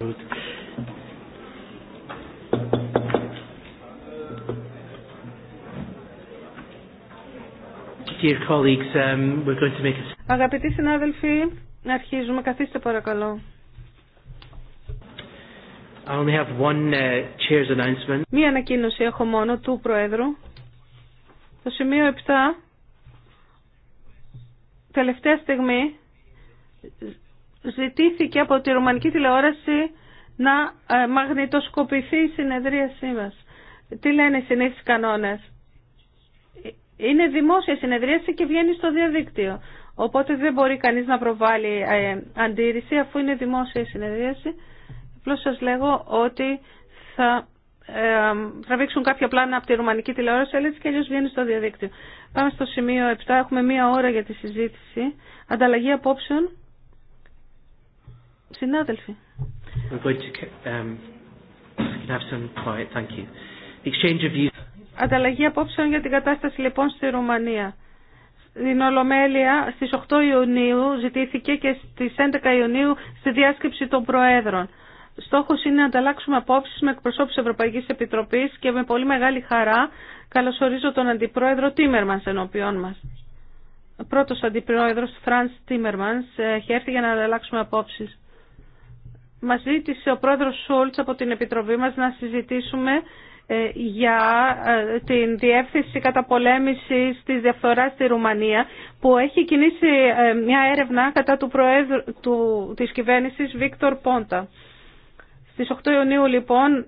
Um, Αγαπητοί συνάδελφοι, αρχίζουμε. Καθίστε παρακαλώ. Uh, Μία ανακοίνωση έχω μόνο του Προέδρου. Το σημείο 7, τελευταία στιγμή, ζητήθηκε από τη Ρουμανική τηλεόραση να ε, μαγνητοσκοπηθεί η συνεδρίασή μας. Τι λένε οι συνήθεις κανόνες. Είναι δημόσια συνεδρίαση και βγαίνει στο διαδίκτυο. Οπότε δεν μπορεί κανείς να προβάλλει ε, αντίρρηση αφού είναι δημόσια συνεδρίαση. Απλώ σας λέγω ότι θα τραβήξουν ε, κάποια πλάνα από τη ρουμανική τηλεόραση, αλλά έτσι και αλλιώ βγαίνει στο διαδίκτυο. Πάμε στο σημείο 7. Έχουμε μία ώρα για τη συζήτηση. Ανταλλαγή απόψεων Συνάδελφοι. Ανταλλαγή απόψεων για την κατάσταση λοιπόν στη Ρουμανία. Στην Ολομέλεια στις 8 Ιουνίου ζητήθηκε και στις 11 Ιουνίου στη διάσκεψη των Προέδρων. Στόχος είναι να ανταλλάξουμε απόψεις με εκπροσώπους Ευρωπαϊκής Επιτροπής και με πολύ μεγάλη χαρά καλωσορίζω τον Αντιπρόεδρο Τίμερμανς ενώπιόν μας. Πρώτος Αντιπρόεδρος Φρανς Τίμερμανς ε, έχει έρθει για να ανταλλάξουμε απόψεις. Μας ζήτησε ο πρόεδρος Σούλτς από την Επιτροπή μας να συζητήσουμε ε, για ε, την διεύθυνση καταπολέμησης της διαφθοράς στη Ρουμανία που έχει κινήσει ε, μια έρευνα κατά του προέδρου του, της κυβέρνησης Βίκτορ Πόντα. Στις 8 Ιουνίου λοιπόν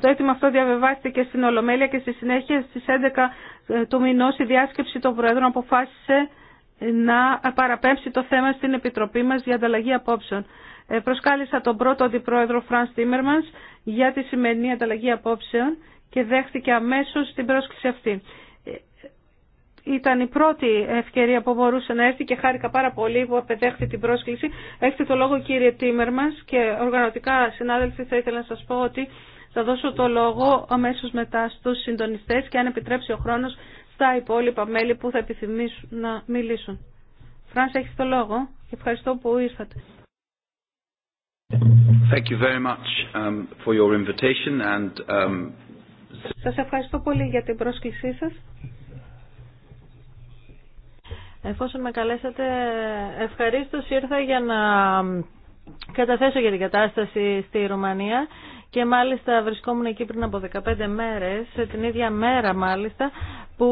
το αίτημα αυτό διαβεβάστηκε στην Ολομέλεια και στη συνέχεια στις 11 του μηνός η διάσκεψη των Προέδρων αποφάσισε να παραπέμψει το θέμα στην Επιτροπή μας για ανταλλαγή απόψεων. Ε, προσκάλεσα τον πρώτο αντιπρόεδρο Φρανς Τίμερμανς για τη σημερινή ανταλλαγή απόψεων και δέχτηκε αμέσως την πρόσκληση αυτή. Ε, ήταν η πρώτη ευκαιρία που μπορούσε να έρθει και χάρηκα πάρα πολύ που απεδέχθη την πρόσκληση. Έχετε το λόγο κύριε Τίμερμανς και οργανωτικά συνάδελφοι θα ήθελα να σας πω ότι θα δώσω το λόγο αμέσως μετά στους συντονιστές και αν επιτρέψει ο χρόνος στα υπόλοιπα μέλη που θα επιθυμήσουν να μιλήσουν. Φράνς, έχεις το λόγο και ευχαριστώ που ήρθατε. Thank you very much um, for your invitation and um, Σας ευχαριστώ πολύ για την πρόσκλησή σας. Εφόσον με καλέσατε, ευχαρίστως ήρθα για να καταθέσω για την κατάσταση στη Ρουμανία και μάλιστα βρισκόμουν εκεί πριν από 15 μέρες, την ίδια μέρα μάλιστα, που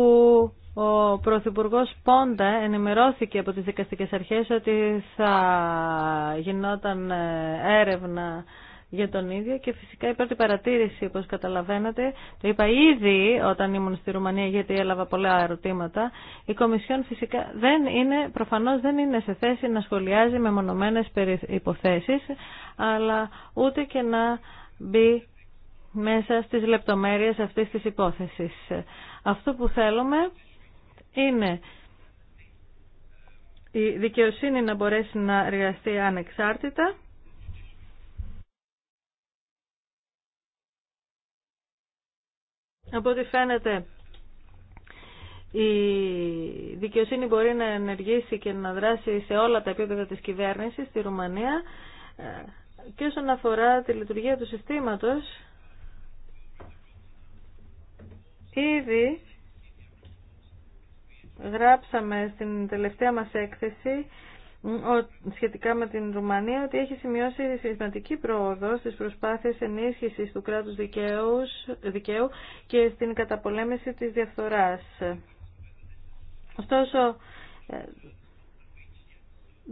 ο Πρωθυπουργό Πόντα ενημερώθηκε από τις δικαστικές αρχές ότι θα γινόταν ε, έρευνα για τον ίδιο και φυσικά η πρώτη παρατήρηση, όπως καταλαβαίνετε, το είπα ήδη όταν ήμουν στη Ρουμανία γιατί έλαβα πολλά ερωτήματα, η Κομισιόν φυσικά δεν προφανώς δεν είναι σε θέση να σχολιάζει με μονομένες υποθέσεις, αλλά ούτε και να μπει μέσα στις λεπτομέρειες αυτής της υπόθεσης. Αυτό που θέλουμε είναι η δικαιοσύνη να μπορέσει να εργαστεί ανεξάρτητα Από ό,τι φαίνεται η δικαιοσύνη μπορεί να ενεργήσει και να δράσει σε όλα τα επίπεδα της κυβέρνησης στη Ρουμανία και όσον αφορά τη λειτουργία του συστήματος ήδη γράψαμε στην τελευταία μας έκθεση σχετικά με την Ρουμανία ότι έχει σημειώσει σημαντική πρόοδο στις προσπάθειες ενίσχυσης του κράτους δικαίου και στην καταπολέμηση της διαφθοράς. Ωστόσο, ε,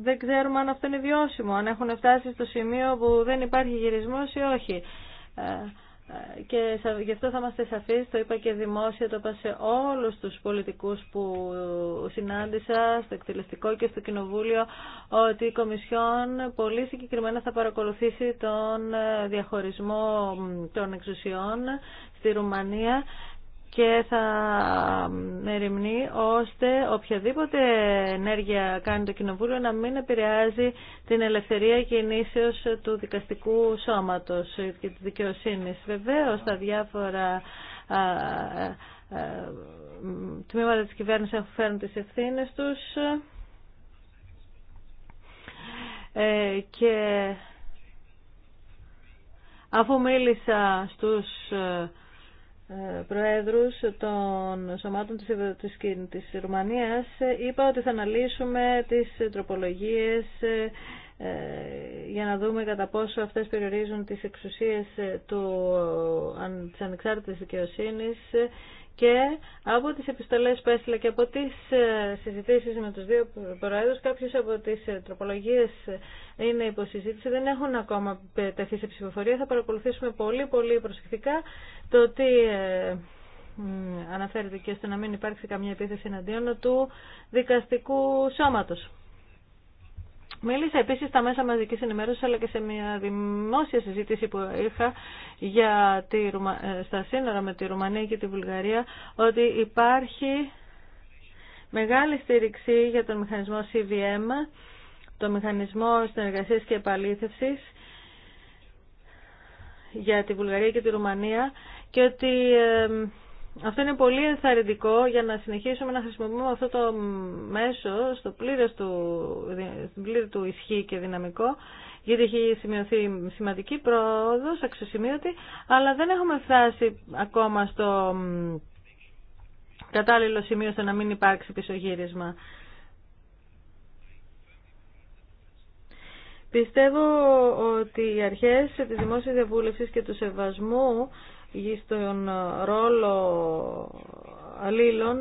δεν ξέρουμε αν αυτό είναι βιώσιμο, αν έχουν φτάσει στο σημείο που δεν υπάρχει γυρισμός ή όχι. Ε, ε, και γι' αυτό θα είμαστε σαφείς, το είπα και δημόσια, το είπα σε όλους τους πολιτικούς που συνάντησα στο εκτελεστικό και στο κοινοβούλιο ότι η Κομισιόν πολύ συγκεκριμένα θα παρακολουθήσει τον ε, διαχωρισμό των εξουσιών στη Ρουμανία και θα μεριμνεί ώστε οποιαδήποτε ενέργεια κάνει το Κοινοβούλιο να μην επηρεάζει την ελευθερία κινήσεως του δικαστικού σώματος και της δικαιοσύνης. Βεβαίως τα διάφορα τμήματα της κυβέρνησης έχουν φέρνει τις ευθύνες τους ε, και αφού μίλησα στους ε, ε, προέδρους των σωμάτων της, της, της Ρουμανίας ε, είπα ότι θα αναλύσουμε τις τροπολογίες ε, για να δούμε κατά πόσο αυτές περιορίζουν τις εξουσίες του, της ανεξάρτητης δικαιοσύνης και από τις επιστολές που έστειλα και από τις ε, συζητήσεις με τους δύο προέδρους, κάποιες από τις ε, τροπολογίες είναι υποσυζήτηση, δεν έχουν ακόμα τεθεί σε ψηφοφορία. Θα παρακολουθήσουμε πολύ πολύ προσεκτικά το ότι ε, αναφέρεται και στο να μην υπάρξει καμία επίθεση εναντίον του δικαστικού σώματος. Μίλησα επίσης στα μέσα μαζικής ενημέρωση, αλλά και σε μια δημόσια συζήτηση που είχα για τη, ε, στα σύνορα με τη Ρουμανία και τη Βουλγαρία ότι υπάρχει μεγάλη στήριξη για τον μηχανισμό CVM, τον μηχανισμό συνεργασία και επαλήθευσης για τη Βουλγαρία και τη Ρουμανία και ότι ε, αυτό είναι πολύ ενθαρρυντικό για να συνεχίσουμε να χρησιμοποιούμε αυτό το μέσο στο πλήρες του, στην πλήρη του ισχύ και δυναμικό, γιατί έχει σημειωθεί σημαντική πρόοδος, αξιοσημείωτη, αλλά δεν έχουμε φτάσει ακόμα στο κατάλληλο σημείο στο να μην υπάρξει πισωγύρισμα. Πιστεύω ότι οι αρχές της δημόσιας διαβούλευσης και του σεβασμού στον ρόλο αλλήλων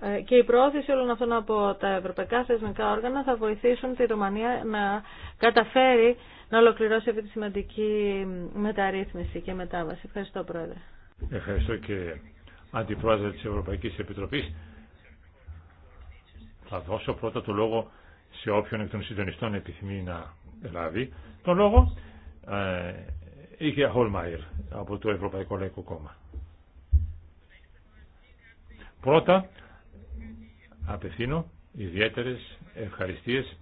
ε, και η πρόθεση όλων αυτών από τα ευρωπαϊκά θεσμικά όργανα θα βοηθήσουν τη Ρουμανία να καταφέρει να ολοκληρώσει αυτή τη σημαντική μεταρρύθμιση και μετάβαση. Ευχαριστώ Πρόεδρε. Ευχαριστώ και Αντιπρόεδρε της Ευρωπαϊκής Επιτροπής. Θα δώσω πρώτα το λόγο σε όποιον εκ των συντονιστών επιθυμεί να λάβει τον λόγο η ε, κυρία Χολμάιρ από το Ευρωπαϊκό Λαϊκό Κόμμα. Πρώτα, απευθύνω ιδιαίτερες ευχαριστίες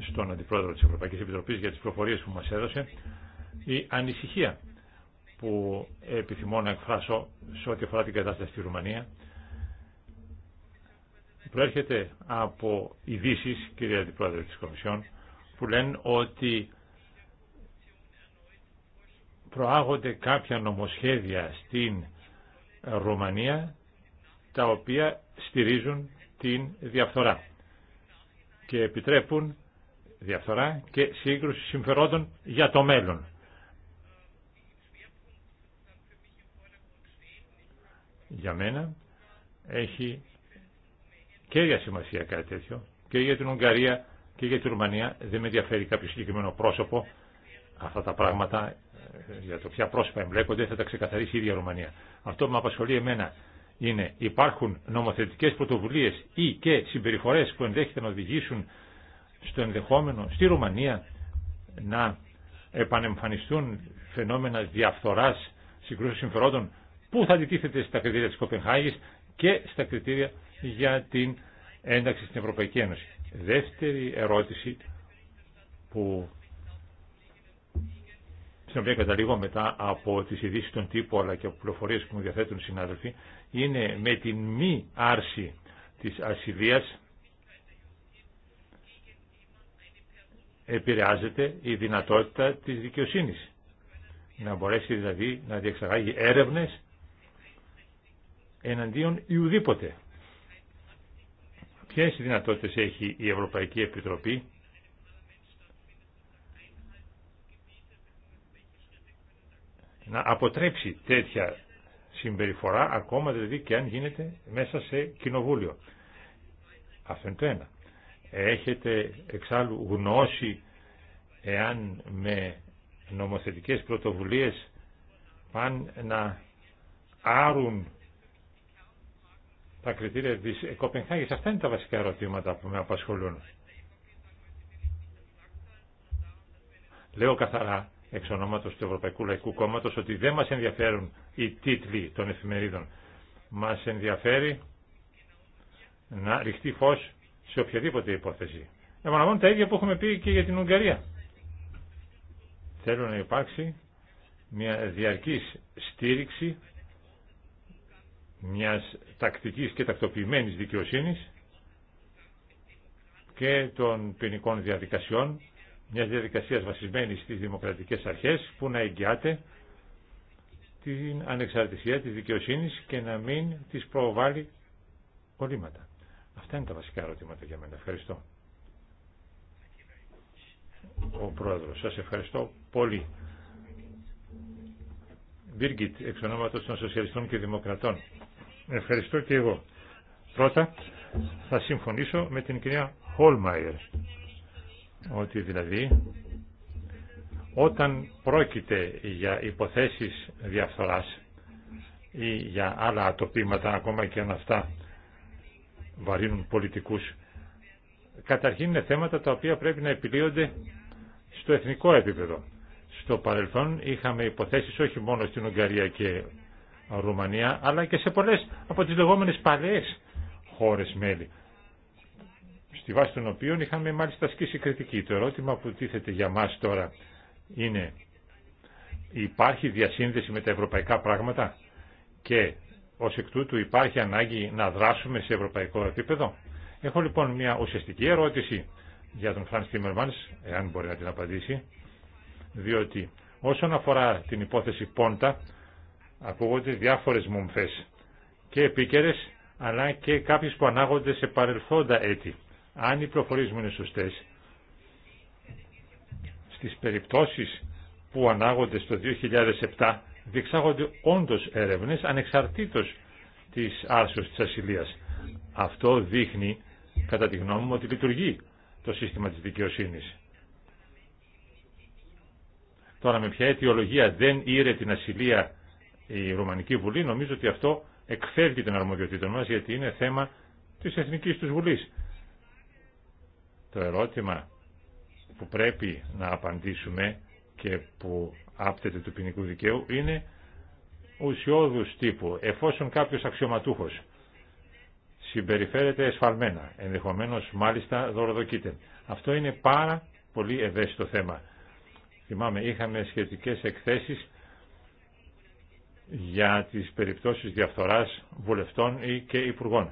στον Αντιπρόεδρο της Ευρωπαϊκής Επιτροπής για τις προφορίες που μας έδωσε η ανησυχία που επιθυμώ να εκφράσω σε ό,τι αφορά την κατάσταση στη Ρουμανία προέρχεται από ειδήσει, κυρία Αντιπρόεδρε της Κομισιόν, που λένε ότι προάγονται κάποια νομοσχέδια στην Ρουμανία τα οποία στηρίζουν την διαφθορά και επιτρέπουν διαφθορά και σύγκρουση συμφερόντων για το μέλλον. Για μένα έχει και για σημασία κάτι τέτοιο και για την Ουγγαρία και για την Ρουμανία. Δεν με ενδιαφέρει κάποιο συγκεκριμένο πρόσωπο. Αυτά τα πράγματα ε, για το ποια πρόσωπα εμπλέκονται θα τα ξεκαθαρίσει η ίδια η Ρουμανία. Αυτό που με απασχολεί εμένα είναι υπάρχουν νομοθετικές πρωτοβουλίες ή και συμπεριφορές που ενδέχεται να οδηγήσουν στο ενδεχόμενο στη Ρουμανία να επανεμφανιστούν φαινόμενα διαφθοράς συγκρούσεων συμφερόντων που θα αντιτίθεται στα κριτήρια της Κοπενχάγης και στα κριτήρια για την ένταξη στην Ευρωπαϊκή Ένωση. Δεύτερη ερώτηση που στην οποία καταλήγω μετά από τις ειδήσει των τύπων αλλά και από πληροφορίες που μου διαθέτουν συνάδελφοι, είναι με την μη άρση της ασυλίας επηρεάζεται η δυνατότητα της δικαιοσύνης. Να μπορέσει δηλαδή να διεξαγάγει έρευνες εναντίον ουδήποτε. Ποιες δυνατότητες έχει η Ευρωπαϊκή Επιτροπή να αποτρέψει τέτοια συμπεριφορά ακόμα δηλαδή και αν γίνεται μέσα σε κοινοβούλιο. Αυτό είναι το ένα. Έχετε εξάλλου γνώση εάν με νομοθετικές πρωτοβουλίες πάνε να άρουν τα κριτήρια της Κοπενχάγης. Αυτά είναι τα βασικά ερωτήματα που με απασχολούν. Λέω καθαρά εξ ονόματος του Ευρωπαϊκού Λαϊκού Κόμματος ότι δεν μας ενδιαφέρουν οι τίτλοι των εφημερίδων. Μας ενδιαφέρει να ρηχτεί φως σε οποιαδήποτε υπόθεση. Επαναλαμβάνω τα ίδια που έχουμε πει και για την Ουγγαρία. Θέλω να υπάρξει μια διαρκής στήριξη μιας τακτικής και τακτοποιημένης δικαιοσύνης και των ποινικών διαδικασιών, μιας διαδικασίας βασισμένης στις δημοκρατικές αρχές που να εγγυάται την ανεξαρτησία της δικαιοσύνης και να μην τις προβάλλει κολλήματα. Αυτά είναι τα βασικά ερωτήματα για μένα. Ευχαριστώ. Ο Πρόεδρος, σας ευχαριστώ πολύ. Βίργκιτ, εξ ονόματος των Σοσιαλιστών και Δημοκρατών. Ευχαριστώ και εγώ. Πρώτα θα συμφωνήσω με την κυρία Χόλμαϊερ ότι δηλαδή όταν πρόκειται για υποθέσεις διαφθοράς ή για άλλα ατοπήματα ακόμα και αν αυτά βαρύνουν πολιτικούς καταρχήν είναι θέματα τα οποία πρέπει να επιλύονται στο εθνικό επίπεδο. Στο παρελθόν είχαμε υποθέσεις όχι μόνο στην Ουγγαρία και Ρουμανία, αλλά και σε πολλές από τις λεγόμενες παλαιές χώρες μέλη, στη βάση των οποίων είχαμε μάλιστα ασκήσει κριτική. Το ερώτημα που τίθεται για μας τώρα είναι υπάρχει διασύνδεση με τα ευρωπαϊκά πράγματα και ως εκ τούτου υπάρχει ανάγκη να δράσουμε σε ευρωπαϊκό επίπεδο. Έχω λοιπόν μια ουσιαστική ερώτηση για τον Φρανς Τίμερμανς, εάν μπορεί να την απαντήσει, διότι όσον αφορά την υπόθεση Πόντα, ακούγονται διάφορες μομφές και επίκαιρες αλλά και κάποιες που ανάγονται σε παρελθόντα έτη. Αν οι προφορίες μου είναι σωστές, στις περιπτώσεις που ανάγονται στο 2007 διεξάγονται όντως έρευνες ανεξαρτήτως της άρσεως της ασυλίας. Αυτό δείχνει, κατά τη γνώμη μου, ότι λειτουργεί το σύστημα της δικαιοσύνης. Τώρα με ποια αιτιολογία δεν ήρε την ασυλία η Ρουμανική Βουλή, νομίζω ότι αυτό εκφεύγει την αρμοδιότητα μας γιατί είναι θέμα της Εθνικής τους Βουλής. Το ερώτημα που πρέπει να απαντήσουμε και που άπτεται του ποινικού δικαίου είναι ουσιώδους τύπου. Εφόσον κάποιος αξιωματούχος συμπεριφέρεται εσφαλμένα, ενδεχομένως μάλιστα δωροδοκείται. Αυτό είναι πάρα πολύ ευαίσθητο θέμα. Θυμάμαι, είχαμε σχετικές εκθέσεις για τις περιπτώσεις διαφθοράς βουλευτών ή και υπουργών.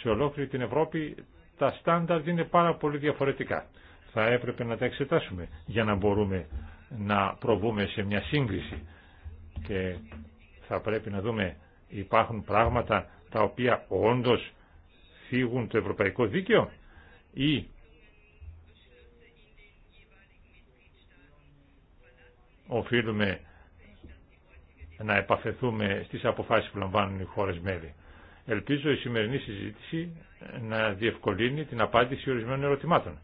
Σε ολόκληρη την Ευρώπη τα στάνταρ είναι πάρα πολύ διαφορετικά. Θα έπρεπε να τα εξετάσουμε για να μπορούμε να προβούμε σε μια σύγκριση και θα πρέπει να δούμε υπάρχουν πράγματα τα οποία όντως φύγουν το ευρωπαϊκό δίκαιο ή οφείλουμε να επαφεθούμε στις αποφάσεις που λαμβάνουν οι χώρες μέλη. Ελπίζω η σημερινή συζήτηση να διευκολύνει την απάντηση ορισμένων ερωτημάτων.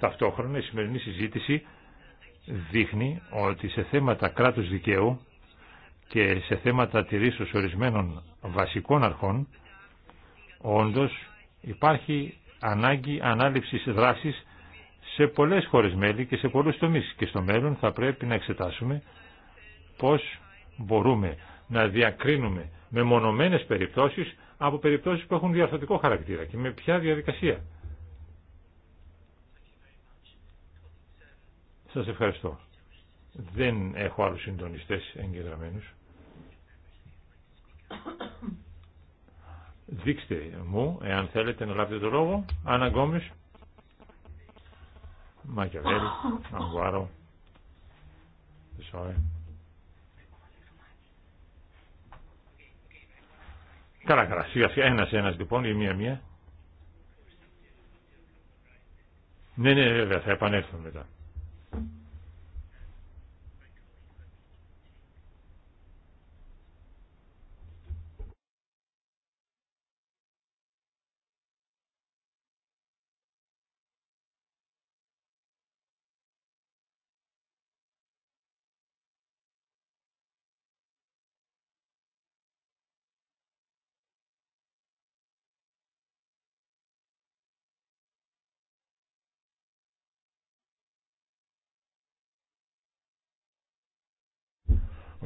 Ταυτόχρονα η σημερινή συζήτηση δείχνει ότι σε θέματα κράτους δικαίου και σε θέματα τηρήσεως ορισμένων βασικών αρχών όντως υπάρχει ανάγκη ανάληψης δράσης σε πολλές χώρες μέλη και σε πολλούς τομείς και στο μέλλον θα πρέπει να εξετάσουμε πώς μπορούμε να διακρίνουμε με μονομένες περιπτώσεις από περιπτώσεις που έχουν διαρθωτικό χαρακτήρα και με ποια διαδικασία. Σας ευχαριστώ. Δεν έχω άλλους συντονιστές εγγεγραμμένους. Δείξτε μου, εάν θέλετε να λάβετε το λόγο, Άννα Γκόμης, Μακιαβέλη, Σόε. Καλά, καλά. Σιγά σιγά. Ένας, ένας λοιπόν ή μία μία. Ναι, ναι, ναι, βέβαια. Θα επανέλθω μετά.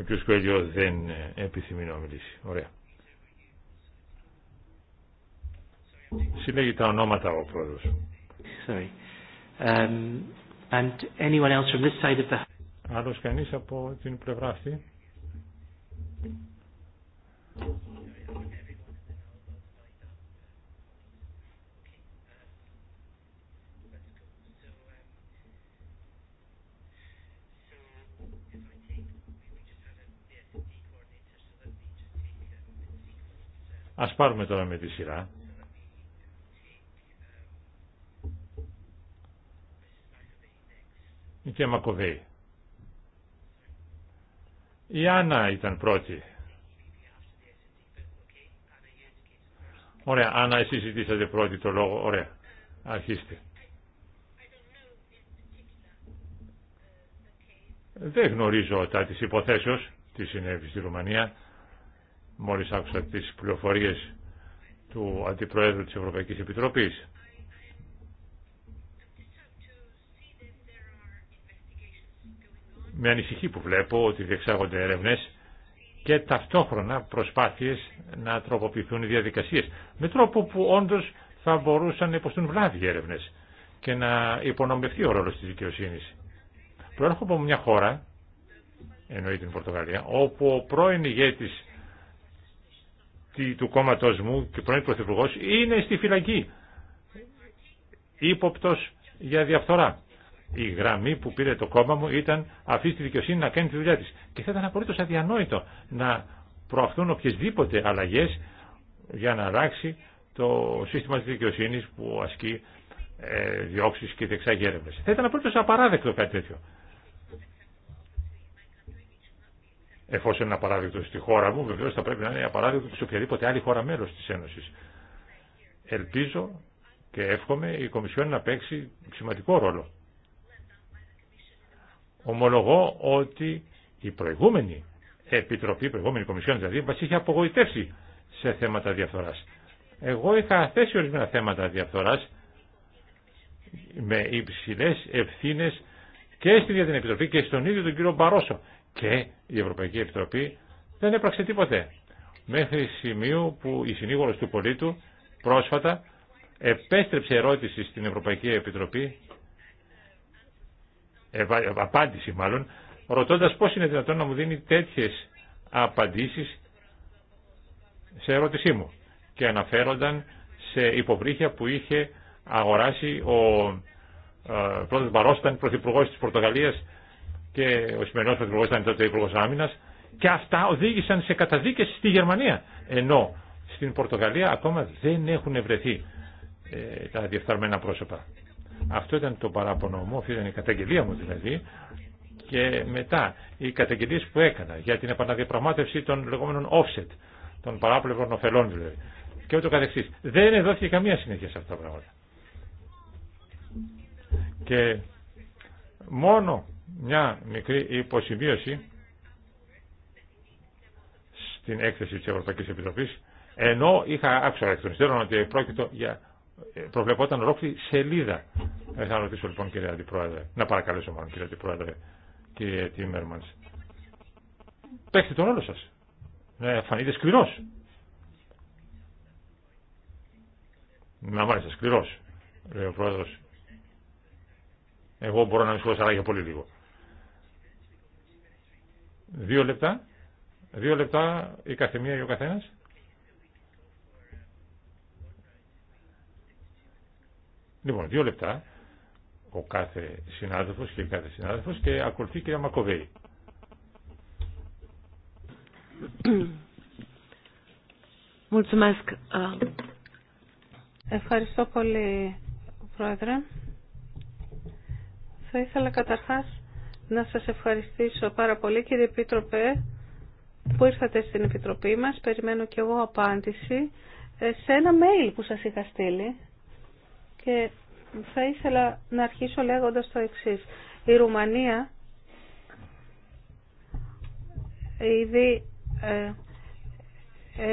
Ο κ. Κουέλιο δεν ε, επιθυμεί να μιλήσει. Ωραία. Συλλέγει τα ονόματα ο πρόεδρος. Sorry. Um, Άλλος κανείς από την πλευρά αυτή. Ας πάρουμε τώρα με τη σειρά. Η κυρία Μακοβέη. Η Άννα ήταν πρώτη. Ωραία, Άννα, εσύ ζητήσατε πρώτη το λόγο. Ωραία, αρχίστε. Δεν γνωρίζω τα της υποθέσεως, τι συνέβη στη Ρουμανία μόλις άκουσα τις πληροφορίες του Αντιπροέδρου της Ευρωπαϊκής Επιτροπής. Με ανησυχεί που βλέπω ότι διεξάγονται έρευνες και ταυτόχρονα προσπάθειες να τροποποιηθούν οι διαδικασίες με τρόπο που όντως θα μπορούσαν να υποστούν βλάβη οι και να υπονομευθεί ο ρόλος της δικαιοσύνης. Προέρχομαι από μια χώρα, εννοεί την Πορτογαλία, όπου ο πρώην ηγέτης του κόμματο μου και πρώην Πρωθυπουργό είναι στη φυλακή. Ήποπτο για διαφθορά. Η γραμμή που πήρε το κόμμα μου ήταν αυτή τη δικαιοσύνη να κάνει τη δουλειά τη. Και θα ήταν απολύτω αδιανόητο να προαχθούν οποιασδήποτε αλλαγέ για να αλλάξει το σύστημα τη δικαιοσύνη που ασκεί ε, διώξεις και δεξαγέρευε. Θα ήταν απολύτω απαράδεκτο κάτι τέτοιο. εφόσον είναι απαράδεκτο στη χώρα μου, βεβαίω θα πρέπει να είναι απαράδεκτο σε οποιαδήποτε άλλη χώρα μέλο τη Ένωση. Ελπίζω και εύχομαι η Κομισιόν να παίξει σημαντικό ρόλο. Ομολογώ ότι η προηγούμενη Επιτροπή, η προηγούμενη Κομισιόν δηλαδή, μα είχε απογοητεύσει σε θέματα διαφθορά. Εγώ είχα θέσει ορισμένα θέματα διαφθορά με υψηλέ ευθύνε και στην ίδια Επιτροπή και στον ίδιο τον κύριο Μπαρόσο. Και η Ευρωπαϊκή Επιτροπή δεν έπραξε τίποτε. Μέχρι σημείου που η συνήγορος του πολίτου πρόσφατα επέστρεψε ερώτηση στην Ευρωπαϊκή Επιτροπή, απάντηση μάλλον, ρωτώντας πώς είναι δυνατόν να μου δίνει τέτοιες απαντήσεις σε ερώτησή μου. Και αναφέρονταν σε υποβρύχια που είχε αγοράσει ο ε, πρόεδρος πρωθυπουργός της Πορτογαλίας και ο σημερινός πρωθυπουργός ήταν τότε υπουργό Άμυνα, και αυτά οδήγησαν σε καταδίκες στη Γερμανία ενώ στην Πορτογαλία ακόμα δεν έχουν βρεθεί ε, τα διεφθαρμένα πρόσωπα. Αυτό ήταν το παράπονο μου, αυτή ήταν η καταγγελία μου δηλαδή και μετά οι καταγγελίε που έκανα για την επαναδιαπραγμάτευση των λεγόμενων offset, των παράπλευρων ωφελών δηλαδή και ούτω καθεξή. Δεν εδόθηκε καμία συνέχεια σε αυτά τα πράγματα. Και μόνο μια μικρή υποσημείωση στην έκθεση της Ευρωπαϊκής Επιτροπής ενώ είχα άξορα εκ των υστέρων ότι πρόκειτο για ε, προβλεπόταν ολόκληρη σελίδα. Ε, θα ρωτήσω λοιπόν κύριε Αντιπρόεδρε, να παρακαλέσω μάλλον κύριε Αντιπρόεδρε, κύριε Τίμερμανς. Παίξτε τον όλο σας. Ε, φανείτε σκληρός. Να μάλιστα σκληρός, λέει ο πρόεδρος. Εγώ μπορώ να μην σου αλλά για πολύ λίγο. Δύο λεπτά. Δύο λεπτά η καθεμία ή ο καθένας. Λοιπόν, δύο λεπτά ο κάθε συνάδελφος και η κάθε συνάδελφος και ακολουθεί η κυρία Μακοβέη. Ευχαριστώ πολύ, Πρόεδρε. Θα ήθελα καταρχάς να σας ευχαριστήσω πάρα πολύ κύριε Επίτροπε που ήρθατε στην Επιτροπή μας. Περιμένω και εγώ απάντηση ε, σε ένα mail που σας είχα στείλει και θα ήθελα να αρχίσω λέγοντας το εξής. Η Ρουμανία ήδη ε,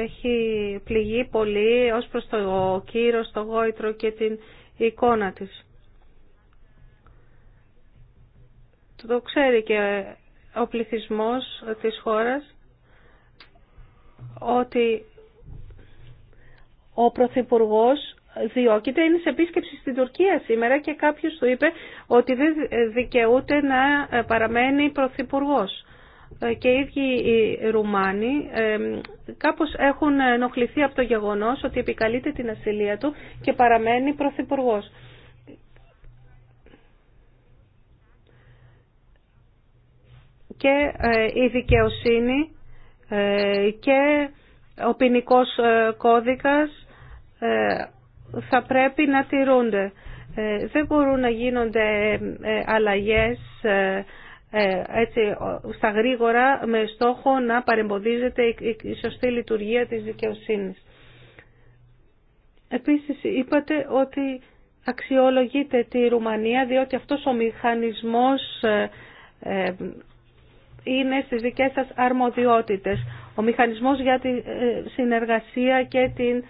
έχει πληγεί πολύ ως προς το κύρος, το γόητρο και την εικόνα της. Το ξέρει και ο πληθυσμός της χώρας ότι ο Πρωθυπουργό διώκεται, είναι σε επίσκεψη στην Τουρκία σήμερα και κάποιος του είπε ότι δεν δικαιούται να παραμένει Πρωθυπουργό. Και οι ίδιοι οι Ρουμάνοι κάπως έχουν ενοχληθεί από το γεγονός ότι επικαλείται την ασυλία του και παραμένει πρωθυπουργός. και ε, η δικαιοσύνη ε, και ο ποινικό ε, κώδικας θα πρέπει να τηρούνται. Δεν μπορούν να γίνονται αλλαγές έτσι, στα γρήγορα με στόχο να παρεμποδίζεται η σωστή λειτουργία της δικαιοσύνης. Επίσης είπατε ότι αξιολογείται τη Ρουμανία διότι αυτός ο μηχανισμός είναι στις δικές σας αρμοδιότητες. Ο μηχανισμός για τη ε, συνεργασία και την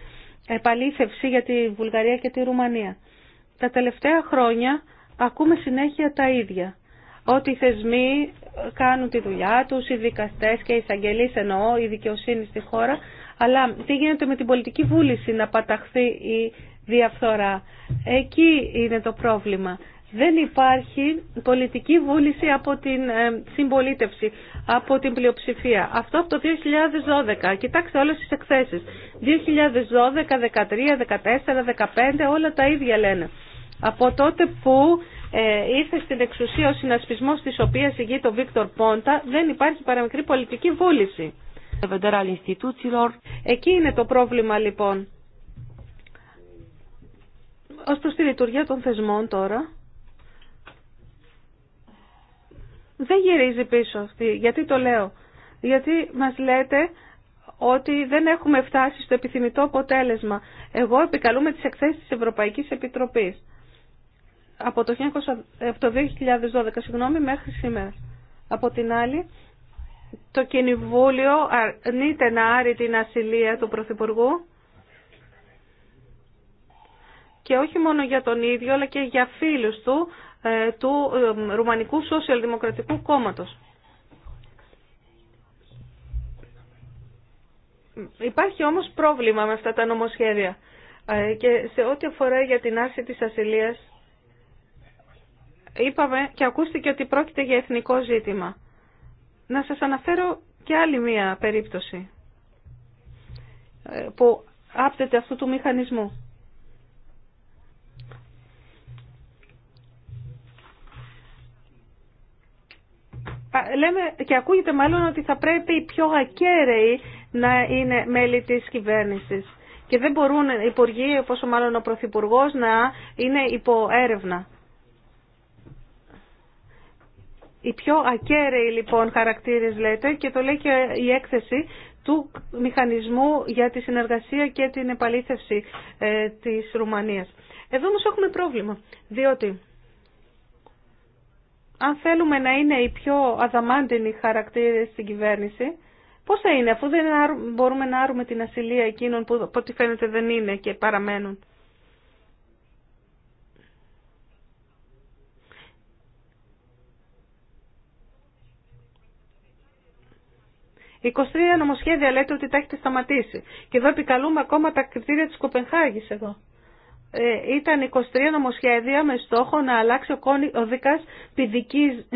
επαλήθευση για τη Βουλγαρία και τη Ρουμανία. Τα τελευταία χρόνια ακούμε συνέχεια τα ίδια. Ότι οι θεσμοί ε, κάνουν τη δουλειά τους, οι δικαστές και οι εισαγγελείς εννοώ, η δικαιοσύνη στη χώρα, αλλά τι γίνεται με την πολιτική βούληση να παταχθεί η διαφθορά. Εκεί είναι το πρόβλημα δεν υπάρχει πολιτική βούληση από την ε, συμπολίτευση, από την πλειοψηφία. Αυτό από το 2012. Κοιτάξτε όλες τις εκθέσεις. 2012, 2013, 2014, 2015 όλα τα ίδια λένε. Από τότε που ε, ήρθε στην εξουσία ο συνασπισμός της οποίας ηγεί το Βίκτορ Πόντα δεν υπάρχει παραμικρή πολιτική βούληση. Εκεί είναι το πρόβλημα λοιπόν. Ως προς τη λειτουργία των θεσμών τώρα, δεν γυρίζει πίσω αυτή. Γιατί το λέω. Γιατί μας λέτε ότι δεν έχουμε φτάσει στο επιθυμητό αποτέλεσμα. Εγώ επικαλούμε τις εκθέσεις της Ευρωπαϊκής Επιτροπής από το 2012 συγγνώμη, μέχρι σήμερα. Από την άλλη, το Κοινοβούλιο αρνείται να άρει την ασυλία του Πρωθυπουργού και όχι μόνο για τον ίδιο αλλά και για φίλους του ε, του ε, Ρουμανικού Σοσιαλδημοκρατικού Κόμματος. Υπάρχει όμως πρόβλημα με αυτά τα νομοσχέδια ε, και σε ό,τι αφορά για την άρση της ασυλίας είπαμε και ακούστηκε ότι πρόκειται για εθνικό ζήτημα. Να σας αναφέρω και άλλη μία περίπτωση που άπτεται αυτού του μηχανισμού. λέμε και ακούγεται μάλλον ότι θα πρέπει οι πιο ακέραιοι να είναι μέλη της κυβέρνησης. Και δεν μπορούν οι υπουργοί, πόσο μάλλον ο Πρωθυπουργό, να είναι υπό έρευνα. Οι πιο ακέραιοι λοιπόν χαρακτήρες λέτε και το λέει και η έκθεση του μηχανισμού για τη συνεργασία και την επαλήθευση ε, της Ρουμανίας. Εδώ όμως έχουμε πρόβλημα, διότι αν θέλουμε να είναι οι πιο αδαμάντινοι χαρακτήρες στην κυβέρνηση, πώς θα είναι αφού δεν μπορούμε να άρουμε την ασυλία εκείνων που από ό,τι φαίνεται δεν είναι και παραμένουν. Οι 23 νομοσχέδια λέτε ότι τα έχετε σταματήσει. Και εδώ επικαλούμε ακόμα τα κριτήρια της Κοπενχάγης εδώ. Ε, ήταν 23 νομοσχέδια με στόχο να αλλάξει ο κώδικας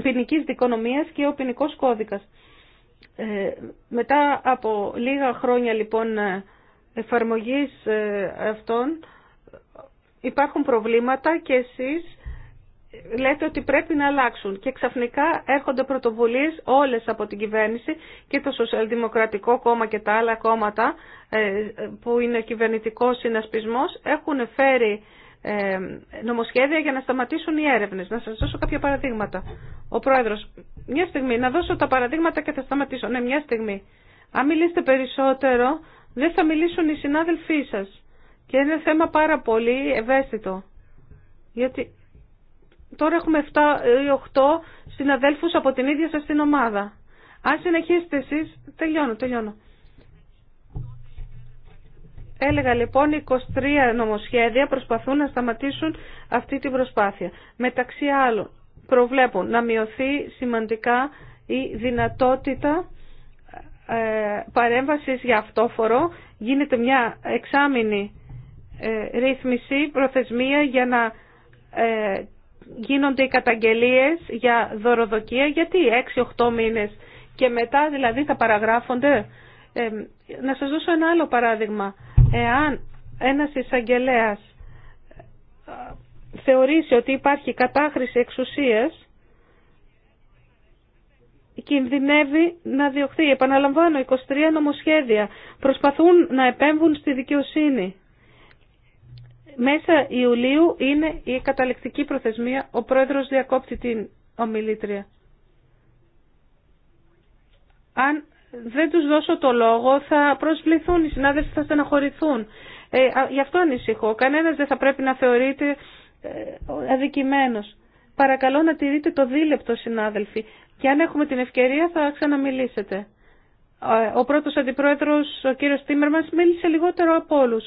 ποινικής δικονομίας και ο ποινικό κώδικας. Ε, μετά από λίγα χρόνια λοιπόν εφαρμογής ε, αυτών υπάρχουν προβλήματα και εσείς λέτε ότι πρέπει να αλλάξουν και ξαφνικά έρχονται πρωτοβουλίες όλες από την κυβέρνηση και το Σοσιαλδημοκρατικό Κόμμα και τα άλλα κόμματα ε, που είναι κυβερνητικό κυβερνητικός συνασπισμός έχουν φέρει ε, νομοσχέδια για να σταματήσουν οι έρευνες. Να σας δώσω κάποια παραδείγματα. Ο Πρόεδρος, μια στιγμή, να δώσω τα παραδείγματα και θα σταματήσω. Ναι, μια στιγμή. Αν μιλήσετε περισσότερο, δεν θα μιλήσουν οι συνάδελφοί σας. Και είναι θέμα πάρα πολύ ευαίσθητο. Γιατί Τώρα έχουμε 7 ή 8 συναδέλφους από την ίδια σα την ομάδα. Αν συνεχίσετε εσεί, τελειώνω, τελειώνω. Έλεγα λοιπόν 23 νομοσχέδια προσπαθούν να σταματήσουν αυτή την προσπάθεια. Μεταξύ άλλων προβλέπουν να μειωθεί σημαντικά η δυνατότητα ε, παρέμβασης για αυτόφορο. Γίνεται μια εξάμηνη ε, ρύθμιση, προθεσμία για να ε, γίνονται οι καταγγελίες για δωροδοκία γιατί 6-8 μήνες και μετά δηλαδή θα παραγράφονται. Ε, να σας δώσω ένα άλλο παράδειγμα. Εάν ένας εισαγγελέα ε, θεωρήσει ότι υπάρχει κατάχρηση εξουσίας κινδυνεύει να διωχθεί. Επαναλαμβάνω, 23 νομοσχέδια προσπαθούν να επέμβουν στη δικαιοσύνη. Μέσα Ιουλίου είναι η καταληκτική προθεσμία. Ο πρόεδρος διακόπτει την ομιλήτρια. Αν δεν τους δώσω το λόγο θα προσβληθούν οι συνάδελφοι, θα στεναχωρηθούν. Ε, γι' αυτό ανησυχώ. Κανένας δεν θα πρέπει να θεωρείται ε, αδικημένος. Παρακαλώ να τηρείτε το δίλεπτο συνάδελφοι και αν έχουμε την ευκαιρία θα ξαναμιλήσετε. Ε, ο πρώτος αντιπρόεδρος, ο κύριος Τίμερμας, μίλησε λιγότερο από όλους.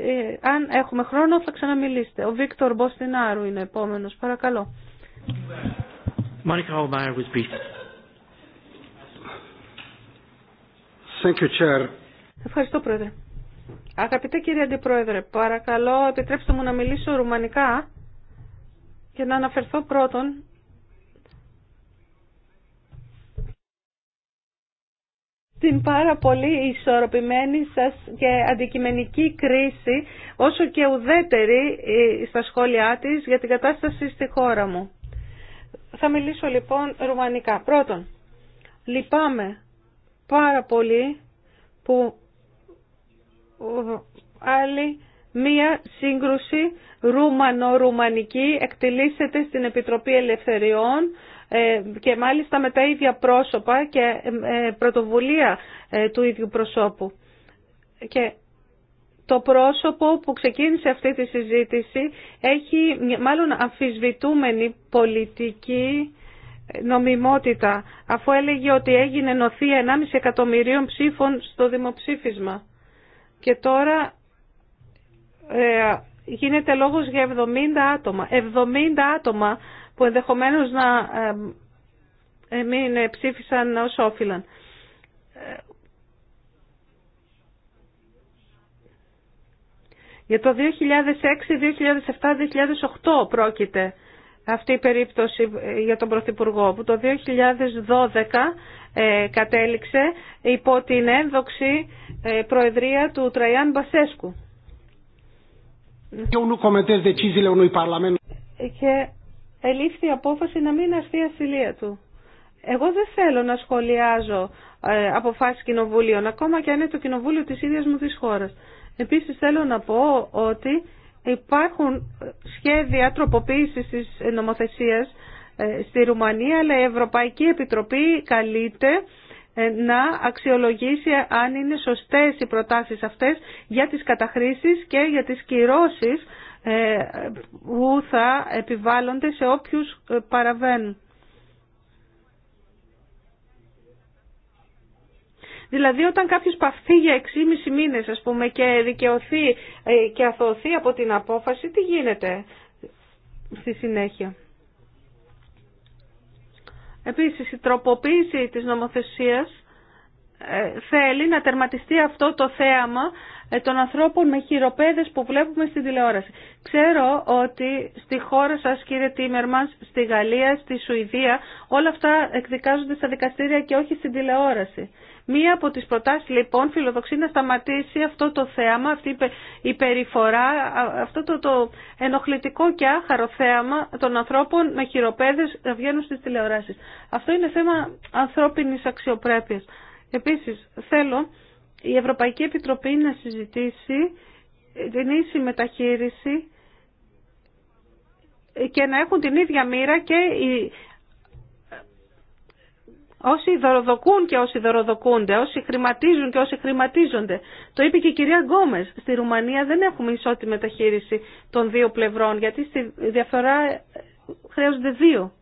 Ε, αν έχουμε χρόνο θα ξαναμιλήσετε. Ο Βίκτορ Μποστινάρου είναι επόμενος. Παρακαλώ. Ευχαριστώ, Πρόεδρε. Αγαπητέ κύριε Αντιπρόεδρε, παρακαλώ επιτρέψτε μου να μιλήσω ρουμανικά και να αναφερθώ πρώτον την πάρα πολύ ισορροπημένη σας και αντικειμενική κρίση, όσο και ουδέτερη ε, στα σχόλιά της για την κατάσταση στη χώρα μου. Θα μιλήσω λοιπόν ρουμανικά. Πρώτον, λυπάμαι πάρα πολύ που άλλη μία σύγκρουση ρουμανο-ρουμανική εκτελήσεται στην Επιτροπή Ελευθεριών ε, και μάλιστα με τα ίδια πρόσωπα και ε, ε, πρωτοβουλία του ίδιου προσώπου. Και το πρόσωπο που ξεκίνησε αυτή τη συζήτηση έχει μάλλον αμφισβητούμενη πολιτική νομιμότητα, αφού έλεγε ότι έγινε νοθεία 1,5 εκατομμυρίων ψήφων στο δημοψήφισμα. Και τώρα γίνεται λόγος για 70 άτομα. 70 άτομα που ενδεχομένως να ε, ε, μην ψήφισαν όσο όφυλαν. Για το 2006, 2007, 2008 πρόκειται αυτή η περίπτωση ε, για τον Πρωθυπουργό που το 2012 κατέληξε υπό την ένδοξη προεδρία του Τραϊάν Μπασέσκου. Και ελήφθη η απόφαση να μην αρθεί η ασυλία του. Εγώ δεν θέλω να σχολιάζω ε, αποφάσεις κοινοβουλίων, ακόμα και αν είναι το κοινοβούλιο της ίδιας μου της χώρας. Επίσης θέλω να πω ότι υπάρχουν σχέδια τροποποίησης της νομοθεσίας ε, στη Ρουμανία, αλλά η Ευρωπαϊκή Επιτροπή καλείται ε, να αξιολογήσει αν είναι σωστές οι προτάσεις αυτές για τις καταχρήσεις και για τις κυρώσεις ε, που θα επιβάλλονται σε όποιους ε, παραβαίνουν. Δηλαδή όταν κάποιος παυθεί για 6,5 μήνες ας πούμε και δικαιωθεί ε, και αθωωθεί από την απόφαση, τι γίνεται στη συνέχεια. Επίσης η τροποποίηση της νομοθεσίας ε, θέλει να τερματιστεί αυτό το θέαμα ε, των ανθρώπων με χειροπέδες που βλέπουμε στην τηλεόραση. Ξέρω ότι στη χώρα σας κύριε Τίμερμανς, στη Γαλλία, στη Σουηδία, όλα αυτά εκδικάζονται στα δικαστήρια και όχι στην τηλεόραση. Μία από τις προτάσεις λοιπόν φιλοδοξεί να σταματήσει αυτό το θέαμα, αυτή η περιφορά, αυτό το, το ενοχλητικό και άχαρο θέαμα των ανθρώπων με χειροπέδες να βγαίνουν στις τηλεοράσεις. Αυτό είναι θέμα ανθρώπινης αξιοπρέπειας. Επίσης, θέλω η Ευρωπαϊκή Επιτροπή να συζητήσει την ίση μεταχείριση και να έχουν την ίδια μοίρα και οι... όσοι δωροδοκούν και όσοι δωροδοκούνται, όσοι χρηματίζουν και όσοι χρηματίζονται. Το είπε και η κυρία Γκόμες. Στη Ρουμανία δεν έχουμε ισότιμη μεταχείριση των δύο πλευρών, γιατί στη διαφορά χρειάζονται δύο.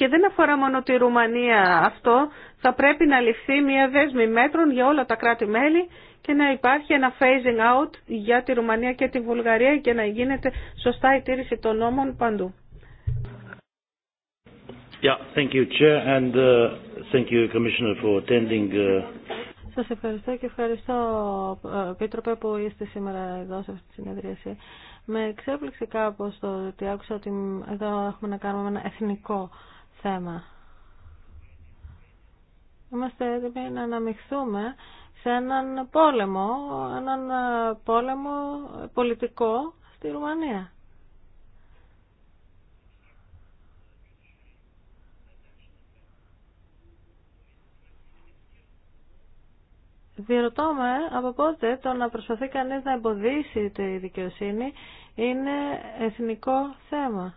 Και δεν αφορά μόνο τη Ρουμανία αυτό. Θα πρέπει να ληφθεί μια δέσμη μέτρων για όλα τα κράτη-μέλη και να υπάρχει ένα phasing out για τη Ρουμανία και τη Βουλγαρία και να γίνεται σωστά η τήρηση των νόμων παντού. Yeah, thank you, Chair, and uh, thank you, Commissioner, for attending. Uh, Σας ευχαριστώ και ευχαριστώ, ε, Πίτροπε, που είστε σήμερα εδώ σε αυτή τη συνεδρίαση. Με εξέπληξε κάπως το ότι άκουσα ότι εδώ έχουμε να κάνουμε ένα εθνικό θέμα. Είμαστε έτοιμοι να αναμειχθούμε σε έναν πόλεμο, έναν ε, πόλεμο πολιτικό στη Ρουμανία. Διερωτώ με από πότε το να προσπαθεί κανείς να εμποδίσει τη δικαιοσύνη είναι εθνικό θέμα.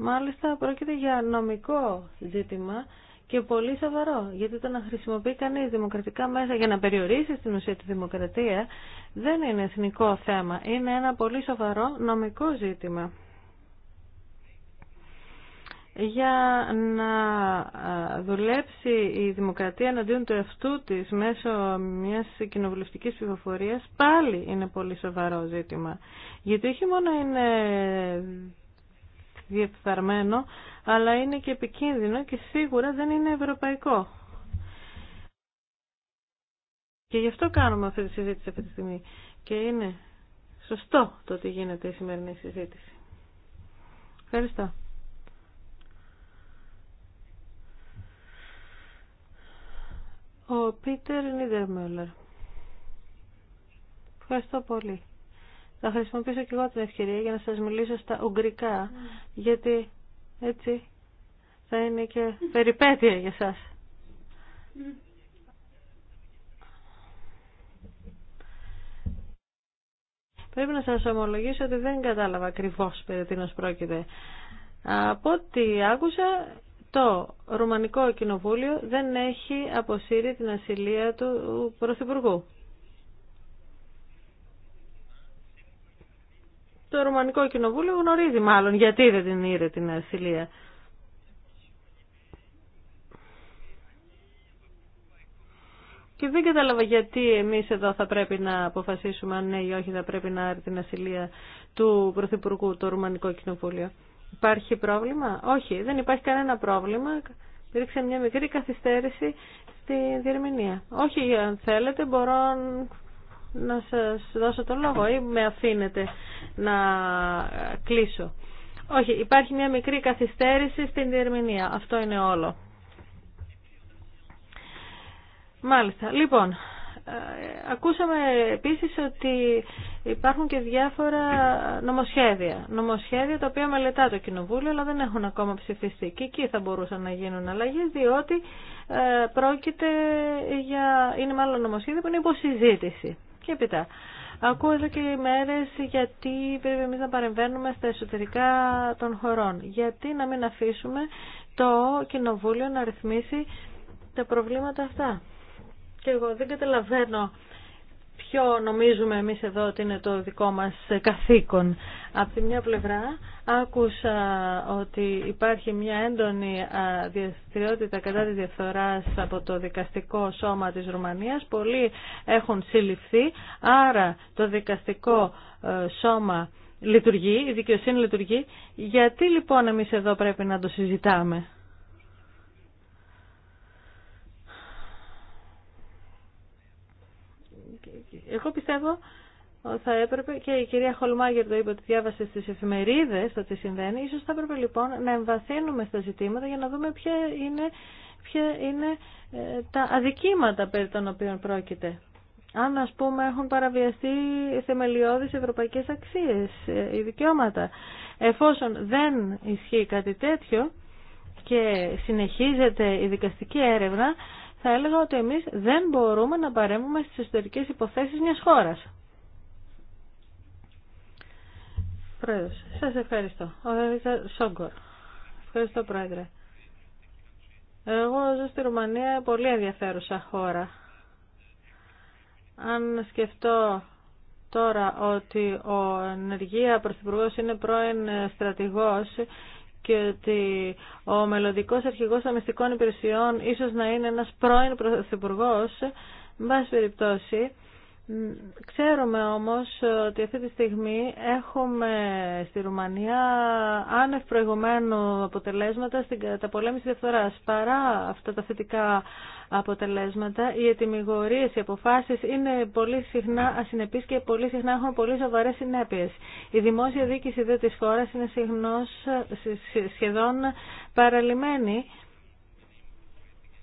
Μάλιστα πρόκειται για νομικό ζήτημα και πολύ σοβαρό, γιατί το να χρησιμοποιεί κανεί δημοκρατικά μέσα για να περιορίσει στην ουσία τη δημοκρατία δεν είναι εθνικό θέμα, είναι ένα πολύ σοβαρό νομικό ζήτημα. Για να δουλέψει η δημοκρατία εναντίον του εαυτού τη μέσω μια κοινοβουλευτική ψηφοφορία πάλι είναι πολύ σοβαρό ζήτημα. Γιατί όχι μόνο είναι διεφθαρμένο, αλλά είναι και επικίνδυνο και σίγουρα δεν είναι ευρωπαϊκό. Και γι' αυτό κάνουμε αυτή τη συζήτηση αυτή τη στιγμή. Και είναι σωστό το ότι γίνεται η σημερινή συζήτηση. Ευχαριστώ. Ο Πίτερ Μέλλερ. Ευχαριστώ πολύ. Θα χρησιμοποιήσω και εγώ την ευκαιρία για να σας μιλήσω στα ουγγρικά, γιατί έτσι θα είναι και περιπέτεια για σας. Πρέπει να σας ομολογήσω ότι δεν κατάλαβα ακριβώς περί τίνος πρόκειται. Από ό,τι άκουσα, το Ρουμανικό Κοινοβούλιο δεν έχει αποσύρει την ασυλία του Πρωθυπουργού. Το Ρουμανικό Κοινοβούλιο γνωρίζει μάλλον γιατί δεν την είδε την ασυλία. Και δεν κατάλαβα γιατί εμείς εδώ θα πρέπει να αποφασίσουμε αν ναι ή όχι θα πρέπει να έρθει την ασυλία του Πρωθυπουργού το Ρουμανικό Κοινοβούλιο. Υπάρχει πρόβλημα? Όχι, δεν υπάρχει κανένα πρόβλημα. Υπήρξε μια μικρή καθυστέρηση στη διερμηνία. Όχι, αν θέλετε, μπορώ να σας δώσω το λόγο ή με αφήνετε να κλείσω. Όχι, υπάρχει μια μικρή καθυστέρηση στην διερμηνία. Αυτό είναι όλο. Μάλιστα. Λοιπόν, ε, ακούσαμε επίσης ότι υπάρχουν και διάφορα νομοσχέδια. Νομοσχέδια τα οποία μελετά το Κοινοβούλιο, αλλά δεν έχουν ακόμα ψηφιστεί. Και εκεί θα μπορούσαν να γίνουν αλλαγές, διότι ε, πρόκειται για... είναι μάλλον νομοσχέδια που είναι υποσυζήτηση και έπειτα. Ακούω εδώ και μέρες γιατί πρέπει εμεί να παρεμβαίνουμε στα εσωτερικά των χωρών. Γιατί να μην αφήσουμε το Κοινοβούλιο να ρυθμίσει τα προβλήματα αυτά. Και εγώ δεν καταλαβαίνω ποιο νομίζουμε εμείς εδώ ότι είναι το δικό μας καθήκον. Από τη μια πλευρά άκουσα ότι υπάρχει μια έντονη διαστηριότητα κατά τη διαφθορά από το δικαστικό σώμα της Ρουμανίας. Πολλοί έχουν συλληφθεί, άρα το δικαστικό ε, σώμα λειτουργεί, η δικαιοσύνη λειτουργεί. Γιατί λοιπόν εμείς εδώ πρέπει να το συζητάμε. Εγώ πιστεύω θα έπρεπε, και η κυρία Χολμάγερ το είπε ότι διάβασε στις εφημερίδες το τι συμβαίνει, ίσως θα έπρεπε λοιπόν να εμβαθύνουμε στα ζητήματα για να δούμε ποια είναι, ποια είναι ε, τα αδικήματα περί των οποίων πρόκειται. Αν ας πούμε έχουν παραβιαστεί θεμελιώδεις ευρωπαϊκές αξίες, ε, οι δικαιώματα. Εφόσον δεν ισχύει κάτι τέτοιο και συνεχίζεται η δικαστική έρευνα, θα έλεγα ότι εμείς δεν μπορούμε να παρέμβουμε στις εσωτερικές υποθέσεις μιας χώρας. Πρόεδρος, σας ευχαριστώ. Ο Σόγκορ. Ευχαριστώ, Πρόεδρε. Εγώ ζω στη Ρουμανία, πολύ ενδιαφέρουσα χώρα. Αν σκεφτώ τώρα ότι ο ενεργεία πρωθυπουργός είναι πρώην στρατηγός και ότι ο μελλοντικό αρχηγός των μυστικών υπηρεσιών ίσως να είναι ένας πρώην πρωθυπουργός, εν πάση περιπτώσει, Ξέρουμε όμως ότι αυτή τη στιγμή έχουμε στη Ρουμανία άνευ προηγουμένου αποτελέσματα στην καταπολέμηση διαφθοράς. Παρά αυτά τα θετικά αποτελέσματα, οι ετοιμιγορίες, οι αποφάσεις είναι πολύ συχνά ασυνεπείς και πολύ συχνά έχουν πολύ σοβαρές συνέπειες. Η δημόσια δίκηση δε της χώρας είναι συχνώς, σχεδόν παραλυμένη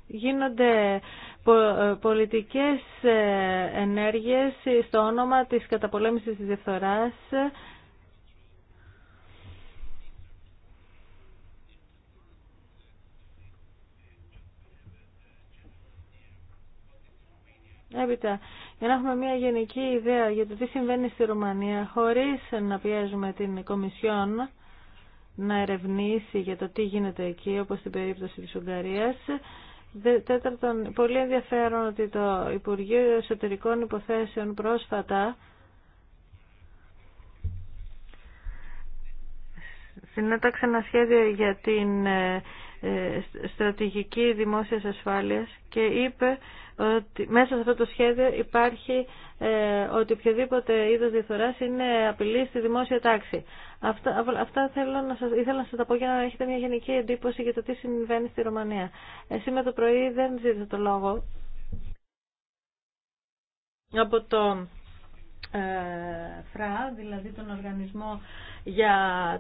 γίνονται ε, πολιτικές ε, ενέργειες στο όνομα της καταπολέμησης της διαφθοράς Έπειτα, για να έχουμε μια γενική ιδέα για το τι συμβαίνει στη Ρουμανία, χωρίς να πιέζουμε την Κομισιόν να ερευνήσει για το τι γίνεται εκεί, όπως στην περίπτωση της Ουγγαρίας, Τέταρτον, πολύ ενδιαφέρον ότι το Υπουργείο Εσωτερικών Υποθέσεων πρόσφατα συνέταξε ένα σχέδιο για την ε, ε, στρατηγική δημόσιας ασφάλειας και είπε ότι μέσα σε αυτό το σχέδιο υπάρχει ε, ότι οποιοδήποτε είδος διαφθοράς είναι απειλή στη δημόσια τάξη. Αυτά, αυτά θέλω να σας, ήθελα να σας τα πω για να έχετε μια γενική εντύπωση για το τι συμβαίνει στη Ρωμανία. Εσύ με το πρωί δεν ζήτησα το λόγο από το ε, ΦΡΑ, δηλαδή τον Οργανισμό για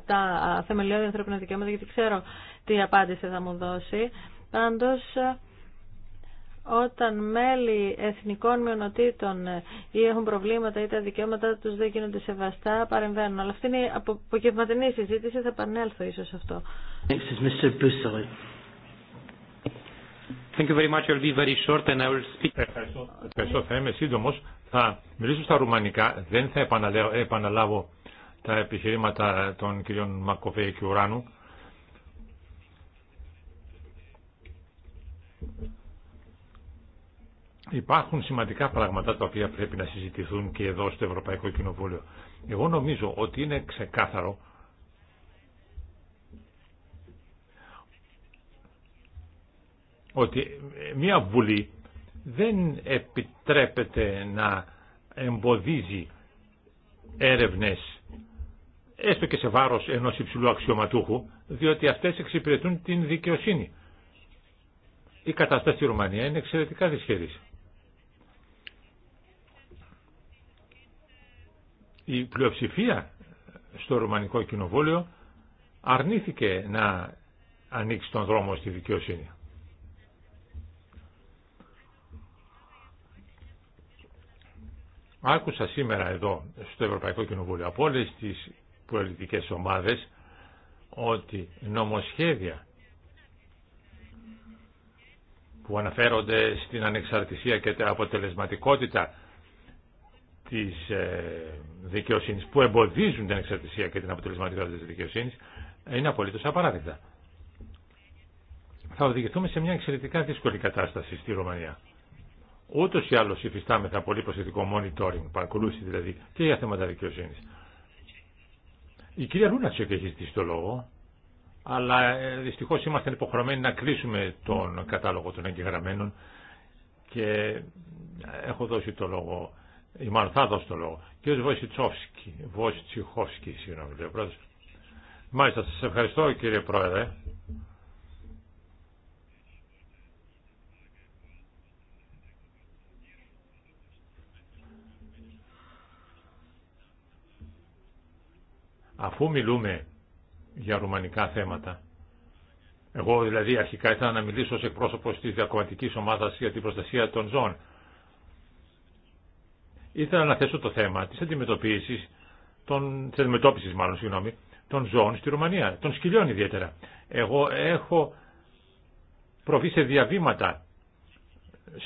τα Θεμελιώδη Ανθρώπινα Δικαιώματα, γιατί ξέρω τι απάντηση θα μου δώσει. Πάντως, όταν μέλη εθνικών μειονοτήτων ε, ή έχουν προβλήματα ή τα δικαιώματά του δεν γίνονται σεβαστά, παρεμβαίνουν. Αλλά αυτή είναι η απογευματινή συζήτηση, θα επανέλθω ίσως αυτό. Thank you very much. I'll be very short and I will speak. Ευχαριστώ. Ευχαριστώ. Θα είμαι σύντομο. Θα μιλήσω στα ρουμανικά. Δεν θα επαναλάβω τα επιχειρήματα των κυρίων Μακοβέη και Ουράνου. Υπάρχουν σημαντικά πράγματα τα οποία πρέπει να συζητηθούν και εδώ στο Ευρωπαϊκό Κοινοβούλιο. Εγώ νομίζω ότι είναι ξεκάθαρο ότι μια βουλή δεν επιτρέπεται να εμποδίζει έρευνες έστω και σε βάρος ενός υψηλού αξιωματούχου διότι αυτές εξυπηρετούν την δικαιοσύνη. Η κατάσταση στη Ρουμανία είναι εξαιρετικά δυσχερής. η πλειοψηφία στο Ρουμανικό Κοινοβούλιο αρνήθηκε να ανοίξει τον δρόμο στη δικαιοσύνη. Άκουσα σήμερα εδώ στο Ευρωπαϊκό Κοινοβούλιο από όλε τις πολιτικές ομάδες ότι νομοσχέδια που αναφέρονται στην ανεξαρτησία και την αποτελεσματικότητα της ε, δικαιοσύνης που εμποδίζουν την εξαρτησία και την αποτελεσματικότητα της δικαιοσύνης είναι απολύτως απαράδεκτα. Θα οδηγηθούμε σε μια εξαιρετικά δύσκολη κατάσταση στη Ρωμανία. Ούτω ή άλλω υφιστάμεθα πολύ προσεκτικό monitoring, παρακολούθηση δηλαδή και για θέματα δικαιοσύνη. Η κυρία Ρούνατσεκ έχει ζητήσει το λόγο, αλλά ε, δυστυχώ είμαστε υποχρεωμένοι να κλείσουμε τον κατάλογο των εγγεγραμμένων και ε, έχω δώσει το λόγο ή ε, Μαρθά θα λόγο. Κύριος Βοσιτσόφσκι, Βοσιτσιχόφσκι, συγγνώμη, κύριε πρόεδρε. Μάλιστα, σας ευχαριστώ κύριε πρόεδρε. Αφού μιλούμε για ρουμανικά θέματα, εγώ δηλαδή αρχικά ήθελα να μιλήσω ως εκπρόσωπος της διακομματικής ομάδας για την προστασία των ζώων, ήθελα να θέσω το θέμα της αντιμετωπίσης, των, της μάλλον, των ζώων στη Ρουμανία, των σκυλιών ιδιαίτερα. Εγώ έχω προβεί σε διαβήματα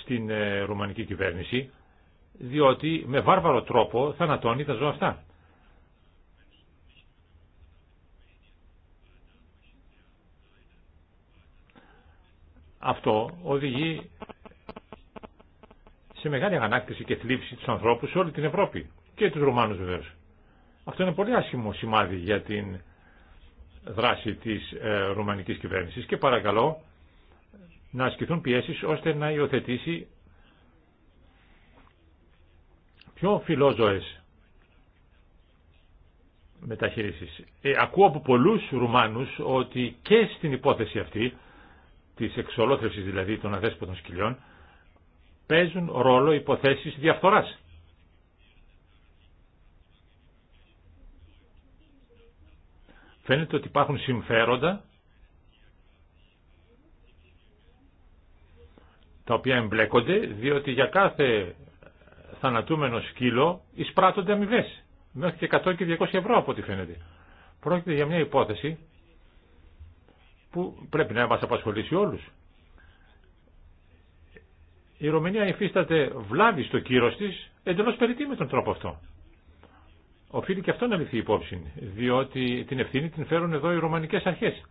στην ε, ρουμανική κυβέρνηση, διότι με βάρβαρο τρόπο θανατώνει θα τα ζώα αυτά. Αυτό οδηγεί σε μεγάλη αγανάκτηση και θλίψη του ανθρώπου σε όλη την Ευρώπη και του Ρωμάνους βεβαίως. Αυτό είναι πολύ άσχημο σημάδι για την δράση τη ε, ρουμανικής κυβέρνησης και παρακαλώ να ασκηθούν πιέσεις ώστε να υιοθετήσει πιο φιλόζωες μεταχείρισεις. Ε, ακούω από πολλούς Ρουμάνους ότι και στην υπόθεση αυτή της εξολόθρευσης δηλαδή των αδέσποτων σκυλιών παίζουν ρόλο υποθέσεις διαφθοράς. Φαίνεται ότι υπάρχουν συμφέροντα τα οποία εμπλέκονται διότι για κάθε θανατούμενο σκύλο εισπράττονται αμοιβέ. Μέχρι και 100 και 200 ευρώ από ό,τι φαίνεται. Πρόκειται για μια υπόθεση που πρέπει να μας απασχολήσει όλους η Ρωμανία υφίσταται βλάβη στο κύρος της εντελώς περιττή με τον τρόπο αυτό. Οφείλει και αυτό να λυθεί υπόψη, διότι την ευθύνη την φέρουν εδώ οι ρωμανικές αρχές.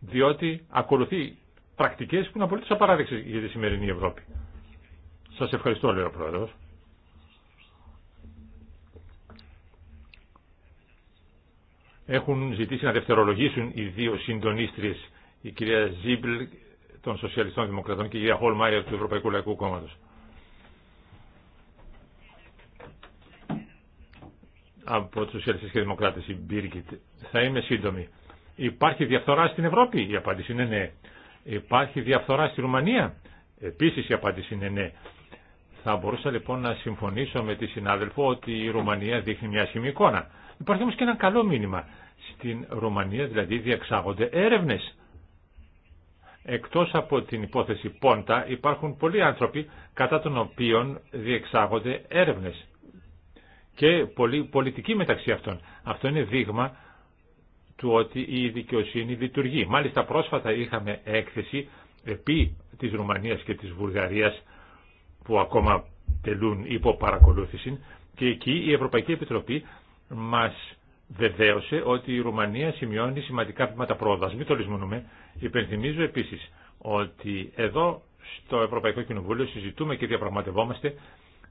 Διότι ακολουθεί πρακτικές που είναι απολύτως απαράδεξες για τη σημερινή Ευρώπη. Σας ευχαριστώ, λέει ο Έχουν ζητήσει να δευτερολογήσουν οι δύο συντονίστριες, η κυρία Ζίμπλ των Σοσιαλιστών Δημοκρατών και η κυρία Μάιερ του Ευρωπαϊκού Λαϊκού Κόμματο. Από τους Σοσιαλιστές και Δημοκράτες, η Μπίργκιτ. Θα είμαι σύντομη. Υπάρχει διαφθορά στην Ευρώπη, η απάντηση είναι ναι. Υπάρχει διαφθορά στη Ρουμανία, επίσης η απάντηση είναι ναι. Θα μπορούσα λοιπόν να συμφωνήσω με τη συνάδελφο ότι η Ρουμανία δείχνει μια σχημή εικόνα. Υπάρχει όμως και ένα καλό μήνυμα. Στην Ρουμανία δηλαδή διεξάγονται έρευνες Εκτός από την υπόθεση Πόντα υπάρχουν πολλοί άνθρωποι κατά των οποίων διεξάγονται έρευνες και πολλοί πολιτικοί μεταξύ αυτών. Αυτό είναι δείγμα του ότι η δικαιοσύνη λειτουργεί. Μάλιστα πρόσφατα είχαμε έκθεση επί της Ρουμανίας και της Βουλγαρίας που ακόμα τελούν υπό παρακολούθηση και εκεί η Ευρωπαϊκή Επιτροπή μας βεβαίωσε ότι η Ρουμανία σημειώνει σημαντικά βήματα πρόοδα. Μην το λησμονούμε. Υπενθυμίζω επίση ότι εδώ στο Ευρωπαϊκό Κοινοβούλιο συζητούμε και διαπραγματευόμαστε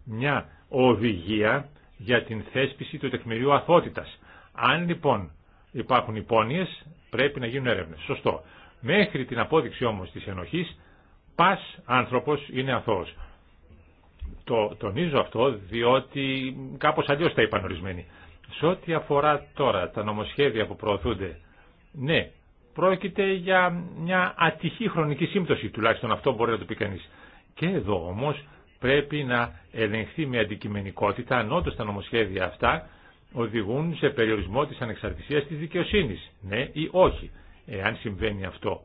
μια οδηγία για την θέσπιση του τεκμηρίου αθότητα. Αν λοιπόν υπάρχουν υπόνοιε, πρέπει να γίνουν έρευνε. Σωστό. Μέχρι την απόδειξη όμω τη ενοχή, πα άνθρωπο είναι αθώο. Το τονίζω αυτό διότι κάπως αλλιώ τα είπαν ορισμένοι. Σε ό,τι αφορά τώρα τα νομοσχέδια που προωθούνται, ναι, πρόκειται για μια ατυχή χρονική σύμπτωση, τουλάχιστον αυτό μπορεί να το πει κανείς. Και εδώ όμως πρέπει να ελεγχθεί με αντικειμενικότητα αν όντως τα νομοσχέδια αυτά οδηγούν σε περιορισμό της ανεξαρτησίας της δικαιοσύνης, ναι ή όχι. Εάν συμβαίνει αυτό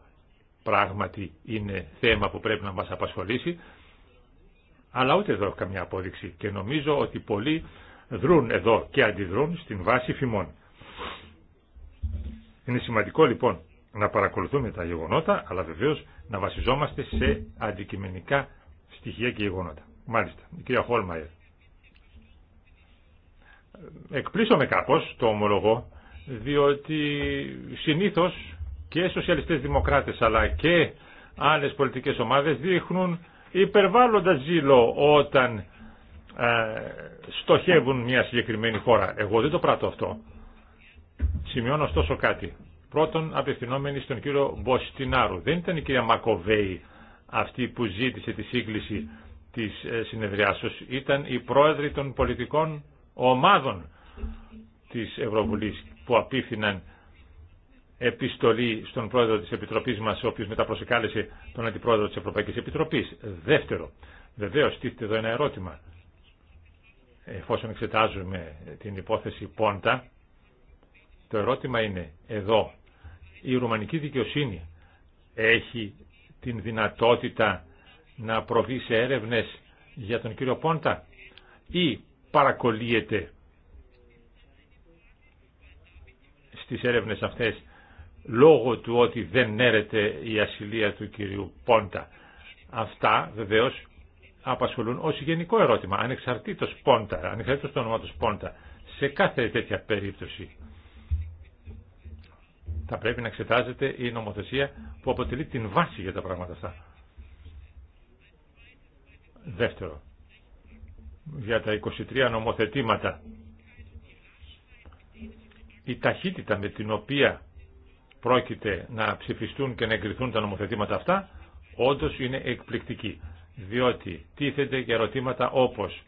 πράγματι είναι θέμα που πρέπει να μας απασχολήσει, αλλά ούτε εδώ έχω καμιά απόδειξη και νομίζω ότι πολλοί δρούν εδώ και αντιδρούν στην βάση φημών. Είναι σημαντικό λοιπόν να παρακολουθούμε τα γεγονότα, αλλά βεβαίω να βασιζόμαστε σε αντικειμενικά στοιχεία και γεγονότα. Μάλιστα, η κυρία Χόλμαερ. Εκπλήσωμαι κάπως, το ομολογώ, διότι συνήθως και σοσιαλιστές δημοκράτες αλλά και άλλες πολιτικές ομάδες δείχνουν υπερβάλλοντα ζήλο όταν ε, στοχεύουν μια συγκεκριμένη χώρα. Εγώ δεν το πράττω αυτό. Σημειώνω ωστόσο κάτι. Πρώτον, απευθυνόμενοι στον κύριο Μποστινάρου. Δεν ήταν η κυρία Μακοβέη αυτή που ζήτησε τη σύγκληση της ε, συνεδριάσεως. Ήταν οι πρόεδροι των πολιτικών ομάδων της Ευρωβουλής που απίθυναν επιστολή στον πρόεδρο της Επιτροπής μας, ο οποίος μετά προσεκάλεσε τον αντιπρόεδρο της Ευρωπαϊκής Επιτροπής. Δεύτερο, βεβαίως, τίθεται εδώ ένα ερώτημα εφόσον εξετάζουμε την υπόθεση Πόντα, το ερώτημα είναι εδώ η ρουμανική δικαιοσύνη έχει την δυνατότητα να προβεί σε έρευνες για τον κύριο Πόντα ή παρακολύεται στις έρευνες αυτές λόγω του ότι δεν έρεται η ασυλία του κυρίου Πόντα. Αυτά βεβαίως απασχολούν ως γενικό ερώτημα, ανεξαρτήτως πόντα, ανεξαρτήτως το όνομα του πόντα, σε κάθε τέτοια περίπτωση. Θα πρέπει να εξετάζεται η νομοθεσία που αποτελεί την βάση για τα πράγματα αυτά. Δεύτερο, για τα 23 νομοθετήματα, η ταχύτητα με την οποία πρόκειται να ψηφιστούν και να εγκριθούν τα νομοθετήματα αυτά, όντως είναι εκπληκτική διότι τίθεται και ερωτήματα όπως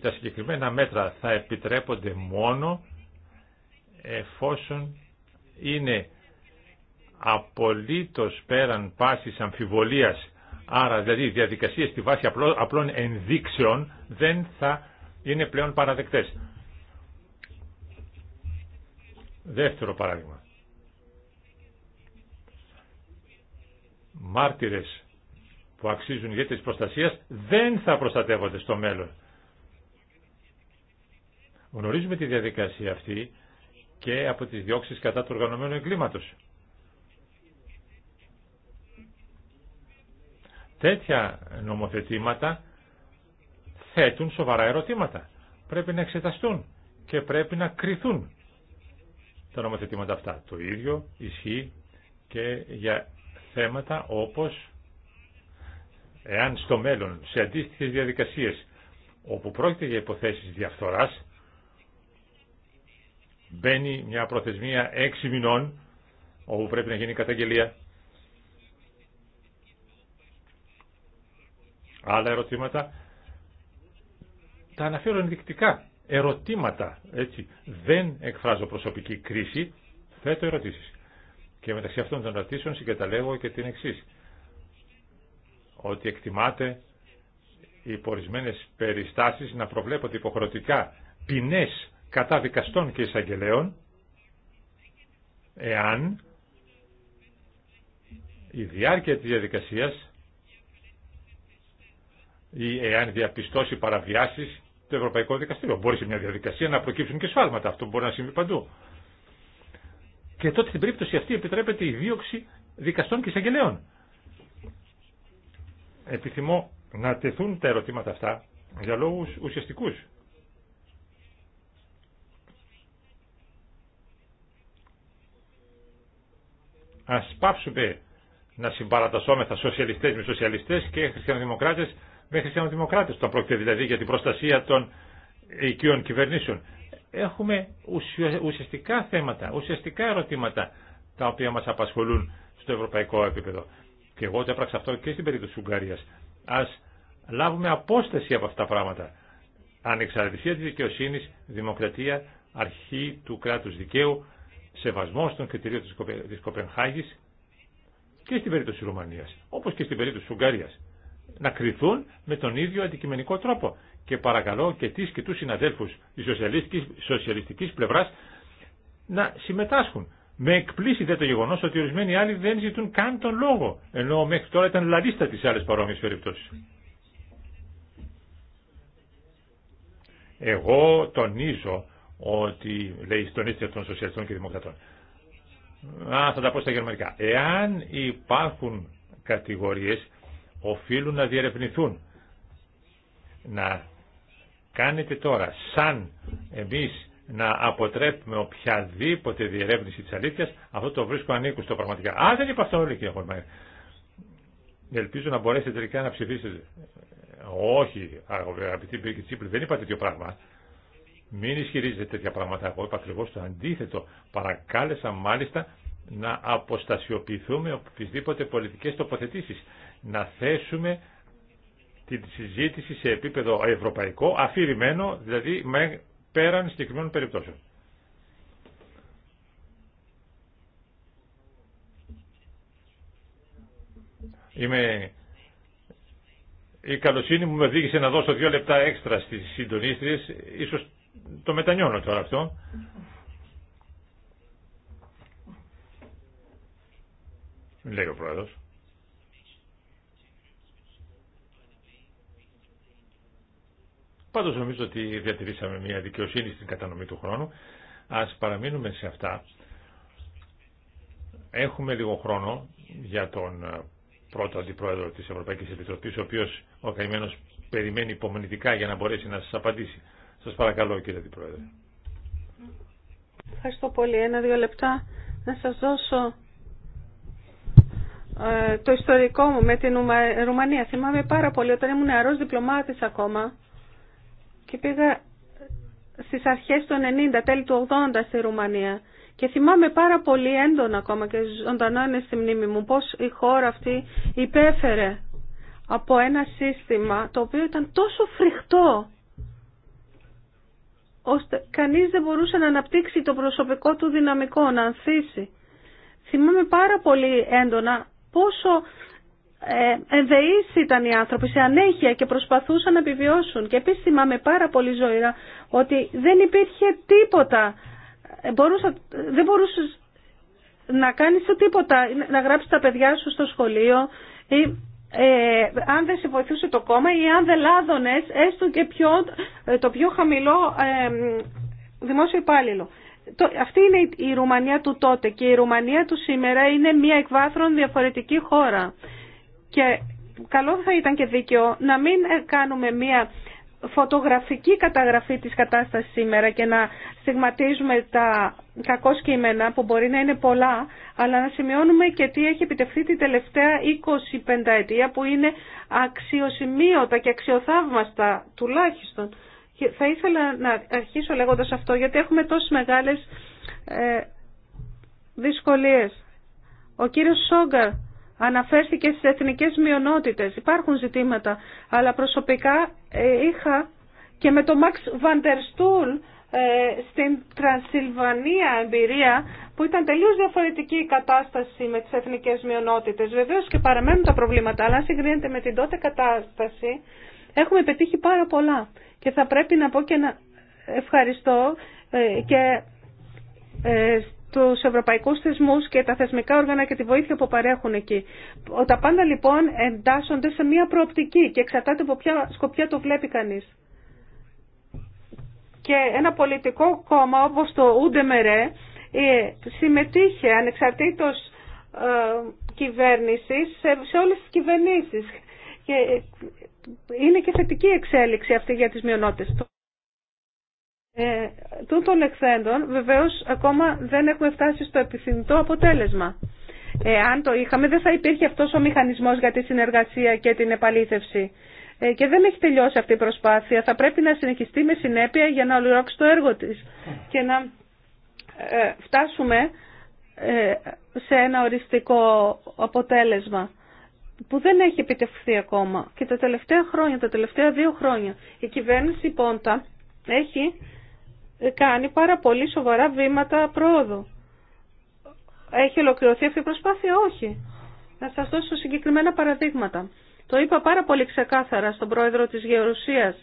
τα συγκεκριμένα μέτρα θα επιτρέπονται μόνο εφόσον είναι απολύτως πέραν πάσης αμφιβολίας άρα δηλαδή διαδικασίες στη βάση απλών ενδείξεων δεν θα είναι πλέον παραδεκτές. Δεύτερο παράδειγμα. Μάρτυρες που αξίζουν της προστασίας δεν θα προστατεύονται στο μέλλον. Γνωρίζουμε τη διαδικασία αυτή και από τις διώξεις κατά του οργανωμένου εγκλήματος. Τέτοια νομοθετήματα θέτουν σοβαρά ερωτήματα. Πρέπει να εξεταστούν και πρέπει να κριθούν τα νομοθετήματα αυτά. Το ίδιο ισχύει και για θέματα όπως Εάν στο μέλλον, σε αντίστοιχες διαδικασίες, όπου πρόκειται για υποθέσεις διαφθοράς, μπαίνει μια προθεσμία έξι μηνών, όπου πρέπει να γίνει καταγγελία. Άλλα ερωτήματα. Τα αναφέρω ενδεικτικά. Ερωτήματα, έτσι. Δεν εκφράζω προσωπική κρίση, θέτω ερωτήσεις. Και μεταξύ αυτών των ερωτήσεων συγκαταλέγω και την εξή ότι εκτιμάται οι πορισμένες περιστάσεις να προβλέπονται υποχρεωτικά ποινές κατά δικαστών και εισαγγελέων εάν η διάρκεια της διαδικασίας ή εάν διαπιστώσει παραβιάσεις το Ευρωπαϊκό Δικαστήριο. Μπορεί σε μια διαδικασία να προκύψουν και σφάλματα. Αυτό μπορεί να συμβεί παντού. Και τότε στην περίπτωση αυτή επιτρέπεται η δίωξη δικαστών και εισαγγελέων. Επιθυμώ να τεθούν τα ερωτήματα αυτά για λόγους ουσιαστικούς. Ας πάψουμε να συμπαρατασσόμεθα σοσιαλιστές με σοσιαλιστές και χριστιανοδημοκράτες με χριστιανοδημοκράτες, Το πρόκειται δηλαδή για την προστασία των οικείων κυβερνήσεων. Έχουμε ουσιαστικά θέματα, ουσιαστικά ερωτήματα τα οποία μας απασχολούν στο ευρωπαϊκό επίπεδο. Και εγώ το έπραξα αυτό και στην περίπτωση τη Ουγγαρίας. Ας λάβουμε απόσταση από αυτά τα πράγματα. Ανεξαρτησία της δικαιοσύνη, δημοκρατία, αρχή του κράτους δικαίου, σεβασμό των κριτηρίων της Κοπενχάγης και στην περίπτωση τη Ρουμανίας, όπως και στην περίπτωση τη Ουγγαρίας. Να κριθούν με τον ίδιο αντικειμενικό τρόπο. Και παρακαλώ και τι και του συναδέλφου τη σοσιαλιστική πλευρά να συμμετάσχουν με εκπλήσει δε το γεγονό ότι ορισμένοι άλλοι δεν ζητούν καν τον λόγο, ενώ μέχρι τώρα ήταν λαλίστα σε άλλε παρόμοιε περιπτώσει. Εγώ τονίζω ότι, λέει, στον ίδιο των Σοσιαλιστών και Δημοκρατών. Α, θα τα πω στα γερμανικά. Εάν υπάρχουν κατηγορίες, οφείλουν να διερευνηθούν. Να κάνετε τώρα, σαν εμείς να αποτρέπουμε οποιαδήποτε διερεύνηση της αλήθειας, αυτό το βρίσκω ανήκουστο πραγματικά. Α, δεν είπα αυτό όλοι κύριε Χολμαϊρ. Ελπίζω να μπορέσετε τελικά να ψηφίσετε. Όχι, αγαπητή Μπίρκετ Τσίπλη, δεν είπα τέτοιο πράγμα. Μην ισχυρίζετε τέτοια πράγματα. Εγώ είπα ακριβώ το αντίθετο. Παρακάλεσα μάλιστα να αποστασιοποιηθούμε οποιασδήποτε πολιτικέ τοποθετήσει. Να θέσουμε τη συζήτηση σε επίπεδο ευρωπαϊκό, αφηρημένο, δηλαδή πέραν συγκεκριμένων περιπτώσεων. Είμαι... Η καλοσύνη μου με οδήγησε να δώσω δύο λεπτά έξτρα στις συντονίστριες, ίσως το μετανιώνω τώρα αυτό. Λέει ο πρόεδρος. Πάντω νομίζω ότι διατηρήσαμε μια δικαιοσύνη στην κατανομή του χρόνου. Α παραμείνουμε σε αυτά. Έχουμε λίγο χρόνο για τον ε, πρώτο αντιπρόεδρο τη Ευρωπαϊκή Επιτροπή, ο οποίο ο καημένο περιμένει υπομονητικά για να μπορέσει να σα απαντήσει. Σα παρακαλώ κύριε αντιπρόεδρε. Ευχαριστώ πολύ. Ένα-δύο λεπτά να σα δώσω ε, το ιστορικό μου με την Ρουμανία. Θυμάμαι πάρα πολύ όταν ήμουν νεαρό διπλωμάτη ακόμα και πήγα στις αρχές των 90, τέλη του 80 στη Ρουμανία. Και θυμάμαι πάρα πολύ έντονα ακόμα και ζωντανά είναι στη μνήμη μου πώς η χώρα αυτή υπέφερε από ένα σύστημα το οποίο ήταν τόσο φρικτό ώστε κανείς δεν μπορούσε να αναπτύξει το προσωπικό του δυναμικό, να ανθίσει. Θυμάμαι πάρα πολύ έντονα πόσο ε, ήταν οι άνθρωποι σε ανέχεια και προσπαθούσαν να επιβιώσουν. Και επίσης θυμάμαι πάρα πολύ ζωηρά ότι δεν υπήρχε τίποτα. Ε, μπορούσα, δεν μπορούσες να κάνεις τίποτα, να γράψεις τα παιδιά σου στο σχολείο ή ε, αν δεν σε βοηθούσε το κόμμα ή αν δεν λάδωνες έστω και πιο, ε, το πιο χαμηλό ε, δημόσιο υπάλληλο. Το, αυτή είναι η Ρουμανία του τότε και η Ρουμανία του σήμερα είναι μια εκβάθρον διαφορετική χώρα. Και καλό θα ήταν και δίκαιο να μην κάνουμε μία φωτογραφική καταγραφή της κατάστασης σήμερα και να στιγματίζουμε τα κακό κείμενα που μπορεί να είναι πολλά, αλλά να σημειώνουμε και τι έχει επιτευχθεί την τελευταία 25 ετία που είναι αξιοσημείωτα και αξιοθαύμαστα τουλάχιστον. θα ήθελα να αρχίσω λέγοντας αυτό γιατί έχουμε τόσες μεγάλες ε, δυσκολίες. Ο κύριος Σόγκαρ Αναφέρθηκε στις εθνικές μειονότητες. Υπάρχουν ζητήματα, αλλά προσωπικά ε, είχα και με τον Μαξ Βαντερστούλ ε, στην Τρανσιλβανία εμπειρία που ήταν τελείως διαφορετική η κατάσταση με τις εθνικές μειονότητες. Βεβαίως και παραμένουν τα προβλήματα, αλλά αν συγκρίνεται με την τότε κατάσταση έχουμε πετύχει πάρα πολλά. Και θα πρέπει να πω και να ευχαριστώ ε, και τους ευρωπαϊκούς θεσμούς και τα θεσμικά όργανα και τη βοήθεια που παρέχουν εκεί. Τα πάντα λοιπόν εντάσσονται σε μία προοπτική και εξαρτάται από ποια σκοπιά το βλέπει κανεί. Και ένα πολιτικό κόμμα όπως το Ούντεμερέ ε, συμμετείχε ανεξαρτήτως ε, κυβέρνησης σε όλες τις κυβερνήσεις. Και ε, είναι και θετική εξέλιξη αυτή για τις μειονότητες. Ε, τούτων εξέντων βεβαίως ακόμα δεν έχουμε φτάσει στο επιθυμητό αποτέλεσμα. Ε, αν το είχαμε δεν θα υπήρχε αυτός ο μηχανισμός για τη συνεργασία και την επαλήθευση. Ε, και δεν έχει τελειώσει αυτή η προσπάθεια. Θα πρέπει να συνεχιστεί με συνέπεια για να ολοκληρώσει το έργο της και να ε, φτάσουμε ε, σε ένα οριστικό αποτέλεσμα που δεν έχει επιτευχθεί ακόμα. Και τα τελευταία χρόνια, τα τελευταία δύο χρόνια, η κυβέρνηση Πόντα έχει κάνει πάρα πολύ σοβαρά βήματα πρόοδου. Έχει ολοκληρωθεί αυτή η προσπάθεια, όχι. Να σας δώσω συγκεκριμένα παραδείγματα. Το είπα πάρα πολύ ξεκάθαρα στον πρόεδρο της Γεωρουσίας.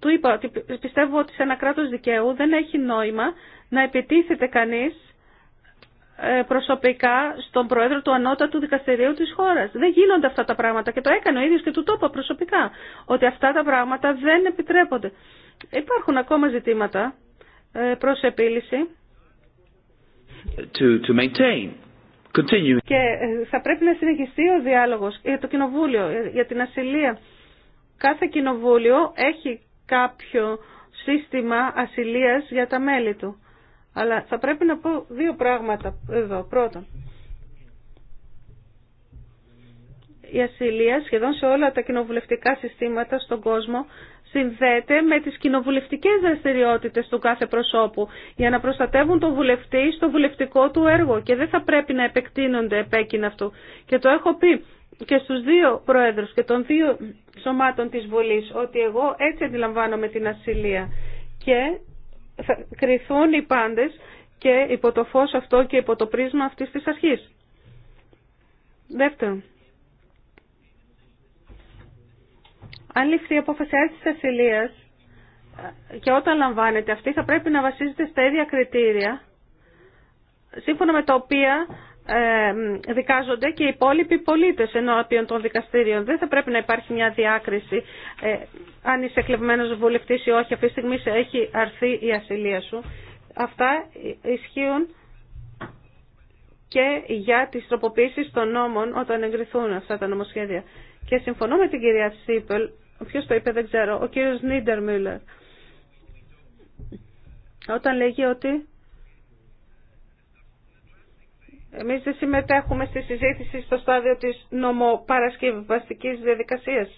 Του είπα ότι πιστεύω ότι σε ένα κράτος δικαίου δεν έχει νόημα να επιτίθεται κανείς ε, προσωπικά στον πρόεδρο του ανώτατου δικαστηρίου της χώρας. Δεν γίνονται αυτά τα πράγματα και το έκανε ο ίδιος και του τόπο προσωπικά, ότι αυτά τα πράγματα δεν επιτρέπονται. Υπάρχουν ακόμα ζητήματα ε, προς επίλυση to, to maintain. και ε, θα πρέπει να συνεχιστεί ο διάλογος για το κοινοβούλιο, για την ασυλία. Κάθε κοινοβούλιο έχει κάποιο σύστημα ασυλίας για τα μέλη του. Αλλά θα πρέπει να πω δύο πράγματα εδώ. Πρώτον, η ασυλία σχεδόν σε όλα τα κοινοβουλευτικά συστήματα στον κόσμο συνδέεται με τις κοινοβουλευτικές δραστηριότητες του κάθε προσώπου για να προστατεύουν τον βουλευτή στο βουλευτικό του έργο και δεν θα πρέπει να επεκτείνονται επέκεινα αυτού. Και το έχω πει και στους δύο πρόεδρους και των δύο σωμάτων της Βουλής ότι εγώ έτσι αντιλαμβάνομαι την ασυλία και θα κρυθούν οι πάντες και υπό το φως αυτό και υπό το πρίσμα αυτής της αρχής. Δεύτερον, αν ληφθεί η απόφαση της ασυλίας και όταν λαμβάνεται αυτή θα πρέπει να βασίζεται στα ίδια κριτήρια σύμφωνα με τα οποία ε, δικάζονται και οι υπόλοιποι πολίτες ενώπιον των δικαστήριων. Δεν θα πρέπει να υπάρχει μια διάκριση ε, αν είσαι εκλεγμένος βουλευτής ή όχι. Αυτή τη στιγμή σε έχει αρθεί η ασυλία σου. Αυτά ισχύουν και για τις τροποποίησεις των νόμων όταν εγκριθούν αυτά τα νομοσχέδια. Και συμφωνώ με την κυρία Σίπελ, ποιος το είπε δεν ξέρω, ο κύριος Νίντερ όταν λέγει ότι εμείς δεν συμμετέχουμε στη συζήτηση στο στάδιο της νομοπαρασκευαστικής διαδικασίας.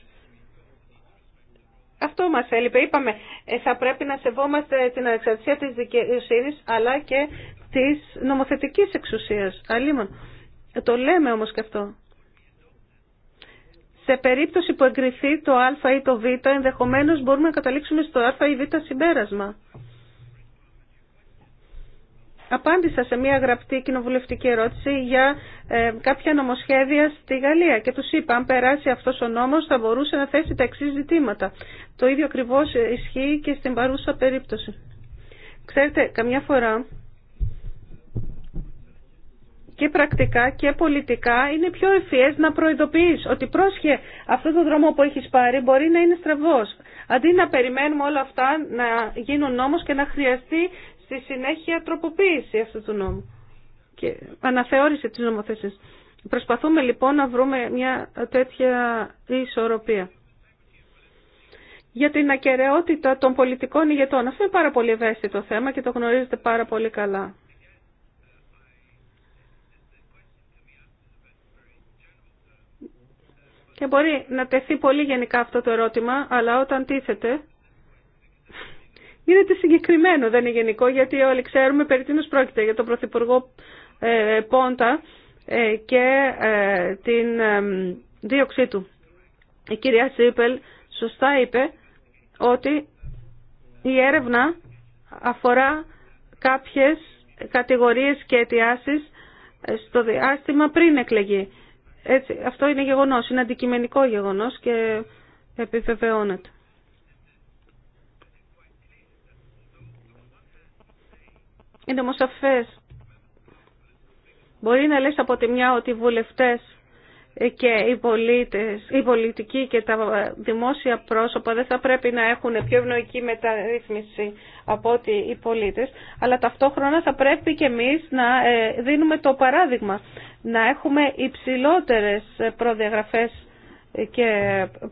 Αυτό μας έλειπε. Είπαμε, ε, θα πρέπει να σεβόμαστε την ανεξαρτησία της δικαιοσύνης αλλά και της νομοθετικής εξουσίας. Αλλήμον. Το λέμε όμως και αυτό. Σε περίπτωση που εγκριθεί το α ή το β, ενδεχομένως μπορούμε να καταλήξουμε στο α ή β συμπέρασμα απάντησα σε μια γραπτή κοινοβουλευτική ερώτηση για ε, κάποια νομοσχέδια στη Γαλλία και τους είπα αν περάσει αυτός ο νόμος θα μπορούσε να θέσει τα εξή ζητήματα. Το ίδιο ακριβώ ισχύει και στην παρούσα περίπτωση. Ξέρετε, καμιά φορά και πρακτικά και πολιτικά είναι πιο ευφυές να προειδοποιείς ότι πρόσχε αυτό το δρόμο που έχεις πάρει μπορεί να είναι στραβός. Αντί να περιμένουμε όλα αυτά να γίνουν νόμος και να χρειαστεί στη συνέχεια τροποποίηση αυτού του νόμου και αναθεώρηση της νομοθεσίας. Προσπαθούμε λοιπόν να βρούμε μια τέτοια ισορροπία. Για την ακαιρεότητα των πολιτικών ηγετών. Αυτό είναι πάρα πολύ ευαίσθητο θέμα και το γνωρίζετε πάρα πολύ καλά. Και μπορεί να τεθεί πολύ γενικά αυτό το ερώτημα, αλλά όταν τίθεται, γίνεται συγκεκριμένο, δεν είναι γενικό, γιατί όλοι ξέρουμε περί τίνος πρόκειται για τον Πρωθυπουργό ε, Πόντα ε, και ε, την δίωξή του. Η κυρία Σίπελ σωστά είπε ότι η έρευνα αφορά κάποιες κατηγορίες και αιτιάσεις στο διάστημα πριν εκλεγεί. Έτσι, αυτό είναι γεγονός, είναι αντικειμενικό γεγονός και επιβεβαιώνεται. Είναι όμως σαφές. Μπορεί να λες από τη μια ότι οι βουλευτές και οι πολίτες, οι πολιτικοί και τα δημόσια πρόσωπα δεν θα πρέπει να έχουν πιο ευνοϊκή μεταρρύθμιση από ότι οι πολίτες, αλλά ταυτόχρονα θα πρέπει και εμείς να ε, δίνουμε το παράδειγμα, να έχουμε υψηλότερες προδιαγραφές και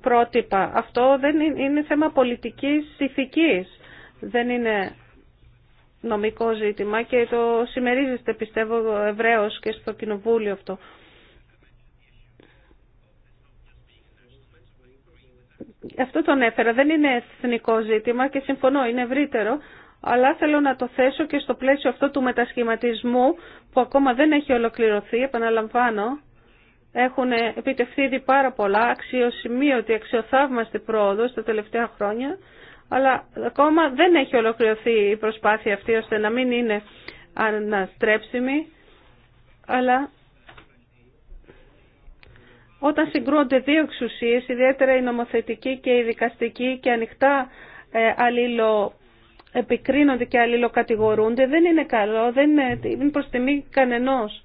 πρότυπα. Αυτό δεν είναι θέμα πολιτικής ηθικής. Δεν είναι νομικό ζήτημα και το συμμερίζεστε πιστεύω ευρέως και στο Κοινοβούλιο αυτό. Αυτό τον έφερα. Δεν είναι εθνικό ζήτημα και συμφωνώ, είναι ευρύτερο, αλλά θέλω να το θέσω και στο πλαίσιο αυτό του μετασχηματισμού που ακόμα δεν έχει ολοκληρωθεί, επαναλαμβάνω. Έχουν επιτευχθεί ήδη πάρα πολλά, αξιοσημείωτη, αξιοθαύμαστη πρόοδο τα τελευταία χρόνια, αλλά ακόμα δεν έχει ολοκληρωθεί η προσπάθεια αυτή ώστε να μην είναι αναστρέψιμη, αλλά όταν συγκρούονται δύο εξουσίες, ιδιαίτερα η νομοθετική και η δικαστική και ανοιχτά ε, επικρίνονται και αλληλοκατηγορούνται, δεν είναι καλό, δεν είναι, είναι προς τιμή κανενός.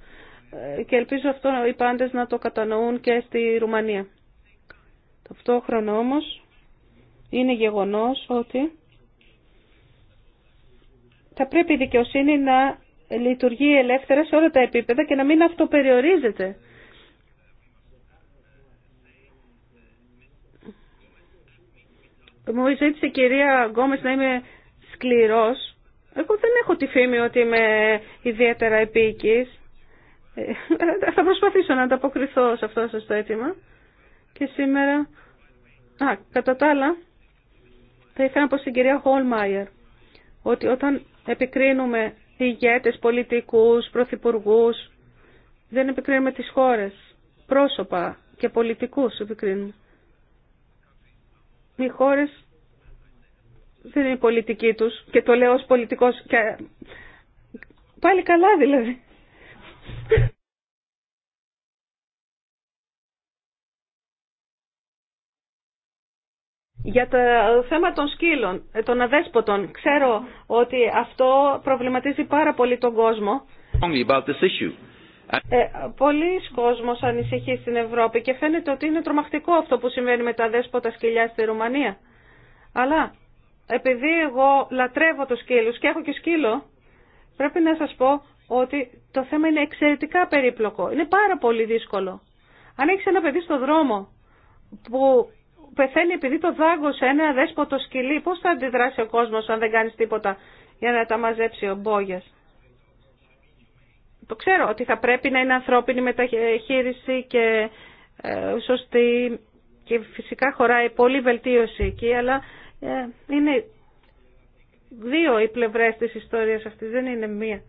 Ε, και ελπίζω αυτό οι πάντες να το κατανοούν και στη Ρουμανία. Ταυτόχρονα όμως είναι γεγονός ότι θα πρέπει η δικαιοσύνη να λειτουργεί ελεύθερα σε όλα τα επίπεδα και να μην αυτοπεριορίζεται. Μου ζήτησε η κυρία Γκόμες να είμαι σκληρός. Εγώ δεν έχω τη φήμη ότι είμαι ιδιαίτερα επίκης. Ε, θα προσπαθήσω να ανταποκριθώ σε αυτό σας το αίτημα. Και σήμερα, α, κατά τα άλλα, θα ήθελα να πω στην κυρία Χολμάιερ ότι όταν επικρίνουμε ηγέτες, πολιτικούς, πρωθυπουργούς, δεν επικρίνουμε τις χώρες, πρόσωπα και πολιτικούς επικρίνουμε. Οι χώρες δεν είναι πολιτική τους και το λέω ως πολιτικός και πάλι καλά δηλαδή. Για το ε, θέμα των σκύλων, ε, των αδέσποτων, ξέρω ότι αυτό προβληματίζει πάρα πολύ τον κόσμο. Ε, Πολλοί κόσμος ανησυχεί στην Ευρώπη και φαίνεται ότι είναι τρομακτικό αυτό που συμβαίνει με τα αδέσποτα σκυλιά στη Ρουμανία. Αλλά επειδή εγώ λατρεύω τους σκύλους και έχω και σκύλο, πρέπει να σας πω ότι το θέμα είναι εξαιρετικά περίπλοκο. Είναι πάρα πολύ δύσκολο. Αν έχεις ένα παιδί στο δρόμο που πεθαίνει επειδή το δάγκωσε ένα δέσποτο σκυλί, πώς θα αντιδράσει ο κόσμος αν δεν κάνεις τίποτα για να τα μαζέψει ο Μπόγιας. Το ξέρω ότι θα πρέπει να είναι ανθρώπινη μεταχείριση και ε, σωστή και φυσικά χωράει πολύ βελτίωση εκεί, αλλά ε, είναι δύο οι πλευρές της ιστορίας αυτής, δεν είναι μία.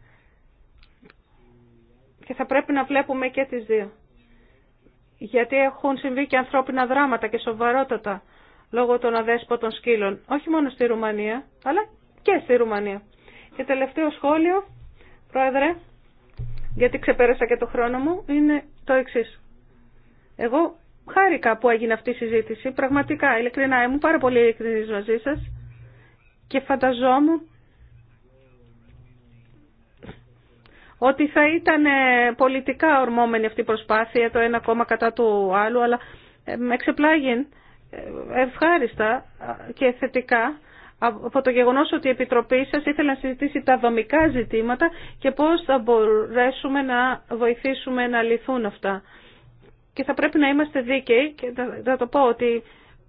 Και θα πρέπει να βλέπουμε και τις δύο γιατί έχουν συμβεί και ανθρώπινα δράματα και σοβαρότατα λόγω των αδέσποτων σκύλων, όχι μόνο στη Ρουμανία, αλλά και στη Ρουμανία. Και τελευταίο σχόλιο, Πρόεδρε, γιατί ξεπέρασα και το χρόνο μου, είναι το εξή. Εγώ χάρηκα που έγινε αυτή η συζήτηση, πραγματικά, ειλικρινά, ήμουν πάρα πολύ ειλικρινής μαζί σας και φανταζόμουν ότι θα ήταν ε, πολιτικά ορμόμενη αυτή η προσπάθεια το ένα κόμμα κατά του άλλου, αλλά ε, με εξεπλάγει ε, ευχάριστα και θετικά από το γεγονός ότι η Επιτροπή σας ήθελε να συζητήσει τα δομικά ζητήματα και πώς θα μπορέσουμε να βοηθήσουμε να λυθούν αυτά. Και θα πρέπει να είμαστε δίκαιοι και θα το πω ότι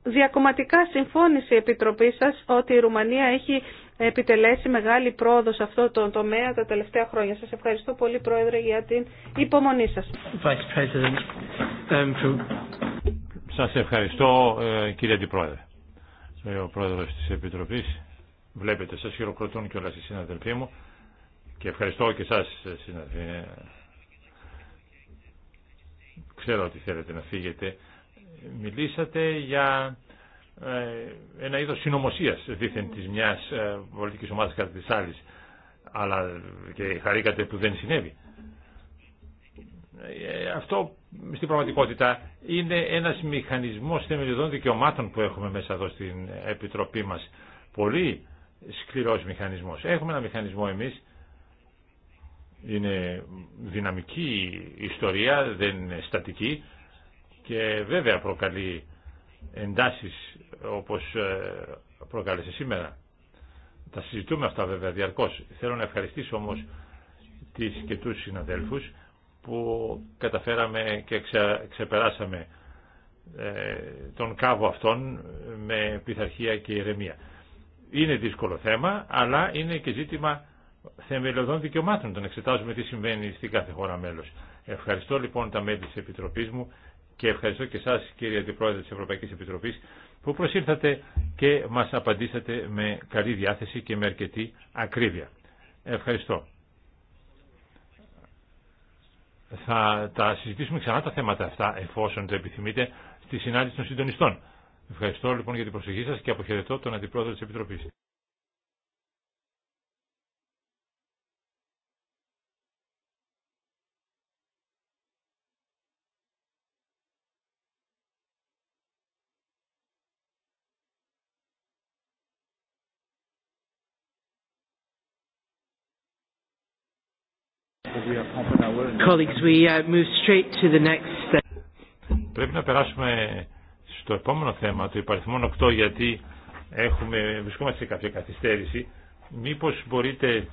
διακομματικά συμφώνησε η Επιτροπή σας ότι η Ρουμανία έχει επιτελέσει μεγάλη πρόοδο σε αυτό το τομέα τα τελευταία χρόνια. Σας ευχαριστώ πολύ Πρόεδρε για την υπομονή σας. Um, σας ευχαριστώ ε, κύριε Αντιπρόεδρε. Ε, ο Πρόεδρος της Επιτροπής βλέπετε σας χειροκροτούν και όλα οι συναδελφοί μου και ευχαριστώ και εσάς ε, συναδελφοί. Ξέρω ότι θέλετε να φύγετε. Μιλήσατε για ε, ένα είδος συνωμοσία δίθεν της μιας ε, πολιτικής ομάδας κατά της άλλης αλλά και χαρήκατε που δεν συνέβη ε, αυτό στην πραγματικότητα είναι ένας μηχανισμός θεμελιωδών δικαιωμάτων που έχουμε μέσα εδώ στην Επιτροπή μας πολύ σκληρός μηχανισμός έχουμε ένα μηχανισμό εμείς είναι δυναμική ιστορία δεν είναι στατική και βέβαια προκαλεί εντάσεις όπως ε, προκάλεσε σήμερα. Τα συζητούμε αυτά βέβαια διαρκώς. Θέλω να ευχαριστήσω όμως τις και τους συναδέλφους που καταφέραμε και ξεπεράσαμε ε, τον κάβο αυτόν με πειθαρχία και ηρεμία. Είναι δύσκολο θέμα, αλλά είναι και ζήτημα θεμελιωδών δικαιωμάτων. Τον εξετάζουμε τι συμβαίνει στην κάθε χώρα μέλος. Ευχαριστώ λοιπόν τα μέλη της Επιτροπής μου και ευχαριστώ και εσά κύριε Αντιπρόεδρε της Ευρωπαϊκής Επιτροπή που προσήρθατε και μας απαντήσατε με καλή διάθεση και με αρκετή ακρίβεια. Ευχαριστώ. Θα τα συζητήσουμε ξανά τα θέματα αυτά εφόσον το επιθυμείτε στη συνάντηση των συντονιστών. Ευχαριστώ λοιπόν για την προσοχή σα και αποχαιρετώ τον Αντιπρόεδρο τη Επιτροπή. Colleagues, we uh, move straight to the next. Πρέπει να περάσουμε στο επόμενο θέμα, το υπαριθμόν 8, γιατί έχουμε, βρισκόμαστε σε κάποια καθυστέρηση. Μήπως μπορείτε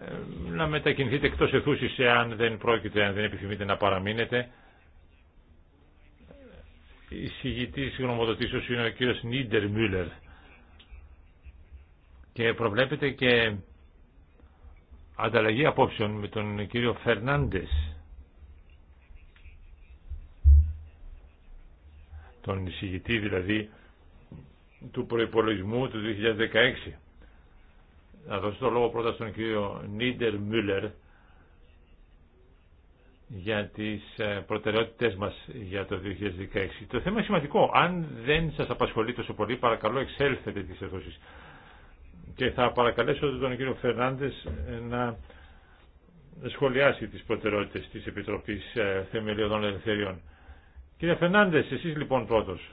ε, να μετακινηθείτε εκτός εθούσης εάν δεν πρόκειται, αν δεν επιθυμείτε να παραμείνετε. Η συγητή συγγνωμοδοτήσεως είναι ο κύριος Νίντερ Μούλερ και προβλέπεται και ανταλλαγή απόψεων με τον κύριο Φερνάντες, τον εισηγητή δηλαδή του προϋπολογισμού του 2016. Να δώσω το λόγο πρώτα στον κύριο Νίτερ Μούλερ για τις ε, προτεραιότητες μας για το 2016. Το θέμα είναι σημαντικό. Αν δεν σας απασχολεί τόσο πολύ, παρακαλώ εξέλθετε τις ερωτήσεις και θα παρακαλέσω τον κύριο Φερνάντες ε, να σχολιάσει τις προτεραιότητες της Επιτροπής ε, Θεμελιωδών Ελευθεριών. Κύριε Φερνάντες, εσείς λοιπόν πρώτος.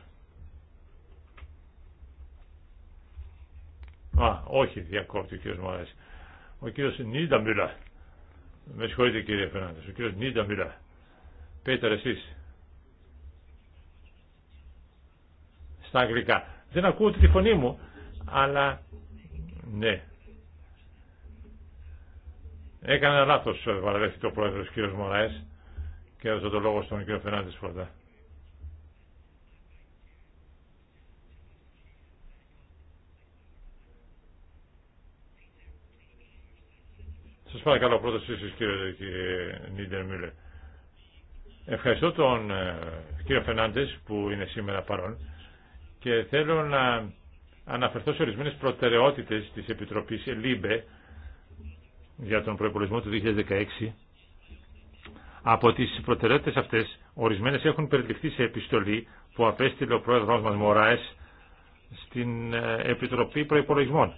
Α, όχι, διακόπτει ο κύριος Μωράς. Ο κύριος Νίντα Μιλά. Με συγχωρείτε κύριε Φερνάντες, ο κύριος Νίντα Μιλά. Πέτερ εσείς. Στα αγγλικά. Δεν ακούω τη φωνή μου, αλλά ναι. Έκανε λάθος, ε, παραδέχτηκε ο πρόεδρο κ. Μωράε και έδωσε το λόγο στον κ. Φερνάντε πρώτα. Σας παρακαλώ πρώτα εσείς κύριε, Νίτερ Νίντερ Ευχαριστώ τον ε, κύριο Φερνάντες που είναι σήμερα παρόν και θέλω να αναφερθώ σε ορισμένες προτεραιότητες της Επιτροπής ΛΥΜΠΕ για τον προϋπολογισμό του 2016. Από τις προτεραιότητες αυτές, ορισμένες έχουν περιληφθεί σε επιστολή που απέστειλε ο πρόεδρος μας Μωράες στην ε, Επιτροπή Προϋπολογισμών.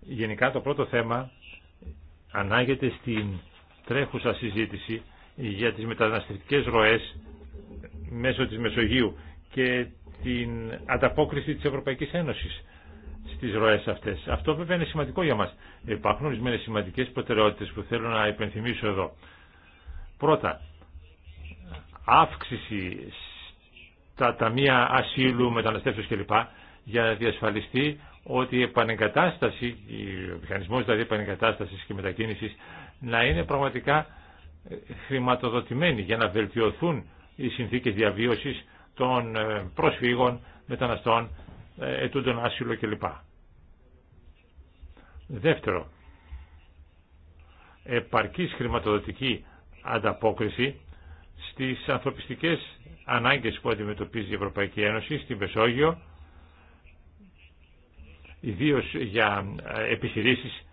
Γενικά το πρώτο θέμα ανάγεται στην τρέχουσα συζήτηση για τις μεταναστευτικές ροές μέσω της Μεσογείου και την ανταπόκριση της Ευρωπαϊκής Ένωσης στις ροές αυτές. Αυτό βέβαια είναι σημαντικό για μας. Υπάρχουν ορισμένες σημαντικές προτεραιότητες που θέλω να υπενθυμίσω εδώ. Πρώτα, αύξηση στα ταμεία ασύλου, μεταναστεύσεως κλπ. για να διασφαλιστεί ότι η επανεγκατάσταση, ο μηχανισμός δηλαδή επανεγκατάστασης και μετακίνησης να είναι πραγματικά χρηματοδοτημένοι για να βελτιωθούν οι συνθήκες διαβίωσης των ε, προσφύγων, μεταναστών, ε, ετούντων άσυλο κλπ. Δεύτερο, επαρκής χρηματοδοτική ανταπόκριση στις ανθρωπιστικές ανάγκες που αντιμετωπίζει η Ευρωπαϊκή Ένωση στην Μεσόγειο, ιδίως για ε, επιχειρήσεις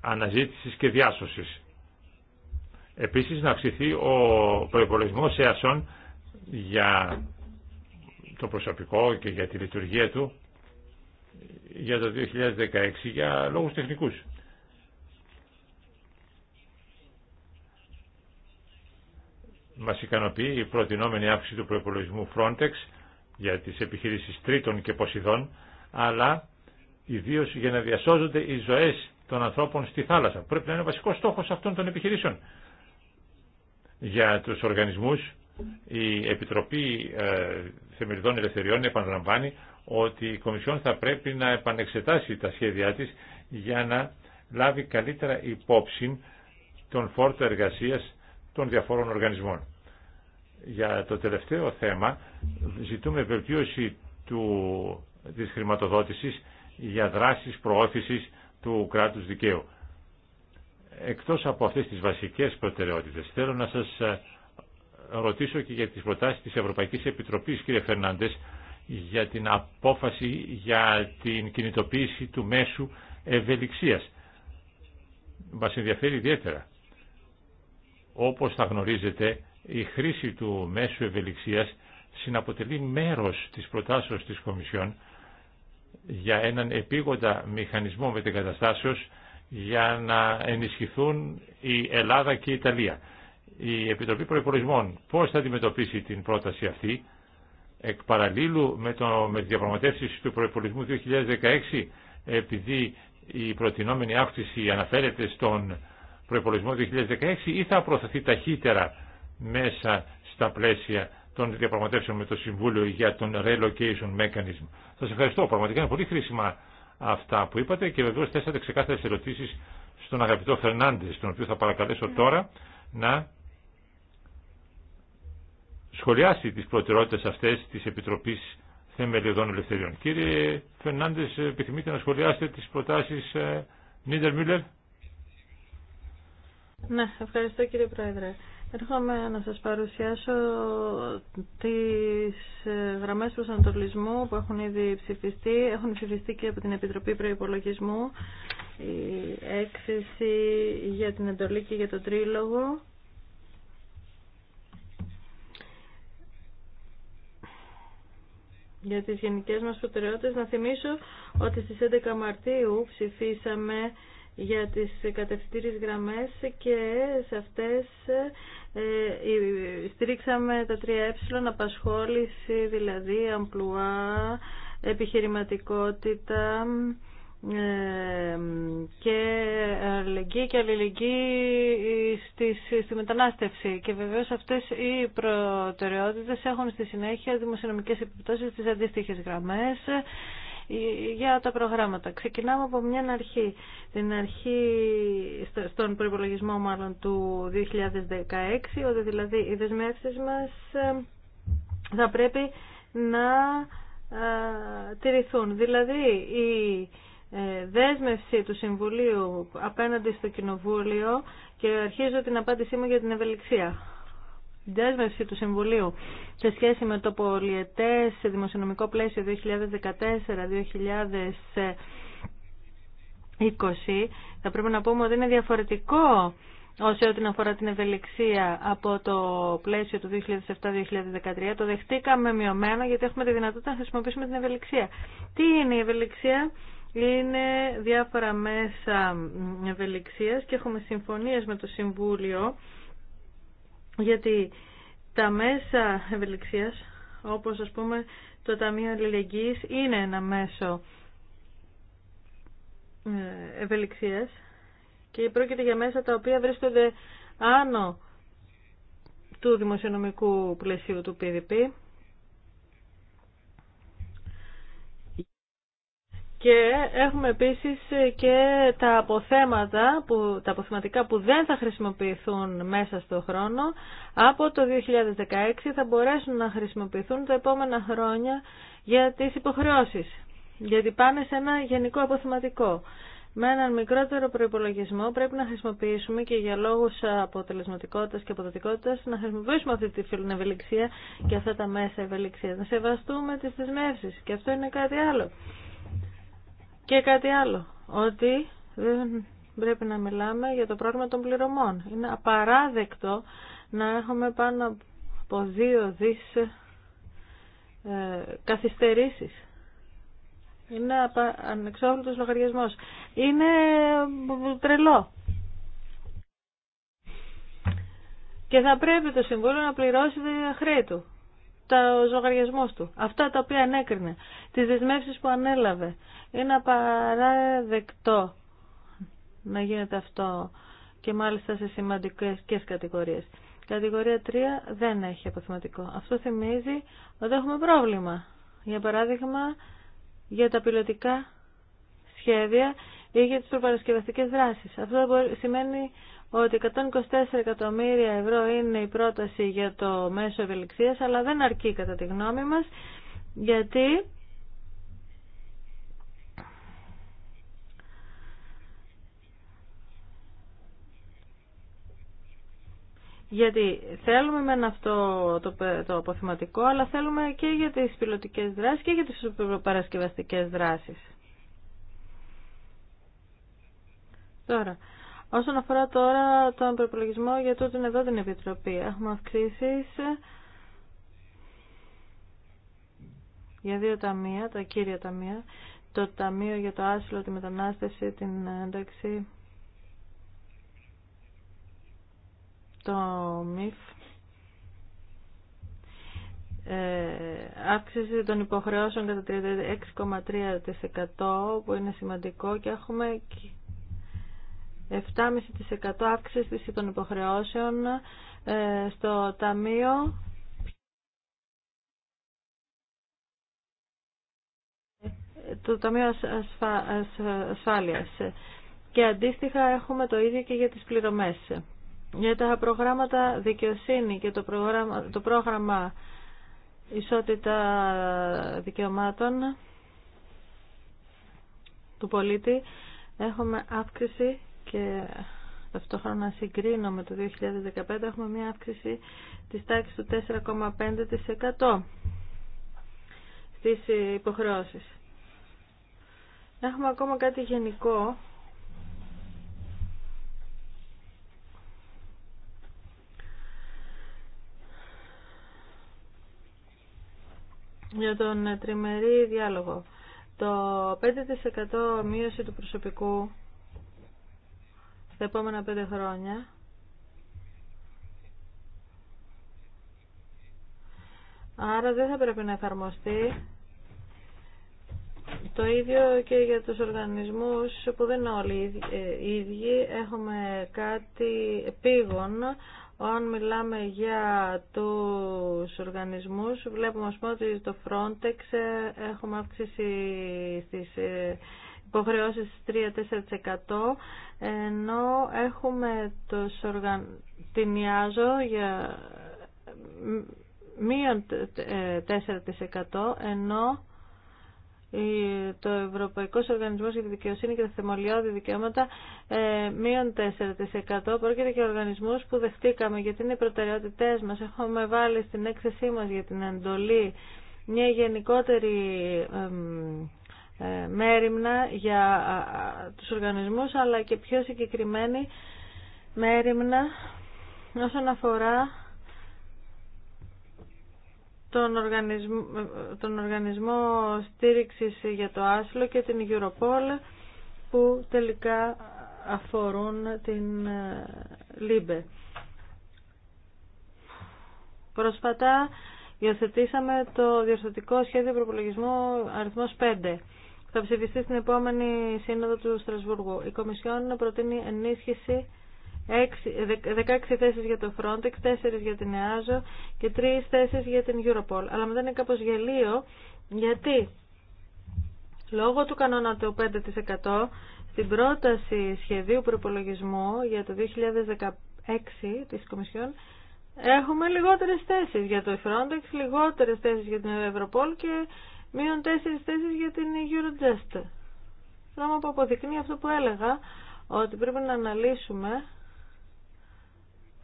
αναζήτησης και διάσωσης. Επίσης να αυξηθεί ο προϋπολογισμός ασων για το προσωπικό και για τη λειτουργία του για το 2016 για λόγους τεχνικούς. Μας ικανοποιεί η προτινόμενη αύξηση του προϋπολογισμού Frontex για τις επιχειρήσεις τρίτων και ποσειδών, αλλά ιδίω για να διασώζονται οι ζωές των ανθρώπων στη θάλασσα. Πρέπει να είναι ο βασικός στόχος αυτών των επιχειρήσεων. Για τους οργανισμούς η Επιτροπή ε, Θεμελιδών Ελευθεριών επαναλαμβάνει ότι η Κομισιόν θα πρέπει να επανεξετάσει τα σχέδιά της για να λάβει καλύτερα υπόψη τον φόρτο εργασίας των διαφόρων οργανισμών. Για το τελευταίο θέμα ζητούμε βελτίωση του, της χρηματοδότησης για δράσεις προώθησης του κράτους δικαίου. Εκτός από αυτές τις βασικές προτεραιότητες θέλω να σας ε, ρωτήσω και για τις προτάσεις της Ευρωπαϊκής Επιτροπής, κύριε Φερνάντες, για την απόφαση για την κινητοποίηση του μέσου ευελιξίας. Μας ενδιαφέρει ιδιαίτερα. Όπως θα γνωρίζετε, η χρήση του μέσου ευελιξίας συναποτελεί μέρος της προτάσεως της Κομισιόν για έναν επίγοντα μηχανισμό μετεγκαταστάσεως για να ενισχυθούν η Ελλάδα και η Ιταλία η Επιτροπή Προπολογισμών πώς θα αντιμετωπίσει την πρόταση αυτή εκ παραλίλου με, το, με διαπραγματεύσεις του προϋπολογισμού 2016 επειδή η προτινόμενη αύξηση αναφέρεται στον προϋπολογισμό 2016 ή θα προωθηθεί ταχύτερα μέσα στα πλαίσια των διαπραγματεύσεων με το Συμβούλιο για τον Relocation Mechanism. Σας ευχαριστώ. Πραγματικά είναι πολύ χρήσιμα αυτά που είπατε και βεβαίως θέσατε ξεκάθαρες ερωτήσεις στον αγαπητό Φερνάντε, τον οποίο θα παρακαλέσω τώρα να σχολιάσει τις προτεραιότητες αυτές της Επιτροπής Θεμελιωδών Ελευθεριών. Κύριε Φερνάντες, επιθυμείτε να σχολιάσετε τις προτάσεις ε, Νίντερ Μιούλερ. Ναι, ευχαριστώ κύριε Πρόεδρε. Έρχομαι να σας παρουσιάσω τις ε, γραμμές προσανατολισμού που έχουν ήδη ψηφιστεί. Έχουν ψηφιστεί και από την Επιτροπή Προϋπολογισμού η έκθεση για την εντολή και για τον τρίλογο για τις γενικές μας προτεραιότητες. Να θυμίσω ότι στις 11 Μαρτίου ψηφίσαμε για τις κατευθυντήριες γραμμές και σε αυτές ε, στηρίξαμε τα τρία ε, απασχόληση, δηλαδή αμπλουά, επιχειρηματικότητα, ε, και αλληλεγγύη και αλληλεγγύη στη, στη μετανάστευση. Και βεβαίως αυτές οι προτεραιότητες έχουν στη συνέχεια δημοσιονομικές επιπτώσεις στις αντίστοιχες γραμμές για τα προγράμματα. Ξεκινάμε από μια αρχή. Την αρχή στον προϋπολογισμό μάλλον του 2016, ότι δηλαδή οι δεσμεύσεις μας ε, θα πρέπει να ε, τηρηθούν. Δηλαδή οι ε, δέσμευση του Συμβουλίου απέναντι στο Κοινοβούλιο και αρχίζω την απάντησή μου για την ευελιξία. Δέσμευση του Συμβουλίου σε σχέση με το πολιετές σε δημοσιονομικό πλαίσιο 2014-2020 θα πρέπει να πούμε ότι είναι διαφορετικό Όσο ό,τι αφορά την ευελιξία από το πλαίσιο του 2007-2013, το δεχτήκαμε μειωμένο γιατί έχουμε τη δυνατότητα να χρησιμοποιήσουμε την ευελιξία. Τι είναι η ευελιξία? είναι διάφορα μέσα ευελιξίας και έχουμε συμφωνίες με το Συμβούλιο γιατί τα μέσα ευελιξίας όπως ας πούμε το Ταμείο Αλληλεγγύης είναι ένα μέσο ε, ευελιξίας και πρόκειται για μέσα τα οποία βρίσκονται άνω του δημοσιονομικού πλαισίου του PDP Και έχουμε επίσης και τα αποθέματα, που, τα αποθεματικά που δεν θα χρησιμοποιηθούν μέσα στο χρόνο, από το 2016 θα μπορέσουν να χρησιμοποιηθούν τα επόμενα χρόνια για τις υποχρεώσεις. Γιατί πάνε σε ένα γενικό αποθεματικό. Με έναν μικρότερο προϋπολογισμό πρέπει να χρησιμοποιήσουμε και για λόγους αποτελεσματικότητα και αποδοτικότητας να χρησιμοποιήσουμε αυτή τη φιλονευελιξία και αυτά τα μέσα ευελιξία. Να σεβαστούμε τις δεσμεύσει. Και αυτό είναι κάτι άλλο. Και κάτι άλλο, ότι δεν πρέπει να μιλάμε για το πρόβλημα των πληρωμών. Είναι απαράδεκτο να έχουμε πάνω από δύο δις ε, καθυστερήσεις. Είναι ανεξόφλητος λογαριασμός. Είναι ε, τρελό. Και θα πρέπει το Συμβούλιο να πληρώσει τα χρέη του τα ζωγαριασμό του. Αυτά τα οποία ανέκρινε, τις δεσμεύσεις που ανέλαβε. Είναι απαράδεκτό να γίνεται αυτό και μάλιστα σε σημαντικές κατηγορίες. Κατηγορία 3 δεν έχει αποθηματικό. Αυτό θυμίζει ότι έχουμε πρόβλημα. Για παράδειγμα, για τα πιλωτικά σχέδια ή για τις προπαρασκευαστικές δράσεις. Αυτό σημαίνει ότι 124 εκατομμύρια ευρώ είναι η πρόταση για το μέσο ευελιξίας, αλλά δεν αρκεί κατά τη γνώμη μας, γιατί Γιατί θέλουμε μεν αυτό το, το αποθηματικό, αλλά θέλουμε και για τις πιλωτικές δράσεις και για τις παρασκευαστικές δράσεις. Τώρα, Όσον αφορά τώρα τον προπολογισμό για τούτην εδώ την Επιτροπή, έχουμε αυξήσει για δύο ταμεία, τα κύρια ταμεία, το Ταμείο για το Άσυλο, τη Μετανάστευση, την ένταξη, το ΜΙΦ, ε, αύξηση των υποχρεώσεων κατά 36,3% που είναι σημαντικό και έχουμε 7,5% αύξηση των υποχρεώσεων ε, στο Ταμείο το Ταμείο Ασφάλειας. Και αντίστοιχα έχουμε το ίδιο και για τις πληρωμές. Για τα προγράμματα δικαιοσύνη και το πρόγραμμα, το πρόγραμμα ισότητα δικαιωμάτων του πολίτη έχουμε αύξηση και ταυτόχρονα συγκρίνω με το 2015 έχουμε μια αύξηση της τάξης του 4,5% στις υποχρεώσεις. Έχουμε ακόμα κάτι γενικό για τον τριμερή διάλογο. Το 5% μείωση του προσωπικού τα επόμενα πέντε χρόνια άρα δεν θα πρέπει να εφαρμοστεί το ίδιο και για τους οργανισμούς που δεν είναι όλοι οι ε, ίδιοι. Έχουμε κάτι επίγον. Όταν μιλάμε για τους οργανισμούς, βλέπουμε πούμε ότι το Frontex ε, έχουμε αύξηση στις ε, υποχρεώσεις 3-4% ενώ έχουμε το σοργαν... την Ιάζο για μείον 4% ενώ το ευρωπαικο οργανισμο για τη Δικαιοσύνη και τα Θεμολιώδη Δικαιώματα ε, μείον 4%. Πρόκειται για οργανισμού που δεχτήκαμε γιατί είναι οι προτεραιότητέ μα Έχουμε βάλει στην έκθεσή μα για την εντολή μια γενικότερη ε, μέρημνα για τους οργανισμούς αλλά και πιο συγκεκριμένη μέρημνα όσον αφορά τον οργανισμό, τον οργανισμό στήριξης για το άσυλο και την Europol που τελικά αφορούν την ε, ΛΥΜΠΕ. Πρόσφατα υιοθετήσαμε το διορθωτικό σχέδιο προπολογισμού αριθμός 5 θα ψηφιστεί στην επόμενη σύνοδο του Στρασβούργου. Η Κομισιόν προτείνει ενίσχυση 16 θέσεις για το Frontex, 4 για την EASO και 3 θέσεις για την Europol. Αλλά μετά είναι κάπως γελίο γιατί λόγω του κανόνα του 5% στην πρόταση σχεδίου προπολογισμού για το 2016 της Κομισιόν έχουμε λιγότερες θέσεις για το Frontex, λιγότερες θέσεις για την Europol και μείον τέσσερι θέσει για την Eurojust. Πράγμα που αποδεικνύει αυτό που έλεγα, ότι πρέπει να αναλύσουμε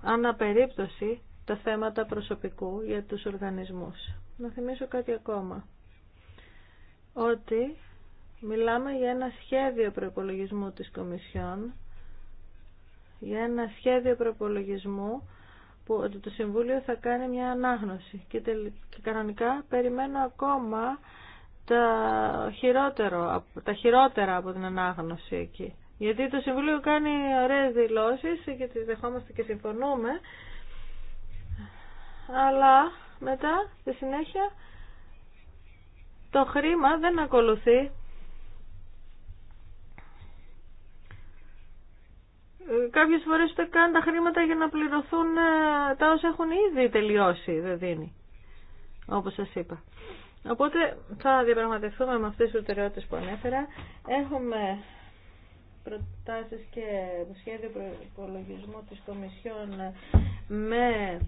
αναπερίπτωση τα θέματα προσωπικού για τους οργανισμούς. Να θυμίσω κάτι ακόμα. Ότι μιλάμε για ένα σχέδιο προπολογισμού της Κομισιόν, για ένα σχέδιο προπολογισμού που το Συμβούλιο θα κάνει μια ανάγνωση και, και κανονικά περιμένω ακόμα τα, χειρότερο, τα χειρότερα από την ανάγνωση εκεί. Γιατί το Συμβούλιο κάνει ωραίες δηλώσεις και τις δεχόμαστε και συμφωνούμε, αλλά μετά, στη συνέχεια, το χρήμα δεν ακολουθεί κάποιες φορές ούτε καν τα χρήματα για να πληρωθούν ε, τα όσα έχουν ήδη τελειώσει δεν δίνει, όπως σας είπα. Οπότε θα διαπραγματευτούμε με αυτές τις προτεραιότητες που ανέφερα. Έχουμε προτάσεις και σχέδιο προπολογισμού της Κομισιόν με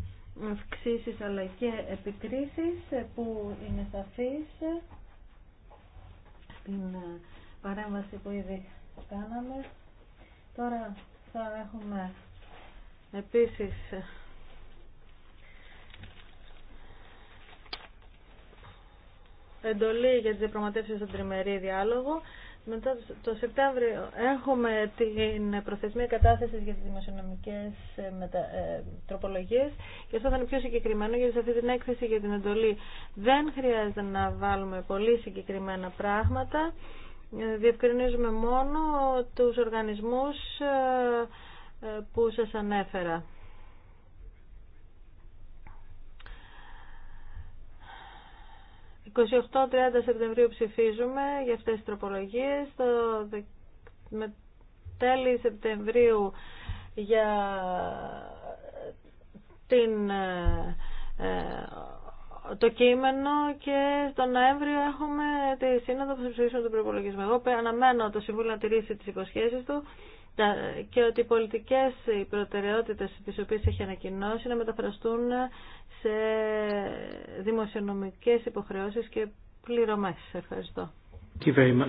αυξήσει, αλλά και επικρίσεις που είναι σαφείς στην παρέμβαση που ήδη κάναμε. Τώρα θα έχουμε επίσης ε, εντολή για τις διαπραγματεύσεις στον τριμερή διάλογο. Μετά το Σεπτέμβριο έχουμε την προθεσμία κατάθεσης για τις δημοσιονομικές ε, μετα... Ε, τροπολογίες και αυτό θα είναι πιο συγκεκριμένο γιατί σε αυτή την έκθεση για την εντολή δεν χρειάζεται να βάλουμε πολύ συγκεκριμένα πράγματα διευκρινίζουμε μόνο τους οργανισμούς ε, ε, που σας ανέφερα. «28-30 Σεπτεμβρίου ψηφίζουμε για αυτές τις τροπολογίες. Το με Σεπτεμβρίου για την ε, το κείμενο και τον Νοέμβριο έχουμε τη σύνοδο που θα ψηφίσουμε τον προπολογισμό. Εγώ αναμένω το Συμβούλιο να τηρήσει τις υποσχέσεις του και ότι οι πολιτικές προτεραιότητες τις οποίες έχει ανακοινώσει να μεταφραστούν σε δημοσιονομικές υποχρεώσεις και πληρωμές. Ευχαριστώ. Um,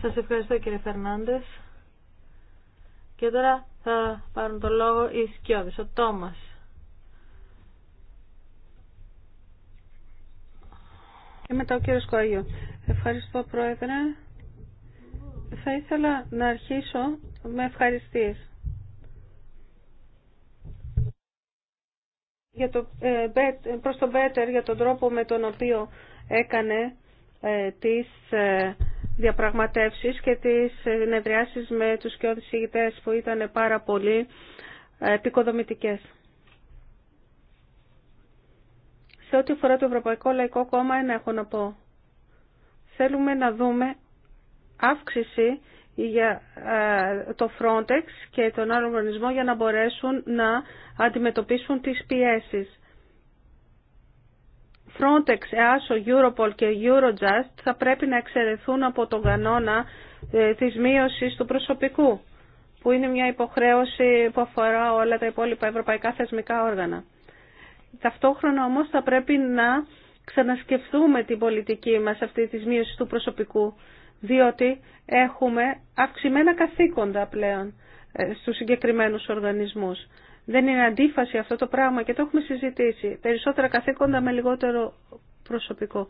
Σας ευχαριστώ κύριε Φερνάντες. Και τώρα θα πάρουν το λόγο οι Σκιώδης. Ο Τόμας. Ε, μετά ο Ευχαριστώ Πρόεδρε. Θα ήθελα να αρχίσω με ευχαριστίες. Για το, ε, προς το Πέτερ για τον τρόπο με τον οποίο έκανε ε, τις διαπραγματεύσεις και τις συνεδριάσεις με τους και ηγητές που ήταν πάρα πολύ επικοδομητικές. Σε ό,τι αφορά το Ευρωπαϊκό Λαϊκό Κόμμα, ένα έχω να πω. Θέλουμε να δούμε αύξηση για ε, το Frontex και τον άλλο οργανισμό για να μπορέσουν να αντιμετωπίσουν τις πιέσεις. Frontex, EASO, Europol και Eurojust θα πρέπει να εξαιρεθούν από τον κανόνα ε, της μείωσης του προσωπικού, που είναι μια υποχρέωση που αφορά όλα τα υπόλοιπα ευρωπαϊκά θεσμικά όργανα. Ταυτόχρονα όμως θα πρέπει να ξανασκεφτούμε την πολιτική μας αυτή της μείωσης του προσωπικού, διότι έχουμε αυξημένα καθήκοντα πλέον ε, στους συγκεκριμένους οργανισμούς. Δεν είναι αντίφαση αυτό το πράγμα και το έχουμε συζητήσει. Περισσότερα καθήκοντα με λιγότερο προσωπικό.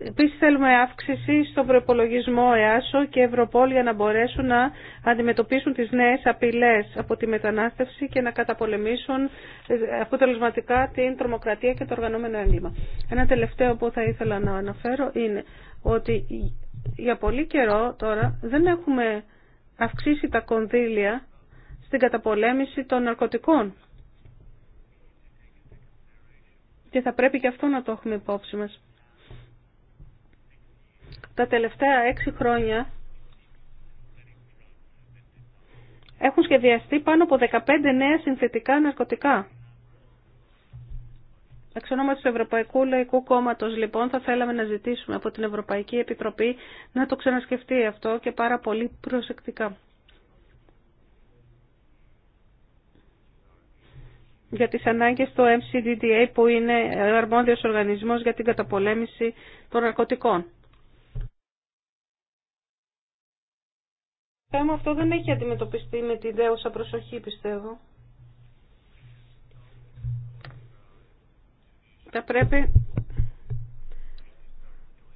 Επίση θέλουμε αύξηση στον προπολογισμό ΕΑΣΟ και Ευρωπόλ για να μπορέσουν να αντιμετωπίσουν τις νέες απειλές από τη μετανάστευση και να καταπολεμήσουν ε, αποτελεσματικά την τρομοκρατία και το οργανωμένο έγκλημα. Ένα τελευταίο που θα ήθελα να αναφέρω είναι ότι για πολύ καιρό τώρα δεν έχουμε αυξήσει τα κονδύλια στην καταπολέμηση των ναρκωτικών. Και θα πρέπει και αυτό να το έχουμε υπόψη μας τα τελευταία έξι χρόνια έχουν σχεδιαστεί πάνω από 15 νέα συνθετικά ναρκωτικά. Εξ ονόματος του Ευρωπαϊκού Λαϊκού Κόμματος, λοιπόν, θα θέλαμε να ζητήσουμε από την Ευρωπαϊκή Επιτροπή να το ξανασκεφτεί αυτό και πάρα πολύ προσεκτικά. για τις ανάγκες του MCDDA που είναι ο αρμόδιος οργανισμός για την καταπολέμηση των ναρκωτικών. θέμα αυτό δεν έχει αντιμετωπιστεί με την δέουσα προσοχή, πιστεύω. Θα πρέπει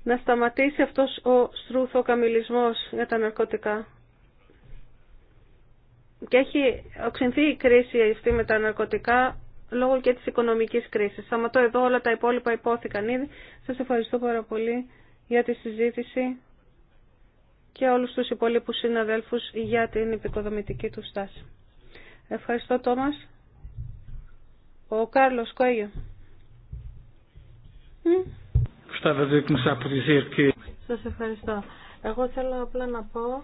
να σταματήσει αυτός ο στρούθο καμιλισμός για τα ναρκωτικά. Και έχει οξυνθεί η κρίση αυτή με τα ναρκωτικά λόγω και της οικονομικής κρίσης. Σταματώ εδώ, όλα τα υπόλοιπα υπόθηκαν ήδη. Σας ευχαριστώ πάρα πολύ για τη συζήτηση και όλους τους υπόλοιπους συναδέλφους για την επικοδομητική του στάση. Ευχαριστώ Τόμας. Ο Κάρλος Κόγιο. Σας ευχαριστώ. Εγώ θέλω απλά να πω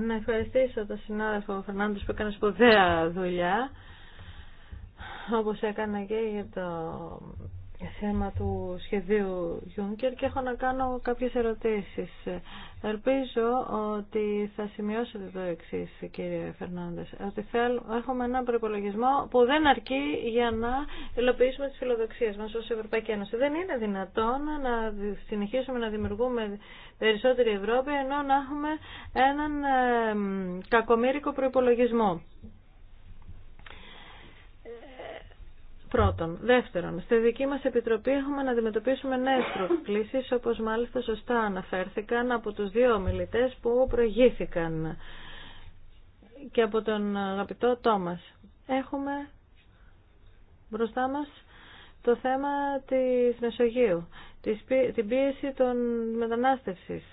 να ευχαριστήσω τον συνάδελφο Φερνάντο που έκανε σπουδαία δουλειά όπως έκανα και για το θέμα του σχεδίου Juncker και έχω να κάνω κάποιες ερωτήσεις. Ελπίζω ότι θα σημειώσετε το εξή, κύριε Φερνάνδες, ότι έχουμε έναν προπολογισμό που δεν αρκεί για να υλοποιήσουμε τις φιλοδοξίες μας ως Ευρωπαϊκή Ένωση. Δεν είναι δυνατόν να συνεχίσουμε να δημιουργούμε περισσότερη Ευρώπη ενώ να έχουμε έναν ε, κακομήρικο προπολογισμό. Πρώτον. Δεύτερον, στη δική μας Επιτροπή έχουμε να αντιμετωπίσουμε νέες προκλήσεις, όπως μάλιστα σωστά αναφέρθηκαν από τους δύο ομιλητές που προηγήθηκαν και από τον αγαπητό Τόμας. Έχουμε μπροστά μας το θέμα της Μεσογείου, την πίεση των μετανάστευσης,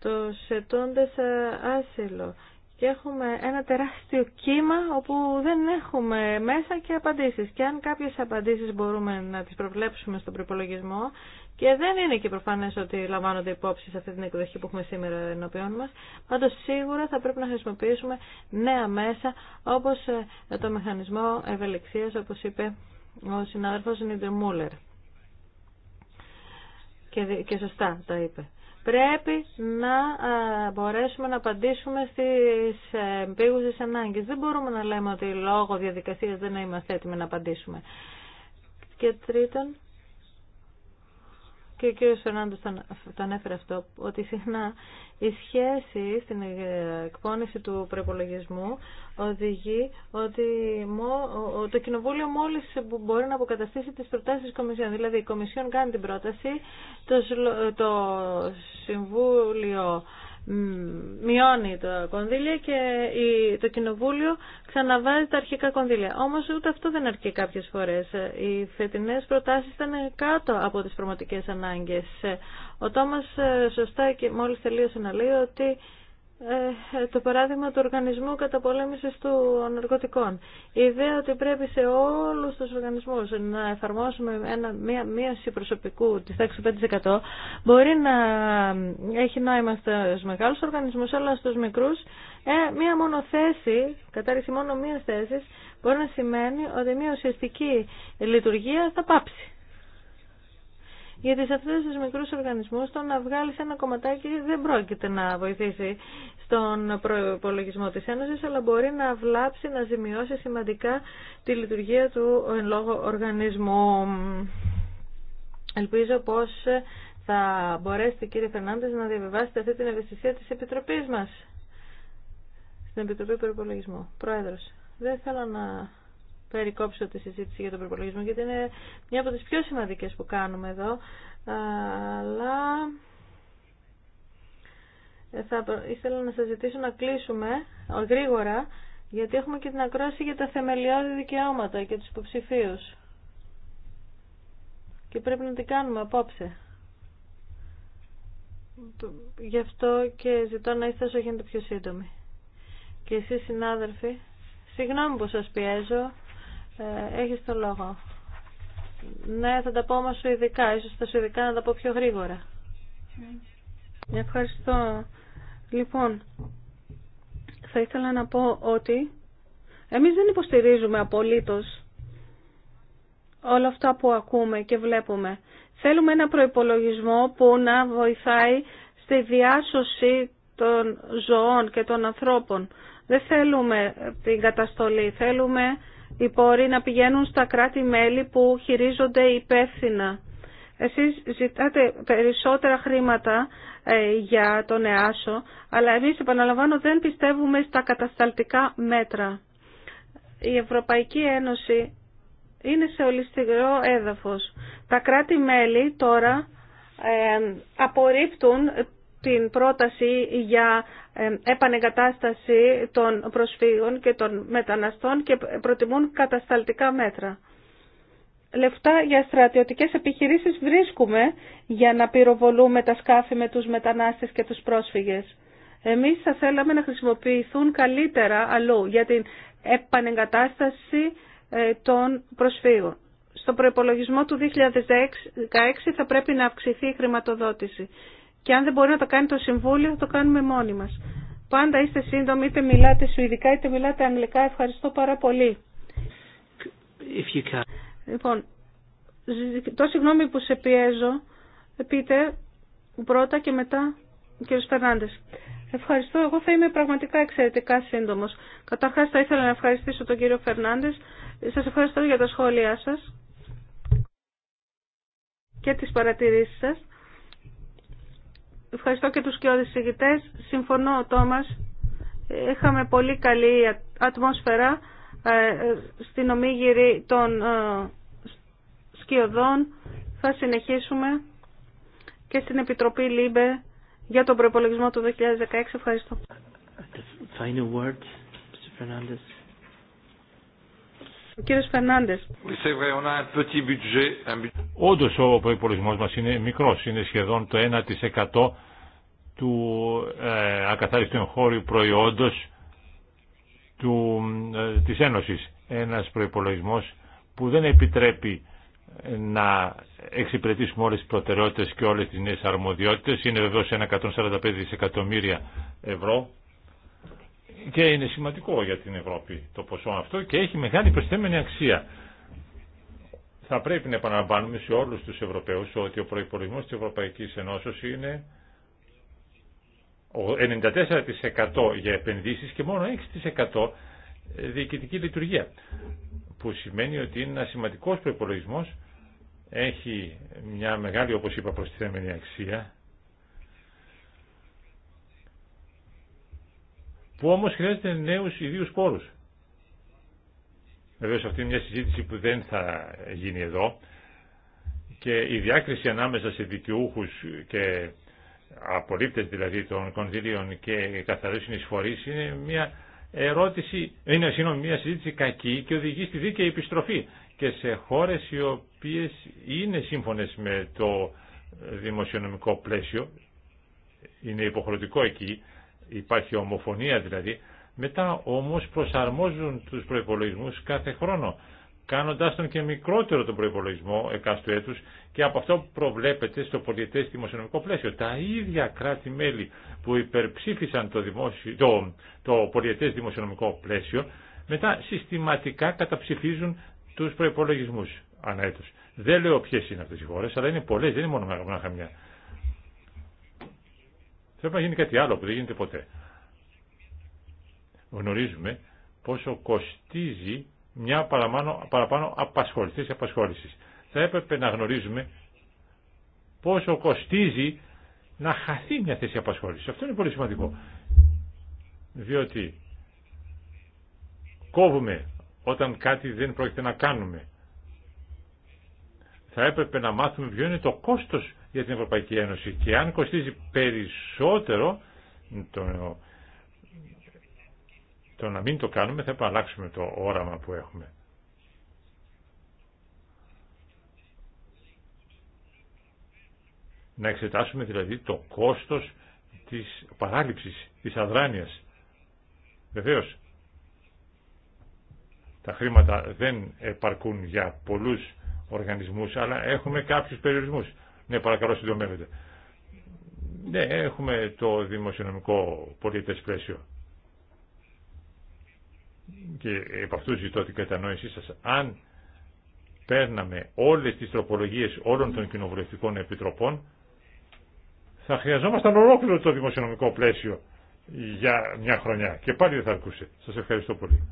το σετώντες ε, άσυλο και έχουμε ένα τεράστιο κύμα όπου δεν έχουμε μέσα και απαντήσεις. Και αν κάποιες απαντήσεις μπορούμε να τις προβλέψουμε στον προπολογισμό και δεν είναι και προφανές ότι λαμβάνονται υπόψη σε αυτή την εκδοχή που έχουμε σήμερα ενώπιόν μας, πάντως σίγουρα θα πρέπει να χρησιμοποιήσουμε νέα μέσα όπως ε, το μηχανισμό ευελιξίας όπως είπε ο συνάδελφος Νίτερ Μούλερ. Και, και σωστά τα είπε. Πρέπει να ε, μπορέσουμε να απαντήσουμε στις πήγουσες ανάγκες. Δεν μπορούμε να λέμε ότι λόγω διαδικασίας δεν είμαστε έτοιμοι να απαντήσουμε. Και τρίτον, και ο κύριος Φερνάντο τον, ανέφερε έφερε αυτό, ότι συχνά η σχέση στην εκπόνηση του προπολογισμού οδηγεί ότι το Κοινοβούλιο μόλις μπορεί να αποκαταστήσει τις προτάσεις της Κομισιόν. Δηλαδή η Κομισιόν κάνει την πρόταση, το Συμβούλιο μειώνει το κονδύλια και το κοινοβούλιο ξαναβάζει τα αρχικά κονδύλια. Όμως ούτε αυτό δεν αρκεί κάποιες φορές. Οι φετινές προτάσεις ήταν κάτω από τις πραγματικές ανάγκες. Ο Τόμας ε, σωστά και μόλις τελείωσε να λέει ότι ε, ε, το παράδειγμα του οργανισμού καταπολέμησης του ναρκωτικών. Η ιδέα ότι πρέπει σε όλους τους οργανισμούς να εφαρμόσουμε ένα, μία μείωση προσωπικού της 65% μπορεί να έχει νόημα στους μεγάλους οργανισμούς, αλλά στους μικρούς ε, μία μόνο θέση, κατάρριξη μόνο μία θέση, μπορεί να σημαίνει ότι μία ουσιαστική λειτουργία θα πάψει. Γιατί σε αυτούς τους μικρούς οργανισμούς το να βγάλεις ένα κομματάκι δεν πρόκειται να βοηθήσει στον προπολογισμό της Ένωσης, αλλά μπορεί να βλάψει, να ζημιώσει σημαντικά τη λειτουργία του εν λόγω οργανισμού. Ελπίζω πως θα μπορέσετε κύριε Φερνάντες να διαβιβάσετε αυτή την ευαισθησία της Επιτροπής μας στην Επιτροπή Προπολογισμού. Πρόεδρος, δεν θέλω να περικόψω τη συζήτηση για τον προπολογισμό, γιατί είναι μια από τις πιο σημαντικές που κάνουμε εδώ, αλλά ε, θα ήθελα να σας ζητήσω να κλείσουμε ε, γρήγορα, γιατί έχουμε και την ακρόαση για τα θεμελιώδη δικαιώματα και τους υποψηφίου. Και πρέπει να την κάνουμε απόψε. Γι' αυτό και ζητώ να είστε όσο γίνεται πιο σύντομοι. Και εσείς συνάδελφοι, συγγνώμη που σας πιέζω. Ε, έχεις το λόγο. Ναι, θα τα πω όμως σου ειδικά. Ίσως τα σου ειδικά να τα πω πιο γρήγορα. Ευχαριστώ. Λοιπόν, θα ήθελα να πω ότι εμείς δεν υποστηρίζουμε απολύτως όλα αυτά που ακούμε και βλέπουμε. Θέλουμε ένα προϋπολογισμό που να βοηθάει στη διάσωση των ζωών και των ανθρώπων. Δεν θέλουμε την καταστολή, θέλουμε οι πόροι να πηγαίνουν στα κράτη-μέλη που χειρίζονται υπεύθυνα. Εσείς ζητάτε περισσότερα χρήματα ε, για τον ΕΑΣΟ, αλλά εμείς επαναλαμβάνω δεν πιστεύουμε στα κατασταλτικά μέτρα. Η Ευρωπαϊκή Ένωση είναι σε ολιστικό έδαφος. Τα κράτη-μέλη τώρα ε, απορρίπτουν την πρόταση για ε, επανεγκατάσταση των προσφύγων και των μεταναστών και προτιμούν κατασταλτικά μέτρα. Λεφτά για στρατιωτικές επιχειρήσεις βρίσκουμε για να πυροβολούμε τα σκάφη με τους μετανάστες και τους πρόσφυγες. Εμείς θα θέλαμε να χρησιμοποιηθούν καλύτερα αλλού για την επανεγκατάσταση ε, των προσφύγων. Στο προπολογισμό του 2016 θα πρέπει να αυξηθεί η χρηματοδότηση και αν δεν μπορεί να το κάνει το Συμβούλιο θα το κάνουμε μόνοι μας. Πάντα είστε σύντομοι, είτε μιλάτε σουηδικά είτε μιλάτε αγγλικά. Ευχαριστώ πάρα πολύ. Λοιπόν, το συγγνώμη που σε πιέζω. Πείτε πρώτα και μετά ο κ. Φερνάντες. Ευχαριστώ. Εγώ θα είμαι πραγματικά εξαιρετικά σύντομο. Καταρχά, θα ήθελα να ευχαριστήσω τον κύριο Φερνάντε. Σα ευχαριστώ για τα σχόλιά σα και τι παρατηρήσει σα. Ευχαριστώ και τους και Συμφωνώ Συμφωνώ, Τόμας. Είχαμε πολύ καλή ατμόσφαιρα ε, στην ομίγυρη των ε, σκιωδών. Θα συνεχίσουμε και στην Επιτροπή ΛΥΜΠΕ για τον προπολογισμό του 2016. Ευχαριστώ. The ο κύριος Φερνάντες. Όντως ο προπολογισμό μας είναι μικρός, είναι σχεδόν το 1% του ε, ακαθάριστου εγχώριου προϊόντος ε, της Ένωσης. Ένας προϋπολογισμός που δεν επιτρέπει ε, να εξυπηρετήσουμε όλες τις προτεραιότητες και όλες τις νέες αρμοδιότητες. Είναι βεβαίως 145 δισεκατομμύρια ευρώ και είναι σημαντικό για την Ευρώπη το ποσό αυτό και έχει μεγάλη προσθέμενη αξία. Θα πρέπει να επαναλαμβάνουμε σε όλους τους Ευρωπαίους ότι ο προϋπολογισμός της Ευρωπαϊκής Ενώσεως είναι 94% για επενδύσεις και μόνο 6% διοικητική λειτουργία που σημαίνει ότι είναι ένα σημαντικός προϋπολογισμός, έχει μια μεγάλη όπως είπα προσθέμενη αξία που όμως χρειάζεται νέους ιδίους πόρους. Βεβαίως αυτή είναι μια συζήτηση που δεν θα γίνει εδώ και η διάκριση ανάμεσα σε δικαιούχους και απορρίπτες δηλαδή των κονδυλίων και καθαρές συνεισφορείς είναι μια ερώτηση, είναι μια συζήτηση κακή και οδηγεί στη δίκαιη επιστροφή και σε χώρες οι οποίες είναι σύμφωνες με το δημοσιονομικό πλαίσιο, είναι υποχρεωτικό εκεί, υπάρχει ομοφωνία δηλαδή, μετά όμως προσαρμόζουν τους προϋπολογισμούς κάθε χρόνο, κάνοντας τον και μικρότερο τον προϋπολογισμό εκάστου έτους και από αυτό προβλέπεται στο πολιετές δημοσιονομικό πλαίσιο. Τα ίδια κράτη-μέλη που υπερψήφισαν το, δημόσιο, το, το πολιετές δημοσιονομικό πλαίσιο, μετά συστηματικά καταψηφίζουν τους προϋπολογισμούς ανά έτος. Δεν λέω ποιες είναι αυτές οι χώρες, αλλά είναι πολλές, δεν είναι μόνο μια. χαμιά. Πρέπει να γίνει κάτι άλλο που δεν γίνεται ποτέ. Γνωρίζουμε πόσο κοστίζει μια παραπάνω, παραπάνω η απασχόλησης. Θα έπρεπε να γνωρίζουμε πόσο κοστίζει να χαθεί μια θέση απασχόλησης. Αυτό είναι πολύ σημαντικό. Διότι κόβουμε όταν κάτι δεν πρόκειται να κάνουμε. Θα έπρεπε να μάθουμε ποιο είναι το κόστος για την Ευρωπαϊκή Ένωση και αν κοστίζει περισσότερο το, το να μην το κάνουμε θα επαλλάξουμε το όραμα που έχουμε. Να εξετάσουμε δηλαδή το κόστος της παράληψης, της αδράνειας. Βεβαίως, τα χρήματα δεν επαρκούν για πολλούς οργανισμούς, αλλά έχουμε κάποιους περιορισμούς. Ναι, παρακαλώ συντομεύετε. Ναι, έχουμε το δημοσιονομικό πολίτε πλαίσιο. Και επ' αυτού ζητώ την κατανόησή σας. Αν παίρναμε όλες τις τροπολογίες όλων των κοινοβουλευτικών επιτροπών, θα χρειαζόμασταν ολόκληρο το δημοσιονομικό πλαίσιο για μια χρονιά. Και πάλι δεν θα αρκούσε. Σας ευχαριστώ πολύ.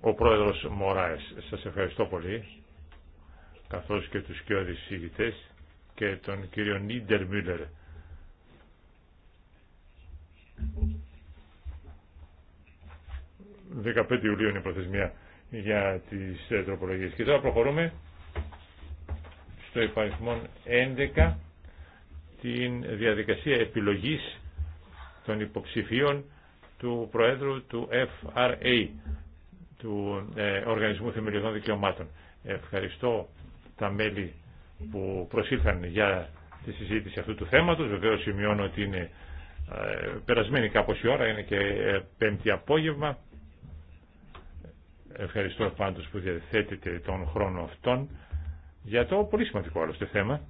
Ο πρόεδρος Μωράες, σας ευχαριστώ πολύ καθώς και τους και οδησίγητες και τον κύριο Νίντερ Μιούλερ. ...15 Ιουλίου είναι η προθεσμία για τις ε, τροπολογίες. Και τώρα προχωρούμε στο υπαριθμό 11 την διαδικασία επιλογής των υποψηφίων του Προέδρου του FRA, του ε, Οργανισμού Θεμελιωδών Δικαιωμάτων. Ευχαριστώ τα μέλη που προσήλθαν για τη συζήτηση αυτού του θέματος. Βεβαίως σημειώνω ότι είναι ε, περασμένη κάπως η ώρα, είναι και ε, πέμπτη απόγευμα. Ευχαριστώ πάντως που διαθέτετε τον χρόνο αυτόν για το πολύ σημαντικό άλλωστε θέμα.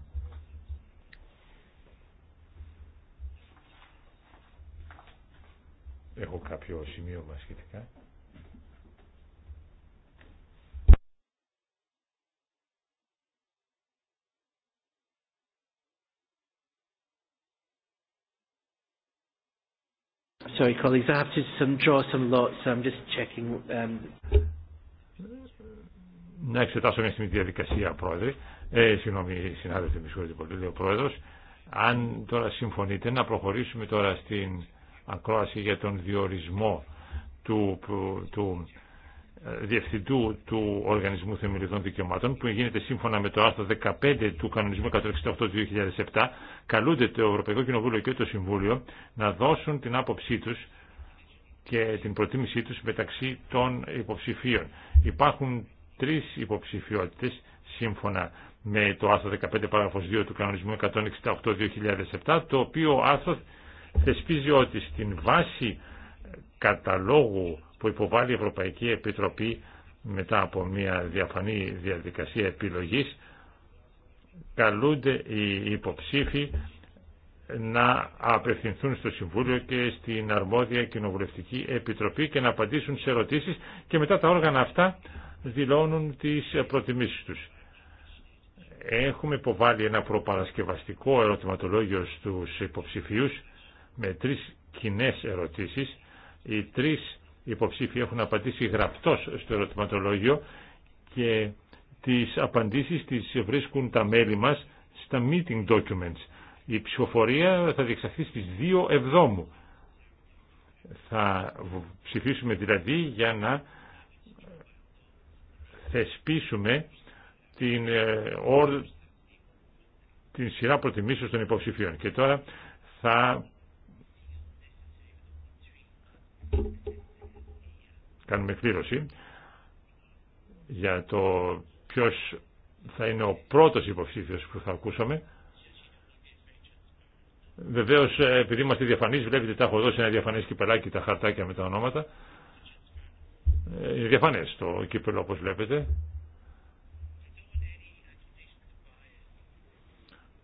Έχω κάποιο σημείο μας σχετικά. Sorry, colleagues, I have to some, draw some lots, so I'm just checking. Um... Να εξετάσω μια στιγμή τη διαδικασία, πρόεδρε. Ε, συγγνώμη, συνάδελφοι, με συγχωρείτε πολύ, λέει ο πρόεδρο. Αν τώρα συμφωνείτε, να προχωρήσουμε τώρα στην ακρόαση για τον διορισμό του, του, του Διευθυντού του Οργανισμού Θεμελιωδών Δικαιωμάτων που γίνεται σύμφωνα με το άρθρο 15 του Κανονισμού 168 2007 καλούνται το Ευρωπαϊκό Κοινοβούλιο και το Συμβούλιο να δώσουν την άποψή του και την προτίμησή του μεταξύ των υποψηφίων. Υπάρχουν τρει υποψηφιότητε σύμφωνα με το άρθρο 15 παράγραφος 2 του Κανονισμού 168-2007 το οποίο άρθρο θεσπίζει ότι στην βάση καταλόγου που υποβάλλει η Ευρωπαϊκή Επιτροπή μετά από μια διαφανή διαδικασία επιλογής καλούνται οι υποψήφοι να απευθυνθούν στο Συμβούλιο και στην αρμόδια Κοινοβουλευτική Επιτροπή και να απαντήσουν σε ερωτήσεις και μετά τα όργανα αυτά δηλώνουν τις προτιμήσεις τους. Έχουμε υποβάλει ένα προπαρασκευαστικό ερωτηματολόγιο στους υποψηφίους με τρεις κοινέ ερωτήσεις. Οι τρεις οι υποψήφοι έχουν απαντήσει γραπτός στο ερωτηματολόγιο και τις απαντήσεις τις βρίσκουν τα μέλη μας στα meeting documents. Η ψηφοφορία θα διεξαχθεί στις 2 Εβδόμου. Θα ψηφίσουμε δηλαδή για να θεσπίσουμε την, ε, την σειρά προτιμήσεων των υποψηφίων. Και τώρα θα κάνουμε κλήρωση για το ποιος θα είναι ο πρώτος υποψήφιος που θα ακούσαμε. Βεβαίως επειδή είμαστε διαφανείς βλέπετε τα έχω δώσει ένα διαφανές κυπελάκι τα χαρτάκια με τα ονόματα. Ε, είναι διαφανές το κύπελο όπως βλέπετε.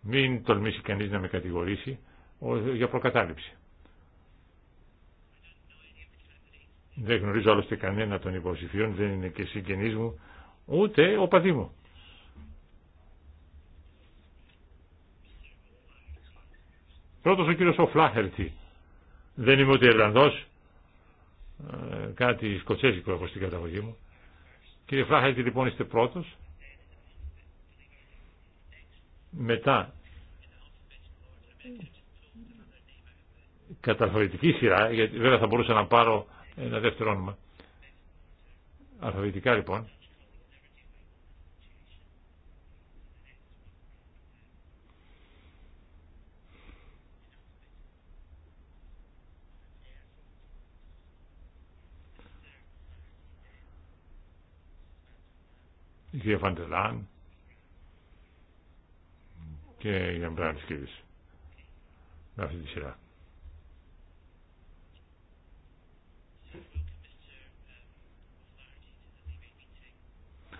Μην τολμήσει κανείς να με κατηγορήσει για προκατάληψη. Δεν γνωρίζω άλλωστε κανένα των υποψηφίων, δεν είναι και συγγενείς μου, ούτε ο παδί μου. Πρώτος ο κύριος Φλάχερτη. Δεν είμαι ούτε Ιρλανδός, ε, κάτι σκοτσέζικο έχω στην καταγωγή μου. Κύριε Φλάχερτη λοιπόν είστε πρώτος. Μετά καταφορετική σειρά, γιατί βέβαια θα μπορούσα να πάρω ένα δεύτερο όνομα. Αλφαβητικά λοιπόν. η κυρία Φαντελάν και η Αμπράνη Κύρις με αυτή τη σειρά.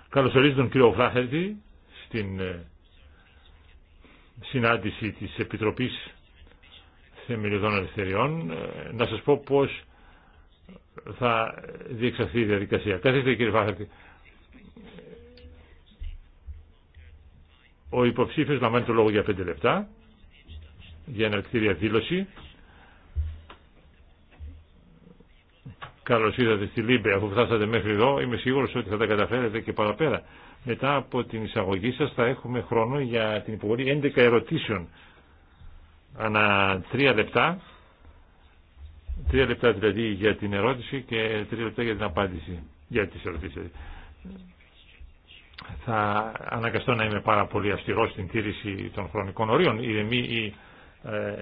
Καλωσορίζω τον κύριο Βράχερτη στην ε, συνάντηση της Επιτροπής Θεμελιωδών Αριστεριών. Ε, να σας πω πώς θα διεξαχθεί η διαδικασία. Καθίστε κύριε Βράχερτη. Ο υποψήφιος λαμβάνει το λόγο για πέντε λεπτά για ένα κτίριο δήλωση Καλώς ήρθατε στη Λίμπε. Αφού φτάσατε μέχρι εδώ, είμαι σίγουρος ότι θα τα καταφέρετε και παραπέρα. Μετά από την εισαγωγή σας θα έχουμε χρόνο για την υποβολή 11 ερωτήσεων. Ανά 3 λεπτά. 3 λεπτά δηλαδή για την ερώτηση και 3 λεπτά για την απάντηση. Για τις ερωτήσεις. Θα αναγκαστώ να είμαι πάρα πολύ αυστηρό στην τήρηση των χρονικών ορίων. Οι οι ε,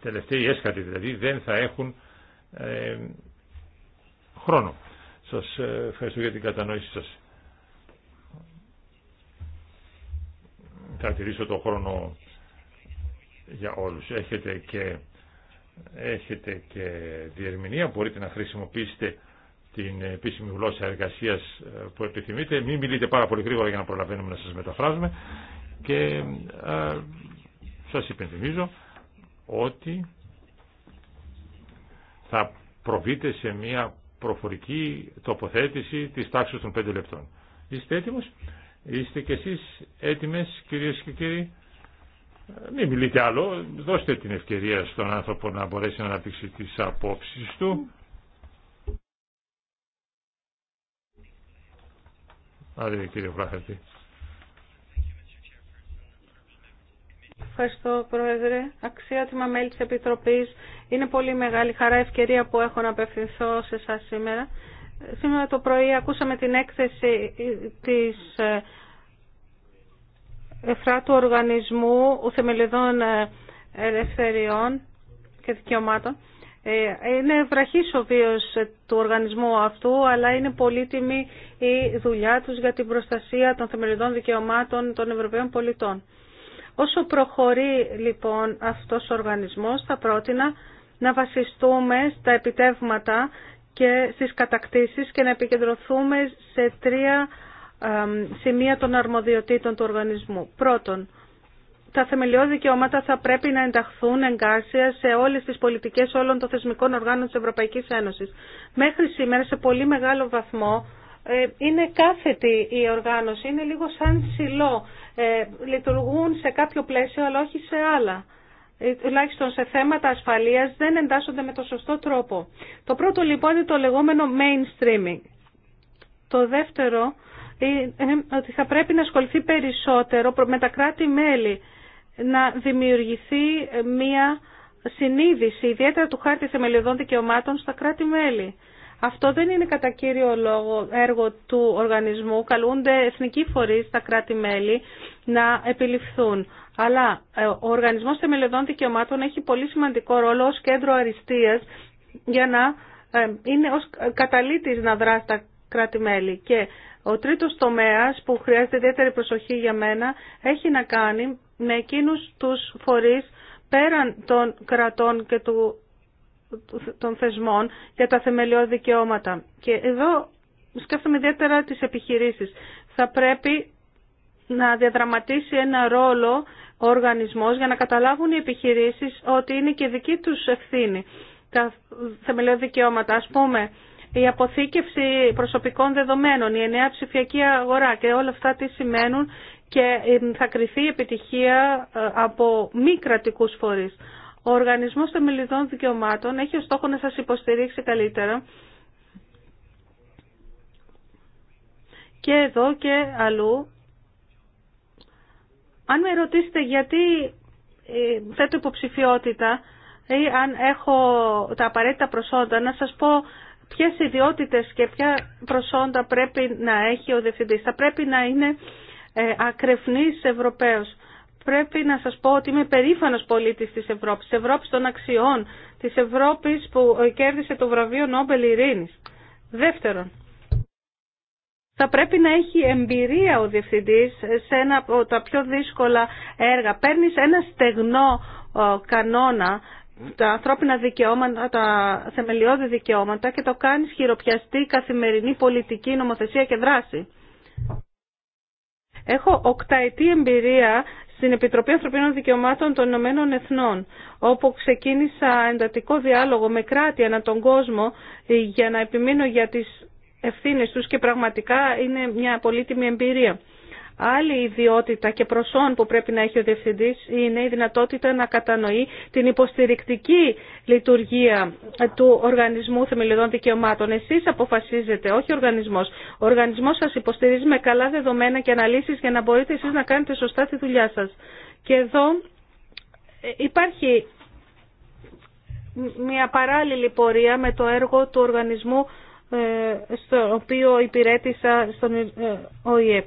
τελευταίοι έσχατοι δηλαδή δεν θα έχουν ε, χρόνο. Σας ε, ευχαριστώ για την κατανόησή σας. Θα τηρήσω το χρόνο για όλους. Έχετε και, έχετε και διερμηνία, μπορείτε να χρησιμοποιήσετε την επίσημη γλώσσα εργασίας ε, που επιθυμείτε. Μην μιλείτε πάρα πολύ γρήγορα για να προλαβαίνουμε να σας μεταφράζουμε. Και σα ε, σας υπενθυμίζω ότι θα προβείτε σε μια προφορική τοποθέτηση της τάξης των 5 λεπτών. Είστε έτοιμος? Είστε και εσείς έτοιμες κυρίες και κύριοι? Ε, μην μιλείτε άλλο, δώστε την ευκαιρία στον άνθρωπο να μπορέσει να αναπτύξει τις απόψεις του. Άντε κύριε Βράχαρτη. Ευχαριστώ, Πρόεδρε. Αξιότιμα μέλη της Επιτροπής. Είναι πολύ μεγάλη χαρά ευκαιρία που έχω να απευθυνθώ σε εσά σήμερα. Σήμερα το πρωί ακούσαμε την έκθεση της ε, Εφράτου Οργανισμού Θεμελιδών ε, Ελευθεριών και Δικαιωμάτων. Ε, είναι βραχή ο βίος του οργανισμού αυτού, αλλά είναι πολύτιμη η δουλειά τους για την προστασία των θεμελιδών δικαιωμάτων των Ευρωπαίων πολιτών. Όσο προχωρεί λοιπόν αυτός ο οργανισμός θα πρότεινα να βασιστούμε στα επιτεύγματα και στις κατακτήσεις και να επικεντρωθούμε σε τρία σημεία των αρμοδιοτήτων του οργανισμού. Πρώτον, τα θεμελιώδη δικαιώματα θα πρέπει να ενταχθούν εγκάρσια σε όλες τις πολιτικές όλων των θεσμικών οργάνων της Ευρωπαϊκής Ένωσης. Μέχρι σήμερα σε πολύ μεγάλο βαθμό ε, είναι κάθετη η οργάνωση, είναι λίγο σαν σιλό ε, λειτουργούν σε κάποιο πλαίσιο αλλά όχι σε άλλα. Ε, τουλάχιστον σε θέματα ασφαλείας δεν εντάσσονται με το σωστό τρόπο. Το πρώτο λοιπόν είναι το λεγόμενο mainstreaming. Το δεύτερο είναι ότι θα πρέπει να ασχοληθεί περισσότερο με τα κράτη-μέλη να δημιουργηθεί ε, μία συνείδηση, ιδιαίτερα του χάρτη θεμελιωδών δικαιωμάτων στα κράτη-μέλη. Αυτό δεν είναι κατά κύριο λόγο έργο του οργανισμού. Καλούνται εθνικοί φορείς, τα κράτη-μέλη, να επιληφθούν. Αλλά ε, ο Οργανισμός Θεμελιωδών Δικαιωμάτων έχει πολύ σημαντικό ρόλο ως κέντρο αριστείας για να ε, είναι ως καταλήτης να δράσει τα κράτη-μέλη. Και ο τρίτος τομέας που χρειάζεται ιδιαίτερη προσοχή για μένα έχει να κάνει με εκείνους τους φορείς πέραν των κρατών και του των θεσμών για τα θεμελιώδη δικαιώματα. Και εδώ σκέφτομαι ιδιαίτερα τις επιχειρήσεις. Θα πρέπει να διαδραματίσει ένα ρόλο ο οργανισμός για να καταλάβουν οι επιχειρήσεις ότι είναι και δική τους ευθύνη τα θεμελιώδη δικαιώματα. Ας πούμε, η αποθήκευση προσωπικών δεδομένων, η εννέα ψηφιακή αγορά και όλα αυτά τι σημαίνουν και θα κριθεί επιτυχία ε, από μη κρατικού φορείς. Ο Οργανισμός Μελιδών Δικαιωμάτων έχει ως στόχο να σας υποστηρίξει καλύτερα και εδώ και αλλού. Αν με ρωτήσετε γιατί ε, θέτω υποψηφιότητα ή αν έχω τα απαραίτητα προσόντα, να σας πω ποιες ιδιότητες και ποια προσόντα πρέπει να έχει ο διευθυντής. Θα πρέπει να είναι ε, ακρεφνής Ευρωπαίος πρέπει να σας πω ότι είμαι περήφανος πολίτης της Ευρώπης, της Ευρώπης των αξιών, της Ευρώπης που κέρδισε το βραβείο Νόμπελ Ειρήνης. Δεύτερον, θα πρέπει να έχει εμπειρία ο διευθυντής σε ένα τα πιο δύσκολα έργα. Παίρνεις ένα στεγνό κανόνα, τα ανθρώπινα δικαιώματα, τα θεμελιώδη δικαιώματα και το κάνεις χειροπιαστή καθημερινή πολιτική νομοθεσία και δράση. Έχω οκταετή εμπειρία στην Επιτροπή Ανθρωπίνων Δικαιωμάτων των Ηνωμένων Εθνών, όπου ξεκίνησα εντατικό διάλογο με κράτη ανά τον κόσμο ε, για να επιμείνω για τις ευθύνες τους και πραγματικά είναι μια πολύτιμη εμπειρία. Άλλη ιδιότητα και προσόν που πρέπει να έχει ο διευθυντής είναι η δυνατότητα να κατανοεί την υποστηρικτική λειτουργία του Οργανισμού Θεμελιωδών Δικαιωμάτων. Εσείς αποφασίζετε, όχι ο οργανισμός. Ο οργανισμός σας υποστηρίζει με καλά δεδομένα και αναλύσεις για να μπορείτε εσείς να κάνετε σωστά τη δουλειά σας. Και εδώ ε, υπάρχει μια παράλληλη πορεία με το έργο του οργανισμού ε, στο οποίο υπηρέτησα στον ΟΗΕ.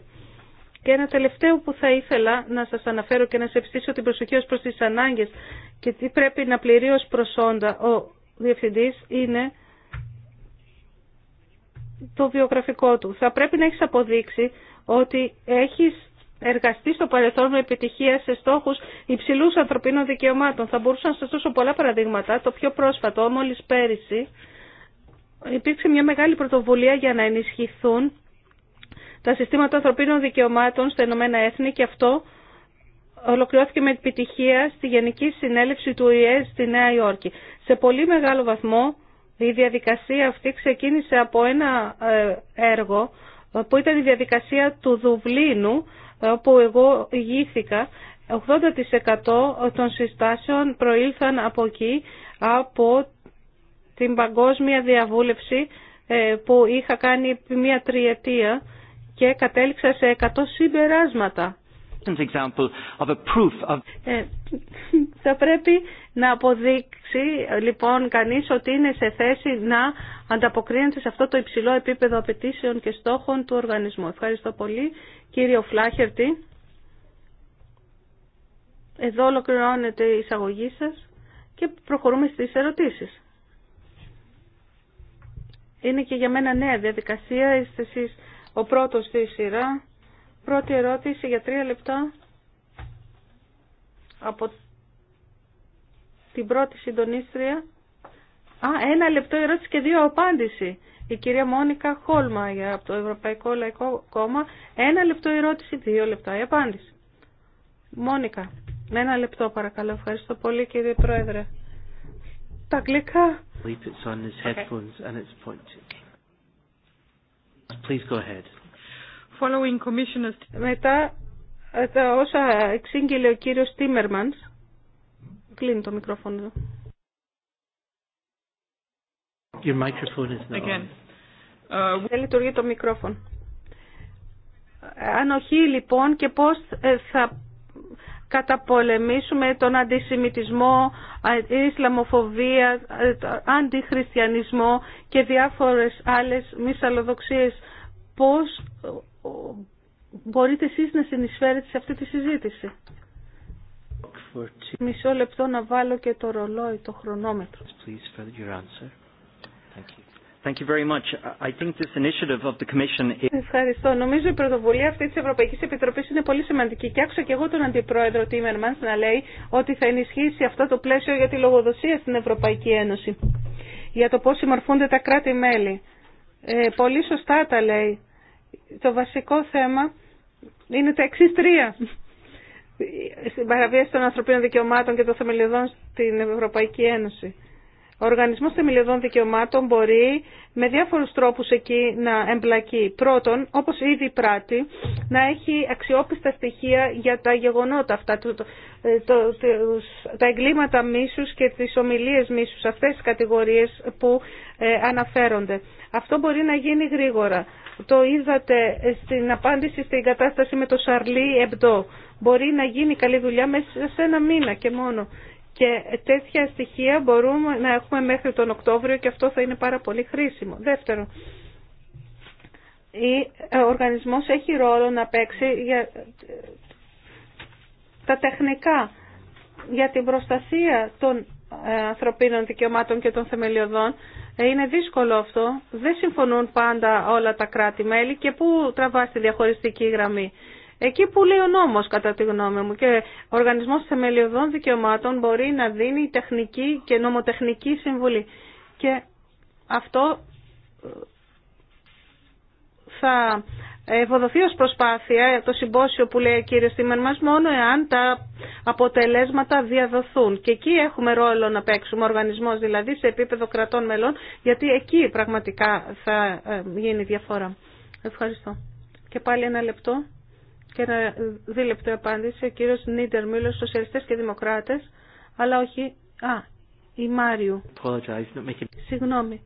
Και ένα τελευταίο που θα ήθελα να σα αναφέρω και να σε ευστήσω την προσοχή ω προ τι ανάγκες και τι πρέπει να πληρεί ω προσόντα ο διευθυντής είναι το βιογραφικό του. Θα πρέπει να έχει αποδείξει ότι έχει εργαστεί στο παρελθόν με επιτυχία σε στόχου υψηλού ανθρωπίνων δικαιωμάτων. Θα μπορούσα να σα δώσω πολλά παραδείγματα. Το πιο πρόσφατο, μόλις πέρυσι, υπήρξε μια μεγάλη πρωτοβουλία για να ενισχυθούν τα συστήματα ανθρωπίνων δικαιωμάτων στα Ηνωμένα Έθνη και αυτό ολοκληρώθηκε με επιτυχία στη Γενική Συνέλευση του ΟΗΕ στη Νέα Υόρκη. Σε πολύ μεγάλο βαθμό η διαδικασία αυτή ξεκίνησε από ένα ε, έργο ε, που ήταν η διαδικασία του Δουβλίνου ε, όπου εγώ ηγήθηκα 80% των συστάσεων προήλθαν από εκεί, από την παγκόσμια διαβούλευση που είχα κάνει μια τριετία και κατέληξα σε 100 συμπεράσματα. Ε, θα πρέπει να αποδείξει λοιπόν κανείς ότι είναι σε θέση να ανταποκρίνεται σε αυτό το υψηλό επίπεδο απαιτήσεων και στόχων του οργανισμού. Ευχαριστώ πολύ κύριο Φλάχερτη. Εδώ ολοκληρώνεται η εισαγωγή σας και προχωρούμε στις ερωτήσεις. Είναι και για μένα νέα διαδικασία, είστε ο πρώτος στη σειρά. Πρώτη ερώτηση για τρία λεπτά από την πρώτη συντονίστρια. Α, ένα λεπτό ερώτηση και δύο απάντηση. Η κυρία Μόνικα Χόλμα από το Ευρωπαϊκό Λαϊκό Κόμμα. Ένα λεπτό ερώτηση, δύο λεπτά η απάντηση. Μόνικα, ένα λεπτό παρακαλώ. Ευχαριστώ πολύ κύριε Πρόεδρε. Τα αγγλικά. Okay. Please go ahead. Following commissioners... Μετά ε, τα όσα εξήγηλε ο κύριος Τίμερμανς, κλείνει το μικρόφωνο. Your microphone is now Again. On. Ε, δεν λειτουργεί το μικρόφωνο. Ανοχή λοιπόν και πώς ε, θα καταπολεμήσουμε τον αντισημιτισμό, την ισλαμοφοβία, τον αντιχριστιανισμό και διάφορες άλλες μυσαλλοδοξίες. Πώς μπορείτε εσείς να συνεισφέρετε σε αυτή τη συζήτηση. Μισό λεπτό να βάλω και το ρολόι, το χρονόμετρο. Thank you Ευχαριστώ. Νομίζω η πρωτοβουλία αυτή της Ευρωπαϊκής Επιτροπής είναι πολύ σημαντική και άκουσα και εγώ τον Αντιπρόεδρο Τίμερμανς να λέει ότι θα ενισχύσει αυτό το πλαίσιο για τη λογοδοσία στην Ευρωπαϊκή Ένωση για το πώς συμμορφούνται τα κράτη-μέλη. Ε, πολύ σωστά τα λέει. Το βασικό θέμα είναι τα εξή τρία. Στην παραβίαση των ανθρωπίνων δικαιωμάτων και των θεμελιωδών στην Ευρωπαϊκή Ένωση. Ο οργανισμό Θεμελιωδών Δικαιωμάτων μπορεί με διάφορους τρόπους εκεί να εμπλακεί. Πρώτον, όπως ήδη πράττει, να έχει αξιόπιστα στοιχεία για τα γεγονότα αυτά, το, το, τα εγκλήματα μίσου και τις ομιλίε μίσου, αυτέ τι κατηγορίες που ε, αναφέρονται. Αυτό μπορεί να γίνει γρήγορα. Το είδατε στην απάντηση στην κατάσταση με το Σαρλί Εμπτό. Μπορεί να γίνει καλή δουλειά μέσα σε ένα μήνα και μόνο. Και τέτοια στοιχεία μπορούμε να έχουμε μέχρι τον Οκτώβριο και αυτό θα είναι πάρα πολύ χρήσιμο. Δεύτερον, ε, ο οργανισμός έχει ρόλο να παίξει για ε, τα τεχνικά, για την προστασία των ε, ανθρωπίνων δικαιωμάτων και των θεμελιωδών. Είναι δύσκολο αυτό. Δεν συμφωνούν πάντα όλα τα κράτη-μέλη και πού τραβάς τη διαχωριστική γραμμή. Εκεί που λέει ο νόμο κατά τη γνώμη μου και ο Οργανισμό Θεμελιωδών Δικαιωμάτων μπορεί να δίνει τεχνική και νομοτεχνική συμβουλή. Και αυτό ε, θα ευοδοθεί ω προσπάθεια το συμπόσιο που λέει ο κύριο Τίμερ μα, μόνο εάν τα αποτελέσματα διαδοθούν. Και εκεί έχουμε ρόλο να παίξουμε, Οργανισμό, δηλαδή σε επίπεδο κρατών μελών, γιατί εκεί πραγματικά θα ε, γίνει διαφορά. Ευχαριστώ. Και πάλι ένα λεπτό και ένα δίλεπτο απάντηση ο κύριος Νίτερ Μίλος, σοσιαλιστές και δημοκράτες, αλλά όχι... Α, η Μάριου. Συγγνώμη,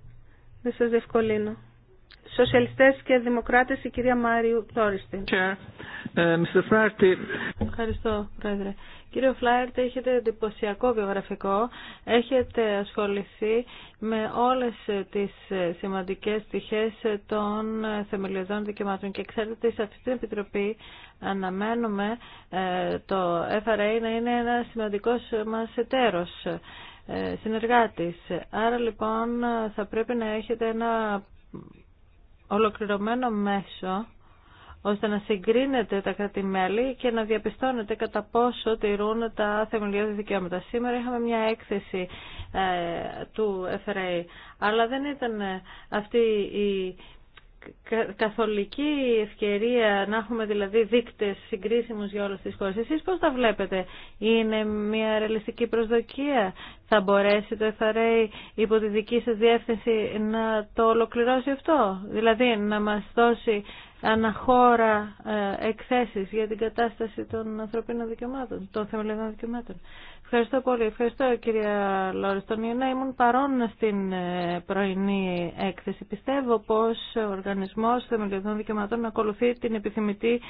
δεν σας διευκολύνω. Σοσιαλιστές και Δημοκράτες, η κυρία Μάριου Τόριστη. Ε, Ευχαριστώ, Πρόεδρε. Κύριο Φλάιρτ, έχετε εντυπωσιακό βιογραφικό. Έχετε ασχοληθεί με όλες τις σημαντικές στοιχές των θεμελιωδών δικαιωμάτων και ξέρετε σε αυτή την Επιτροπή αναμένουμε ε, το FRA να είναι ένα σημαντικός μας εταίρος ε, συνεργάτης. Άρα λοιπόν θα πρέπει να έχετε ένα ολοκληρωμένο μέσο ώστε να συγκρίνεται τα κράτη-μέλη και να διαπιστώνεται κατά πόσο τηρούν τα θεμελιώδη δικαιώματα. Σήμερα είχαμε μια έκθεση ε, του FRA, αλλά δεν ήταν ε, αυτή η καθολική ευκαιρία να έχουμε δηλαδή δείκτες συγκρίσιμους για όλες τις χώρες. Εσείς πώς τα βλέπετε, είναι μια ρεαλιστική προσδοκία, θα μπορέσει το FRA υπό τη δική σας διεύθυνση να το ολοκληρώσει αυτό, δηλαδή να μας δώσει αναχώρα ε, εκθέσεις για την κατάσταση των ανθρωπίνων δικαιωμάτων, των θεμελιωδών δικαιωμάτων. Ευχαριστώ πολύ. Ευχαριστώ κυρία Λόριστον ήμουν παρόν στην ε, πρωινή έκθεση. Πιστεύω πως ο Οργανισμός Θεμελιωδών Δικαιωματών ακολουθεί την επιθυμητή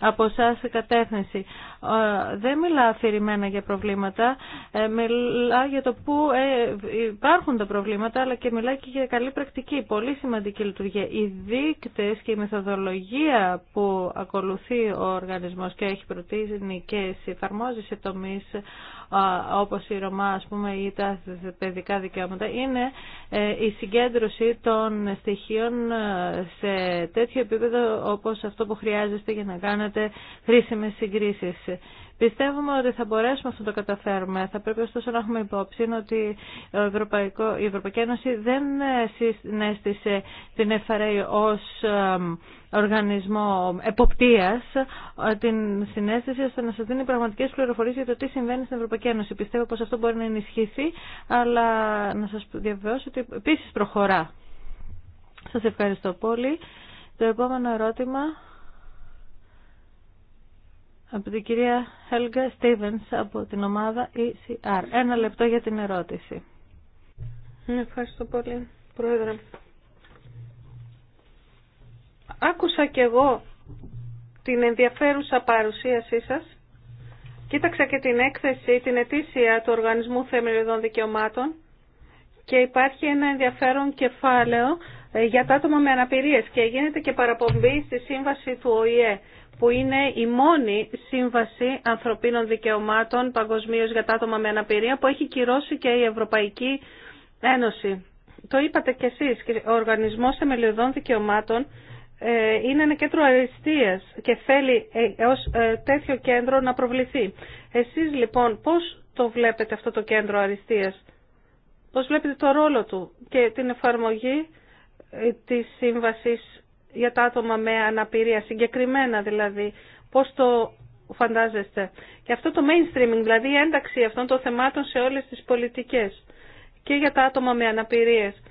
από εσά κατεύθυνση. Ε, δεν μιλά αφηρημένα για προβλήματα, ε, μιλά για το πού υπάρχουν τα προβλήματα, αλλά και μιλά και για καλή πρακτική, πολύ σημαντική λειτουργία. Οι δείκτες και η μεθοδολογία που ακολουθεί ο οργανισμός και έχει προτείνει και εφαρμόζει σε όπως η Ρωμά ας πούμε, ή τα παιδικά δικαιώματα είναι ε, η συγκέντρωση των στοιχείων ε, σε τέτοιο επίπεδο όπως αυτό που χρειάζεστε για να κάνετε χρήσιμες συγκρίσεις. Πιστεύουμε ότι θα μπορέσουμε αυτό να το καταφέρουμε. Θα πρέπει ωστόσο να έχουμε υπόψη ότι Ευρωπαϊκό, η Ευρωπαϊκή Ένωση δεν συνέστησε την FRA ως οργανισμό εποπτείας την συνέστηση ώστε να σας δίνει πραγματικές πληροφορίες για το τι συμβαίνει στην Ευρωπαϊκή Ένωση. Πιστεύω πως αυτό μπορεί να ενισχυθεί, αλλά να σας διαβεβαιώσω ότι επίσης προχωρά. Σας ευχαριστώ πολύ. Το επόμενο ερώτημα από την κυρία Helga Stevens από την ομάδα ECR. Ένα λεπτό για την ερώτηση. Ναι, ευχαριστώ πολύ, Πρόεδρε. Άκουσα και εγώ την ενδιαφέρουσα παρουσίασή σας. Κοίταξα και την έκθεση, την ετήσια του Οργανισμού Θεμελιωδών Δικαιωμάτων και υπάρχει ένα ενδιαφέρον κεφάλαιο ε, για τα άτομα με αναπηρίες και γίνεται και παραπομπή στη σύμβαση του ΟΗΕ που είναι η μόνη σύμβαση ανθρωπίνων δικαιωμάτων παγκοσμίω για τα άτομα με αναπηρία που έχει κυρώσει και η Ευρωπαϊκή Ένωση. Το είπατε κι εσείς, ο Οργανισμός Θεμελιωδών Δικαιωμάτων ε, είναι ένα κέντρο αριστείας και θέλει ε, ως ε, τέτοιο κέντρο να προβληθεί. Εσείς λοιπόν πώς το βλέπετε αυτό το κέντρο αριστείας, πώς βλέπετε το ρόλο του και την εφαρμογή της σύμβασης για τα άτομα με αναπηρία, συγκεκριμένα δηλαδή. Πώς το φαντάζεστε. Και αυτό το mainstreaming, δηλαδή η ένταξη αυτών των θεμάτων σε όλες τις πολιτικές και για τα άτομα με αναπηρίες.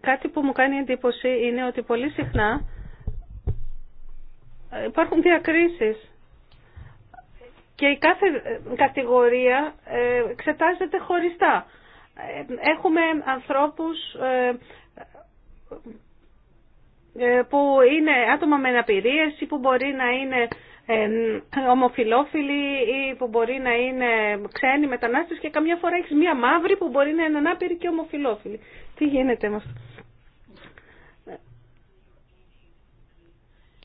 Κάτι που μου κάνει εντύπωση είναι ότι πολύ συχνά υπάρχουν διακρίσεις και η κάθε κατηγορία ε, εξετάζεται χωριστά. Ε, έχουμε ανθρώπους ε, ε, που είναι άτομα με αναπηρίε ή που μπορεί να είναι ε, ομοφιλόφιλοι ή που μπορεί να είναι ξένοι μετανάστες και καμιά φορά έχεις μία μαύρη που μπορεί να είναι ανάπηρη και ομοφιλόφιλη. Τι γίνεται με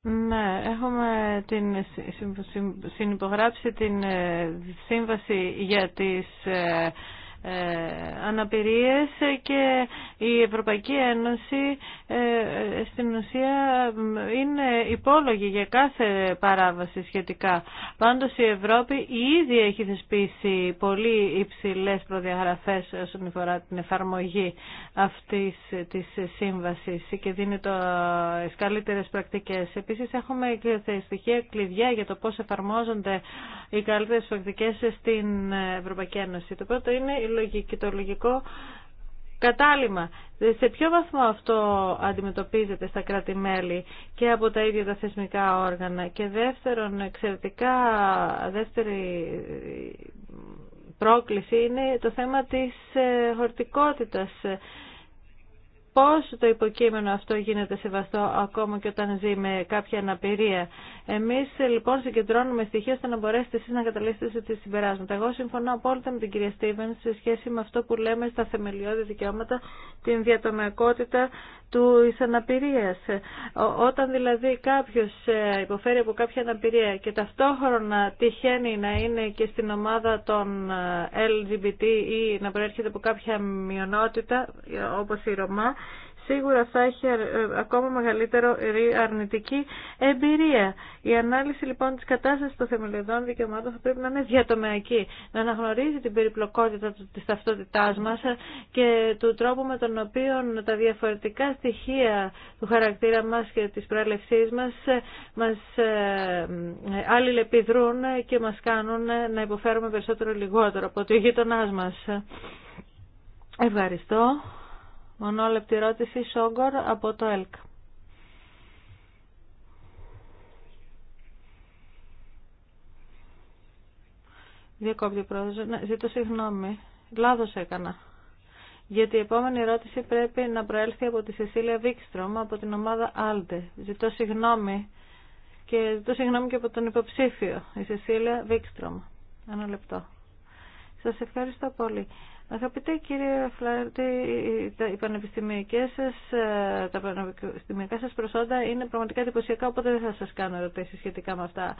Ναι, έχουμε την, συνυπογράψει την ε, σύμβαση για τις ε, αναπηρίες και η Ευρωπαϊκή Ένωση ε, ε, στην ουσία είναι υπόλογη για κάθε παράβαση σχετικά. Πάντως η Ευρώπη ήδη έχει θεσπίσει πολύ υψηλές προδιαγραφές όσον αφορά την εφαρμογή αυτής της σύμβασης και δίνει το καλύτερες πρακτικές. Επίσης έχουμε και στοιχεία κλειδιά για το πώς εφαρμόζονται οι καλύτερες πρακτικές στην Ευρωπαϊκή Ένωση. Το πρώτο είναι λογική, το λογικό κατάλημα. Σε ποιο βαθμό αυτό αντιμετωπίζεται στα κράτη-μέλη και από τα ίδια τα θεσμικά όργανα. Και δεύτερον, εξαιρετικά, δεύτερη πρόκληση είναι το θέμα της ε, χορτικότητας πώς το υποκείμενο αυτό γίνεται σεβαστό ακόμα και όταν ζει με κάποια αναπηρία. Εμείς λοιπόν συγκεντρώνουμε στοιχεία ώστε να μπορέσετε εσείς να καταλήξετε σε συμπεράσματα. Εγώ συμφωνώ απόλυτα με την κυρία Στίβεν σε σχέση με αυτό που λέμε στα θεμελιώδη δικαιώματα, την διατομιακότητα του αναπηρία. Όταν δηλαδή κάποιος ε, υποφέρει από κάποια αναπηρία και ταυτόχρονα τυχαίνει να είναι και στην ομάδα των ε, LGBT ή e, να προέρχεται από κάποια μειονότητα ε, όπως η Ρωμά, σίγουρα θα έχει ε, ακόμα μεγαλύτερο αρνητική εμπειρία. Η ανάλυση λοιπόν της κατάστασης των θεμελιωδών δικαιωμάτων θα πρέπει να είναι διατομεακή, να αναγνωρίζει την περιπλοκότητα της ταυτότητάς μας και του τρόπου με τον οποίο τα διαφορετικά στοιχεία του χαρακτήρα μας και της προέλευσής μας ε, μας ε, αλληλεπιδρούν και μας κάνουν να υποφέρουμε περισσότερο λιγότερο από το γείτονά μας. Ευχαριστώ. Μονόλεπτη ερώτηση Σόγκορ από το ΕΛΚ. Διακόπτει ναι, ο ζητώ συγγνώμη. Λάθος έκανα. Γιατί η επόμενη ερώτηση πρέπει να προέλθει από τη Σεσίλια Βίξτρομ, από την ομάδα Άλτε. Ζητώ συγγνώμη και ζητώ συγγνώμη και από τον υποψήφιο, η Σεσίλια Βίξτρομ. Ένα λεπτό. Σας ευχαριστώ πολύ. Αγαπητέ κύριε Φλάρτη, οι πανεπιστημιακές σας, ε, τα πανεπιστημιακά σας προσόντα είναι πραγματικά εντυπωσιακά, οπότε δεν θα σας κάνω ερωτήσεις σχετικά με αυτά.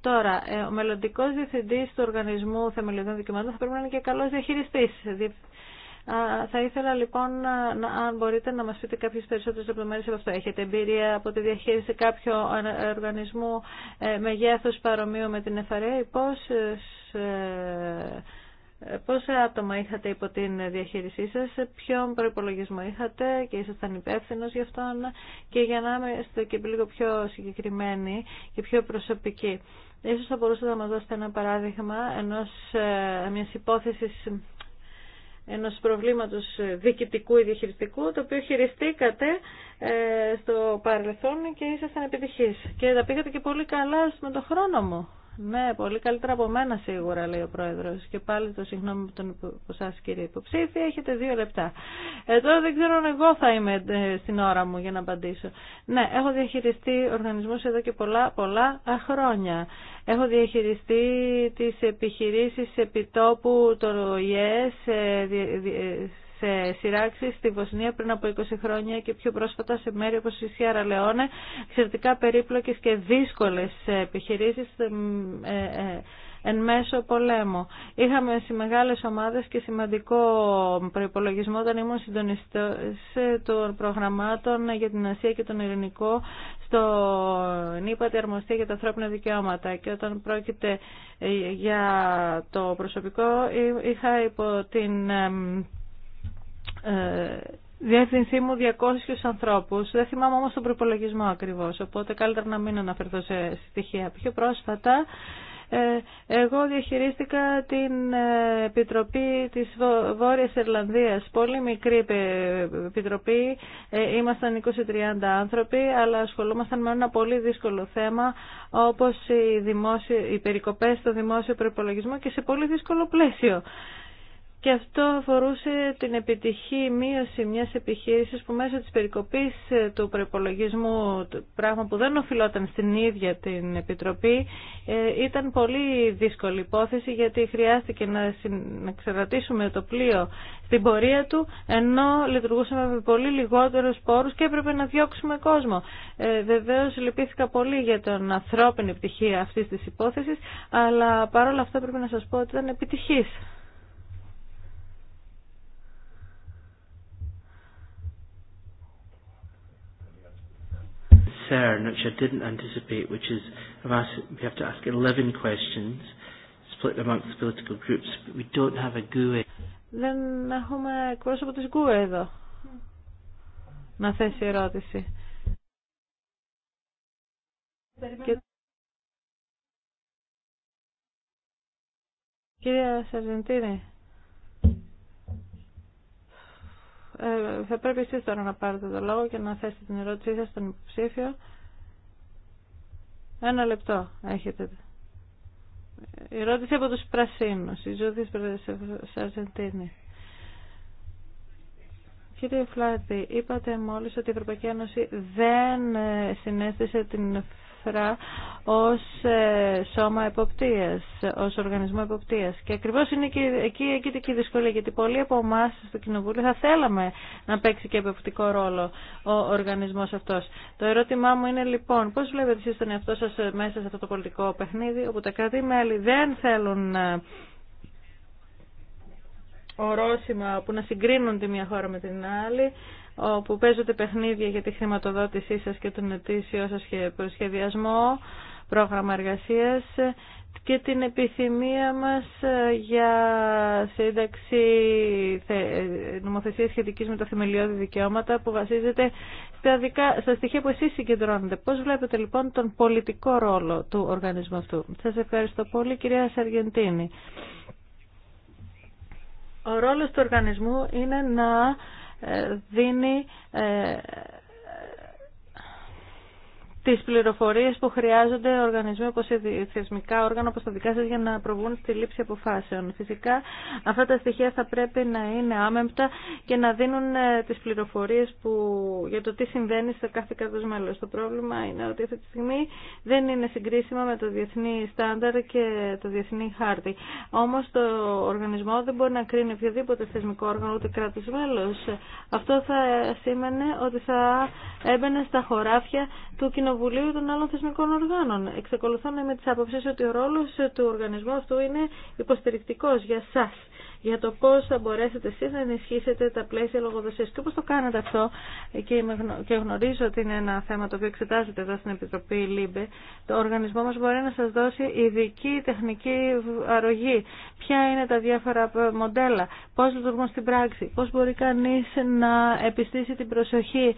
Τώρα, ε, ο μελλοντικό διευθυντής του Οργανισμού Θεμελιωδών Δικαιωμάτων θα πρέπει να είναι και καλός διαχειριστής. Θα ήθελα λοιπόν, ε, αν μπορείτε, να μας πείτε κάποιες περισσότερες λεπτομέρειες από αυτό. Έχετε εμπειρία από τη διαχείριση κάποιου οργανισμού μεγέθους παρομοίου με την ΕΦΑΡΕ, πώς ε, πόσα άτομα είχατε υπό την διαχείρισή σας, ποιον προπολογισμό είχατε και ήσασταν υπεύθυνο γι' αυτόν και για να είμαστε και λίγο πιο συγκεκριμένοι και πιο προσωπικοί. Ίσως θα μπορούσατε να μας δώσετε ένα παράδειγμα ενός, ε, μιας υπόθεσης ενός προβλήματος διοικητικού ή διαχειριστικού, το οποίο χειριστήκατε ε, στο παρελθόν και ήσασταν επιτυχής. Και τα πήγατε και πολύ καλά με τον χρόνο μου. Ναι, πολύ καλύτερα από μένα σίγουρα, λέει ο πρόεδρο. Και πάλι το συγγνώμη που τον εσά, κύριε υποψήφι, έχετε δύο λεπτά. εδώ τώρα δεν ξέρω αν εγώ θα είμαι ε, στην ώρα μου για να απαντήσω. Ναι, έχω διαχειριστεί οργανισμού εδώ και πολλά, πολλά χρόνια. Έχω διαχειριστεί τι επιχειρήσει επιτόπου το ε, ε, ε, σειράξει στη Βοσνία πριν από 20 χρόνια και πιο πρόσφατα σε μέρη όπως η Σιάρα Λεόνε, εξαιρετικά περίπλοκες και δύσκολες επιχειρήσεις ε, ε, εν μέσω πολέμου. Είχαμε σε μεγάλες ομάδες και σημαντικό προϋπολογισμό όταν ήμουν συντονιστής των προγραμμάτων για την Ασία και τον Ειρηνικό στο τη Αρμοστία για τα ανθρώπινα δικαιώματα και όταν πρόκειται για το προσωπικό είχα υπό την ε, διεύθυνσή μου 200 ανθρώπου. Δεν θυμάμαι όμω τον προπολογισμό ακριβώς, οπότε καλύτερα να μην αναφερθώ σε στοιχεία. Πιο πρόσφατα ε, εγώ διαχειρίστηκα την ε, Επιτροπή της Βόρειας Ιρλανδίας. Πολύ μικρή επιτροπή, ήμασταν 20-30 άνθρωποι, αλλά ασχολούμασταν με ένα πολύ δύσκολο θέμα, όπως οι, δημόσιο, οι περικοπές στο δημόσιο προπολογισμό και σε πολύ δύσκολο πλαίσιο. Και αυτό αφορούσε την επιτυχή μείωση μιας επιχείρησης που μέσω της περικοπής του προπολογισμού, πράγμα που δεν οφειλόταν στην ίδια την Επιτροπή, ε, ήταν πολύ δύσκολη υπόθεση γιατί χρειάστηκε να, να το πλοίο στην πορεία του, ενώ λειτουργούσαμε με πολύ λιγότερους πόρους και έπρεπε να διώξουμε κόσμο. Ε, βεβαίως λυπήθηκα πολύ για τον ανθρώπινη πτυχή αυτής της υπόθεσης, αλλά παρόλα αυτά πρέπει να σας πω ότι ήταν επιτυχής. concern, which I didn't anticipate, which is I've asked, we have to ask 11 questions split amongst the political groups, but we don't have a GUE. Δεν έχουμε εκπρόσωπο της GUE εδώ. Να θέσει ερώτηση. Κυρία Σαρζεντίνη. Ε, θα πρέπει εσείς τώρα να πάρετε το λόγο και να θέσετε την ερώτησή σας στον υποψήφιο. Ένα λεπτό έχετε. Η ερώτηση από τους Πρασίνους, η σε Αρζεντίνη. Κύριε Φλάτη, είπατε μόλις ότι η Ευρωπαϊκή Ένωση δεν ε, συνέστησε την ω ως ε, σώμα εποπτείας, ως οργανισμό εποπτείας. Και ακριβώς είναι και εκεί, εκεί και η δυσκολία, γιατί πολλοί από εμά στο Κοινοβούλιο θα θέλαμε να παίξει και εποπτικό ρόλο ο οργανισμός αυτός. Το ερώτημά μου είναι λοιπόν, πώς βλέπετε εσείς τον εαυτό σας μέσα σε αυτό το πολιτικό παιχνίδι, όπου τα κράτη-μέλη δεν θέλουν ε, ορόσημα που να συγκρίνουν τη μία χώρα με την άλλη, όπου παίζονται παιχνίδια για τη χρηματοδότησή σας και τον ετήσιό σας και προσχεδιασμό, πρόγραμμα εργασίας και την επιθυμία μας ε, για σύνταξη ε, νομοθεσίας σχετικής με τα θεμελιώδη δικαιώματα που βασίζεται στα, δικά, στα στοιχεία που εσείς συγκεντρώνετε. Πώς βλέπετε λοιπόν τον πολιτικό ρόλο του οργανισμού αυτού. Σας ευχαριστώ πολύ κυρία Σαργεντίνη. Ο ρόλος του οργανισμού είναι να δίνει ε, τις πληροφορίες που χρειάζονται οργανισμοί όπως οι θεσμικά όργανα όπως τα δικά σας για να προβούν στη λήψη αποφάσεων. Φυσικά αυτά τα στοιχεία θα πρέπει να είναι άμεμπτα και να δίνουν ε, τις πληροφορίες που, για το τι συμβαίνει σε κάθε κράτος μέλος. Το πρόβλημα είναι ότι αυτή τη στιγμή δεν είναι συγκρίσιμα με το διεθνή στάνταρ και το διεθνή χάρτη. Όμως το οργανισμό δεν μπορεί να κρίνει οποιοδήποτε θεσμικό όργανο ούτε κράτο μέλο. Αυτό θα ε, σήμαινε ότι θα έμπαινε στα χωράφια του Κοινοβουλίου των άλλων θεσμικών οργάνων. Εξεκολουθώ με είμαι τη ότι ο ρόλος του οργανισμού αυτού είναι υποστηρικτικός για εσά, για το πώ θα μπορέσετε εσεί να ενισχύσετε τα πλαίσια λογοδοσία. Και όπω το κάνετε αυτό, και γνωρίζω ότι είναι ένα θέμα το οποίο εξετάζεται εδώ στην Επιτροπή ΛΥΜΠΕ, το οργανισμό μα μπορεί να σα δώσει ειδική τεχνική αρρωγή. Ποια είναι τα διάφορα μοντέλα, πώ λειτουργούν στην πράξη, πώ μπορεί κανεί να επιστήσει την προσοχή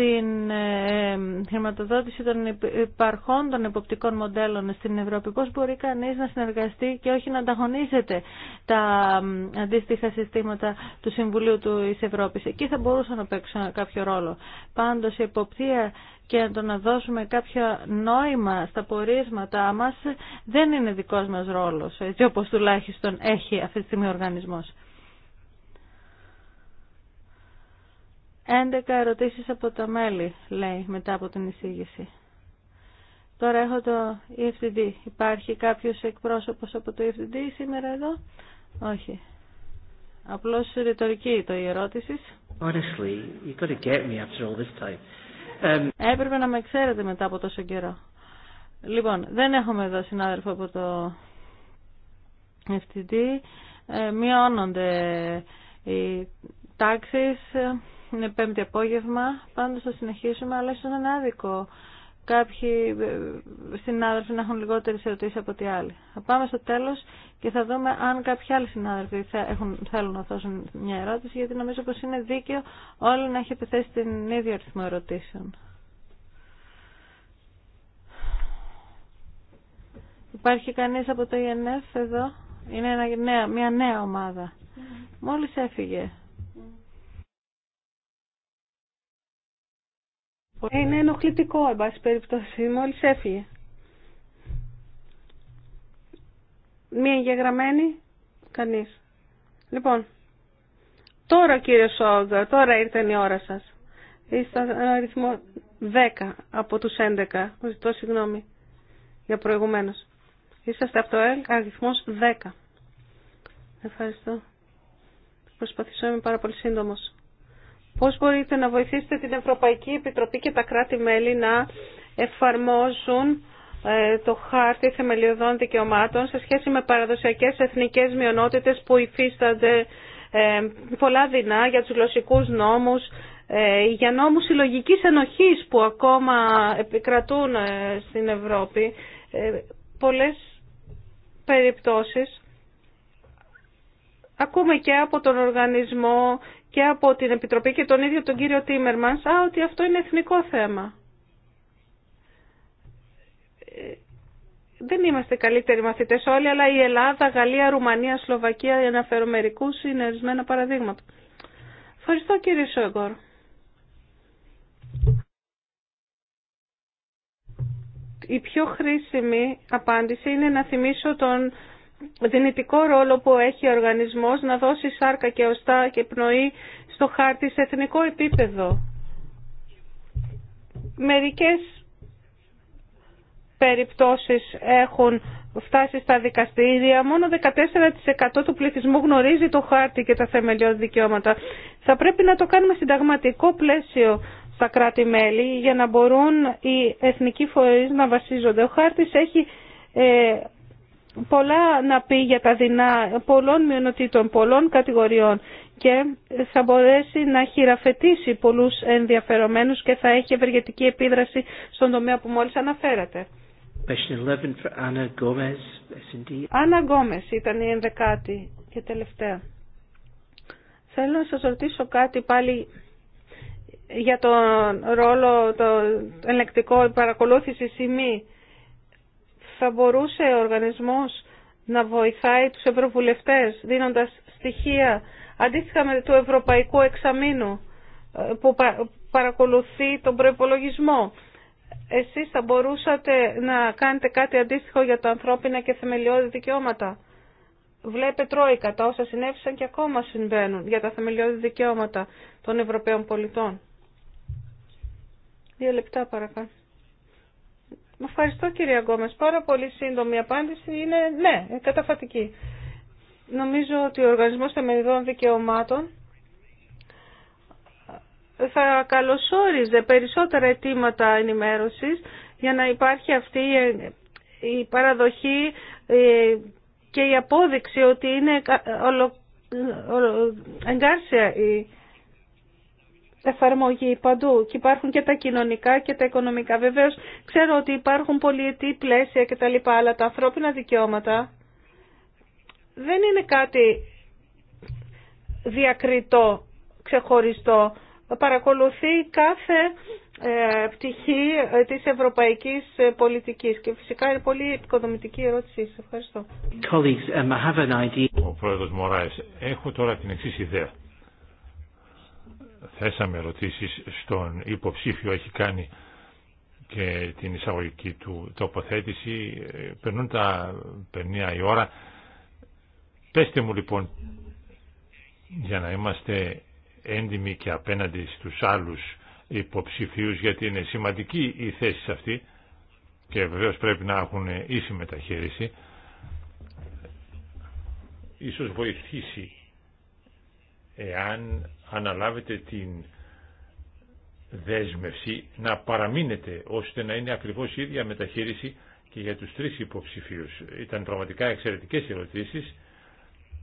στην ε, ε, χρηματοδότηση των υπαρχών των εποπτικών μοντέλων στην Ευρώπη. Πώς μπορεί κανείς να συνεργαστεί και όχι να ανταγωνίζεται τα αντίστοιχα συστήματα του Συμβουλίου του Ευρώπης. Εκεί θα μπορούσαν να παίξουν κάποιο ρόλο. Πάντως η εποπτεία και το να δώσουμε κάποιο νόημα στα πορίσματά μας δεν είναι δικός μας ρόλος, έτσι όπως τουλάχιστον έχει αυτή τη στιγμή ο οργανισμός. 11 ερωτήσεις από τα μέλη, λέει, μετά από την εισήγηση. Τώρα έχω το EFTD. Υπάρχει κάποιος εκπρόσωπος από το EFTD σήμερα εδώ? Όχι. Απλώς ρητορική το η ερώτηση. Έπρεπε να με ξέρετε μετά από τόσο καιρό. Λοιπόν, δεν έχουμε εδώ συνάδελφο από το e FTD. Ε, μειώνονται οι τάξεις είναι πέμπτη απόγευμα, πάντως θα συνεχίσουμε, αλλά ίσως είναι άδικο κάποιοι ε, συνάδελφοι να έχουν λιγότερες ερωτήσεις από ό,τι άλλοι. Θα πάμε στο τέλος και θα δούμε αν κάποιοι άλλοι συνάδελφοι θέλουν να δώσουν μια ερώτηση, γιατί νομίζω πως είναι δίκαιο όλοι να έχει θέσει την ίδια αριθμό ερωτήσεων. Υπάρχει κανείς από το ΙΕΝΕΦ εδώ. Είναι μια νέα ομάδα. Ναι. Μόλις έφυγε. Ε, είναι ενοχλητικό, εν πάση περιπτώσει, Μόλι έφυγε. Μία εγγεγραμμένη, κανεί. Λοιπόν, τώρα κύριε Σόγκα, τώρα ήρθε η ώρα σα. Είστε αριθμό 10 από του 11, ζητώ συγγνώμη για προηγουμένω. Είσαστε από το ΕΛΚ, 10. Ευχαριστώ. Προσπαθήσω να είμαι πάρα πολύ σύντομος. Πώς μπορείτε να βοηθήσετε την Ευρωπαϊκή Επιτροπή και τα κράτη-μέλη να εφαρμόζουν ε, το χάρτη θεμελιωδών δικαιωμάτων σε σχέση με παραδοσιακές εθνικές μειονότητες που υφίστανται ε, πολλά δεινά για τους γλωσσικούς νόμους, ε, για νόμους συλλογική ενοχής που ακόμα επικρατούν στην Ευρώπη. Πολλές περιπτώσεις ακούμε και από τον οργανισμό και από την Επιτροπή και τον ίδιο τον κύριο Τίμερμανς α, ότι αυτό είναι εθνικό θέμα. Ε, δεν είμαστε καλύτεροι μαθητές όλοι, αλλά η Ελλάδα, Γαλλία, Ρουμανία, Σλοβακία, φέρω μερικού, είναι ορισμένα παραδείγματα. Ευχαριστώ κύριε Σόγκορ. Η πιο χρήσιμη απάντηση είναι να θυμίσω τον δυνητικό ρόλο που έχει ο οργανισμός να δώσει σάρκα και οστά και πνοή στο χάρτη σε εθνικό επίπεδο. Μερικές περιπτώσεις έχουν φτάσει στα δικαστήρια. Μόνο 14% του πληθυσμού γνωρίζει το χάρτη και τα θεμελιώδη δικαιώματα. Θα πρέπει να το κάνουμε συνταγματικό πλαίσιο στα κράτη-μέλη για να μπορούν οι εθνικοί φορείς να βασίζονται. Ο χάρτης έχει ε, πολλά να πει για τα δεινά πολλών μειονοτήτων, πολλών κατηγοριών και θα μπορέσει να χειραφετήσει πολλούς ενδιαφερομένους και θα έχει ευεργετική επίδραση στον τομέα που μόλις αναφέρατε. Άννα Γκόμες ήταν η ενδεκάτη και τελευταία. Θέλω να σας ρωτήσω κάτι πάλι για τον ρόλο, το ελεκτικό παρακολούθηση ή θα μπορούσε ο οργανισμός να βοηθάει τους ευρωβουλευτές δίνοντας στοιχεία αντίστοιχα με του Ευρωπαϊκού Εξαμήνου ε, που παρακολουθεί τον προϋπολογισμό. Εσείς θα μπορούσατε να κάνετε κάτι αντίστοιχο για τα ανθρώπινα και θεμελιώδη δικαιώματα. Βλέπε τρόικα τα όσα συνέβησαν και ακόμα συμβαίνουν για τα θεμελιώδη δικαιώματα των Ευρωπαίων πολιτών. Δύο λεπτά παρακάτω. Ευχαριστώ κυρία Γκόμες. Πάρα πολύ σύντομη απάντηση είναι ναι, καταφατική. Νομίζω ότι ο Οργανισμός Θεμελιδών Δικαιωμάτων θα καλωσόριζε περισσότερα αιτήματα ενημέρωσης για να υπάρχει αυτή η παραδοχή και η απόδειξη ότι είναι εγκάρσια η εφαρμογή παντού και υπάρχουν και τα κοινωνικά και τα οικονομικά. Βεβαίως ξέρω ότι υπάρχουν πολιετή πλαίσια λοιπά, Αλλά τα ανθρώπινα δικαιώματα δεν είναι κάτι διακριτό, ξεχωριστό. Παρακολουθεί κάθε ε, πτυχή ε, της ευρωπαϊκής ε, πολιτικής και φυσικά είναι πολύ οικοδομητική ερώτησή σας. Ευχαριστώ. Um, Ο Πρόεδρος Μωράης, έχω τώρα την εξής ιδέα θέσαμε ερωτήσεις στον υποψήφιο, έχει κάνει και την εισαγωγική του τοποθέτηση. Ε, περνούν τα περνία η ώρα. Πεστε μου λοιπόν, για να είμαστε έντιμοι και απέναντι στους άλλους υποψηφίους, γιατί είναι σημαντική η θέση αυτή και βεβαίως πρέπει να έχουν ίση μεταχείριση, ίσως βοηθήσει εάν αναλάβετε την δέσμευση να παραμείνετε ώστε να είναι ακριβώς η ίδια μεταχείριση και για τους τρεις υποψηφίους. Ήταν πραγματικά εξαιρετικές ερωτήσεις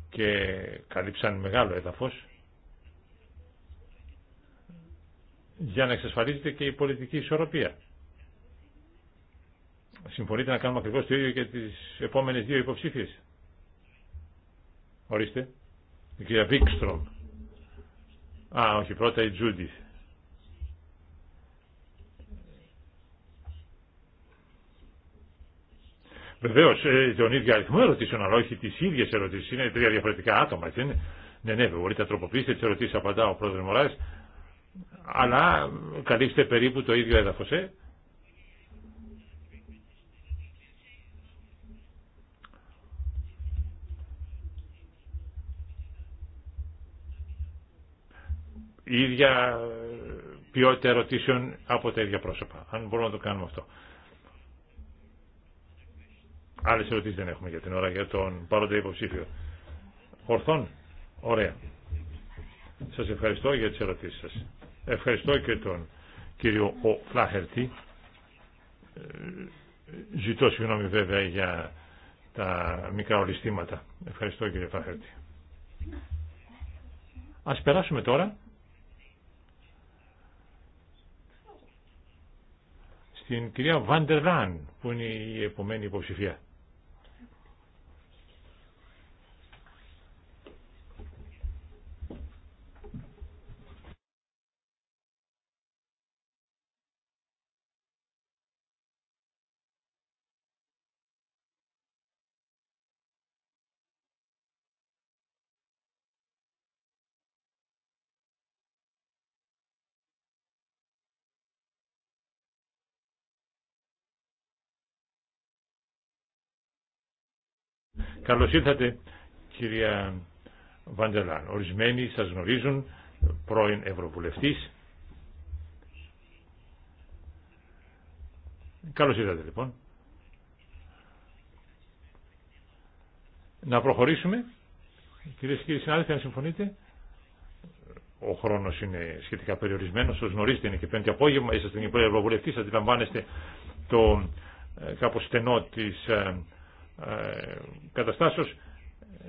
και καλύψαν μεγάλο έδαφος για να εξασφαλίζεται και η πολιτική ισορροπία. Συμφωνείτε να κάνουμε ακριβώς το ίδιο και τις επόμενες δύο υποψήφιες. Ορίστε. Η κυρία Βίκστρομ. Α, όχι, πρώτα η Τζούντι. Βεβαίω, ε, τον ίδιο αριθμό ερωτήσεων, αλλά όχι τι ίδιε ερωτήσει. Είναι τρία διαφορετικά άτομα, έτσι είναι. Ναι, ναι, μπορείτε να τροποποιήσετε τι ερωτήσει, απαντά ο πρόεδρο Μωράη. Αλλά καλύψτε περίπου το ίδιο έδαφο, ε. η ίδια ποιότητα ερωτήσεων από τα ίδια πρόσωπα. Αν μπορούμε να το κάνουμε αυτό. Άλλε ερωτήσει δεν έχουμε για την ώρα για τον παρόντα υποψήφιο. Ορθών. Ωραία. Σα ευχαριστώ για τι ερωτήσει σας. Ευχαριστώ και τον κύριο Ο Φλάχερτη. Ε, ζητώ συγγνώμη βέβαια για τα μικρά οριστήματα. Ευχαριστώ κύριε Φλάχερτη. Ας περάσουμε τώρα στην κυρία Βαντερλάν που είναι η επομένη υποψηφία. Καλώς ήρθατε κυρία Βαντελάν. Ορισμένοι σας γνωρίζουν, πρώην Ευρωβουλευτής. Καλώς ήρθατε λοιπόν. Να προχωρήσουμε. Κυρίες και κύριοι συνάδελφοι, αν συμφωνείτε. Ο χρόνο είναι σχετικά περιορισμένο. Σα γνωρίζετε, είναι και πέντε απόγευμα. Είσαστε και πρώην Ευρωβουλευτή. Αντιλαμβάνεστε το ε, κάπω στενό τη ε, ε, καταστάσεως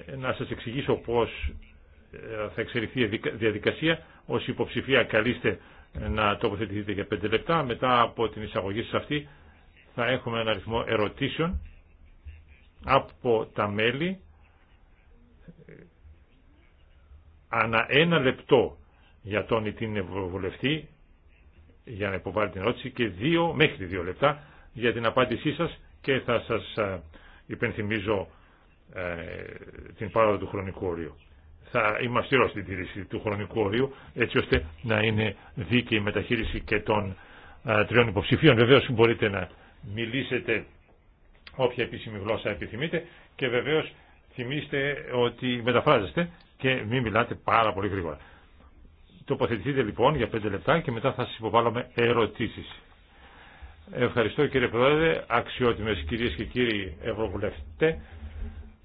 ε, να σας εξηγήσω πώς ε, θα εξελιχθεί η διαδικασία. Ως υποψηφία καλείστε να τοποθετηθείτε για 5 λεπτά. Μετά από την εισαγωγή σας αυτή θα έχουμε ένα αριθμό ερωτήσεων από τα μέλη. Ανά ένα λεπτό για τον ή την ευρωβουλευτή για να υποβάλει την ερώτηση και δύο, μέχρι δύο λεπτά για την απάντησή σας και θα σας υπενθυμίζω ε, την πάροδο του χρονικού όριου. Θα είμαστε ήρωα στην τήρηση του χρονικού όριου, έτσι ώστε να είναι δίκαιη η μεταχείριση και των ε, τριών υποψηφίων. Βεβαίω μπορείτε να μιλήσετε όποια επίσημη γλώσσα επιθυμείτε και βεβαίω θυμίστε ότι μεταφράζεστε και μην μιλάτε πάρα πολύ γρήγορα. Τοποθετηθείτε λοιπόν για πέντε λεπτά και μετά θα σας υποβάλλουμε ερωτήσεις. Ευχαριστώ κύριε Πρόεδρε, αξιότιμες κυρίες και κύριοι Ευρωβουλευτέ.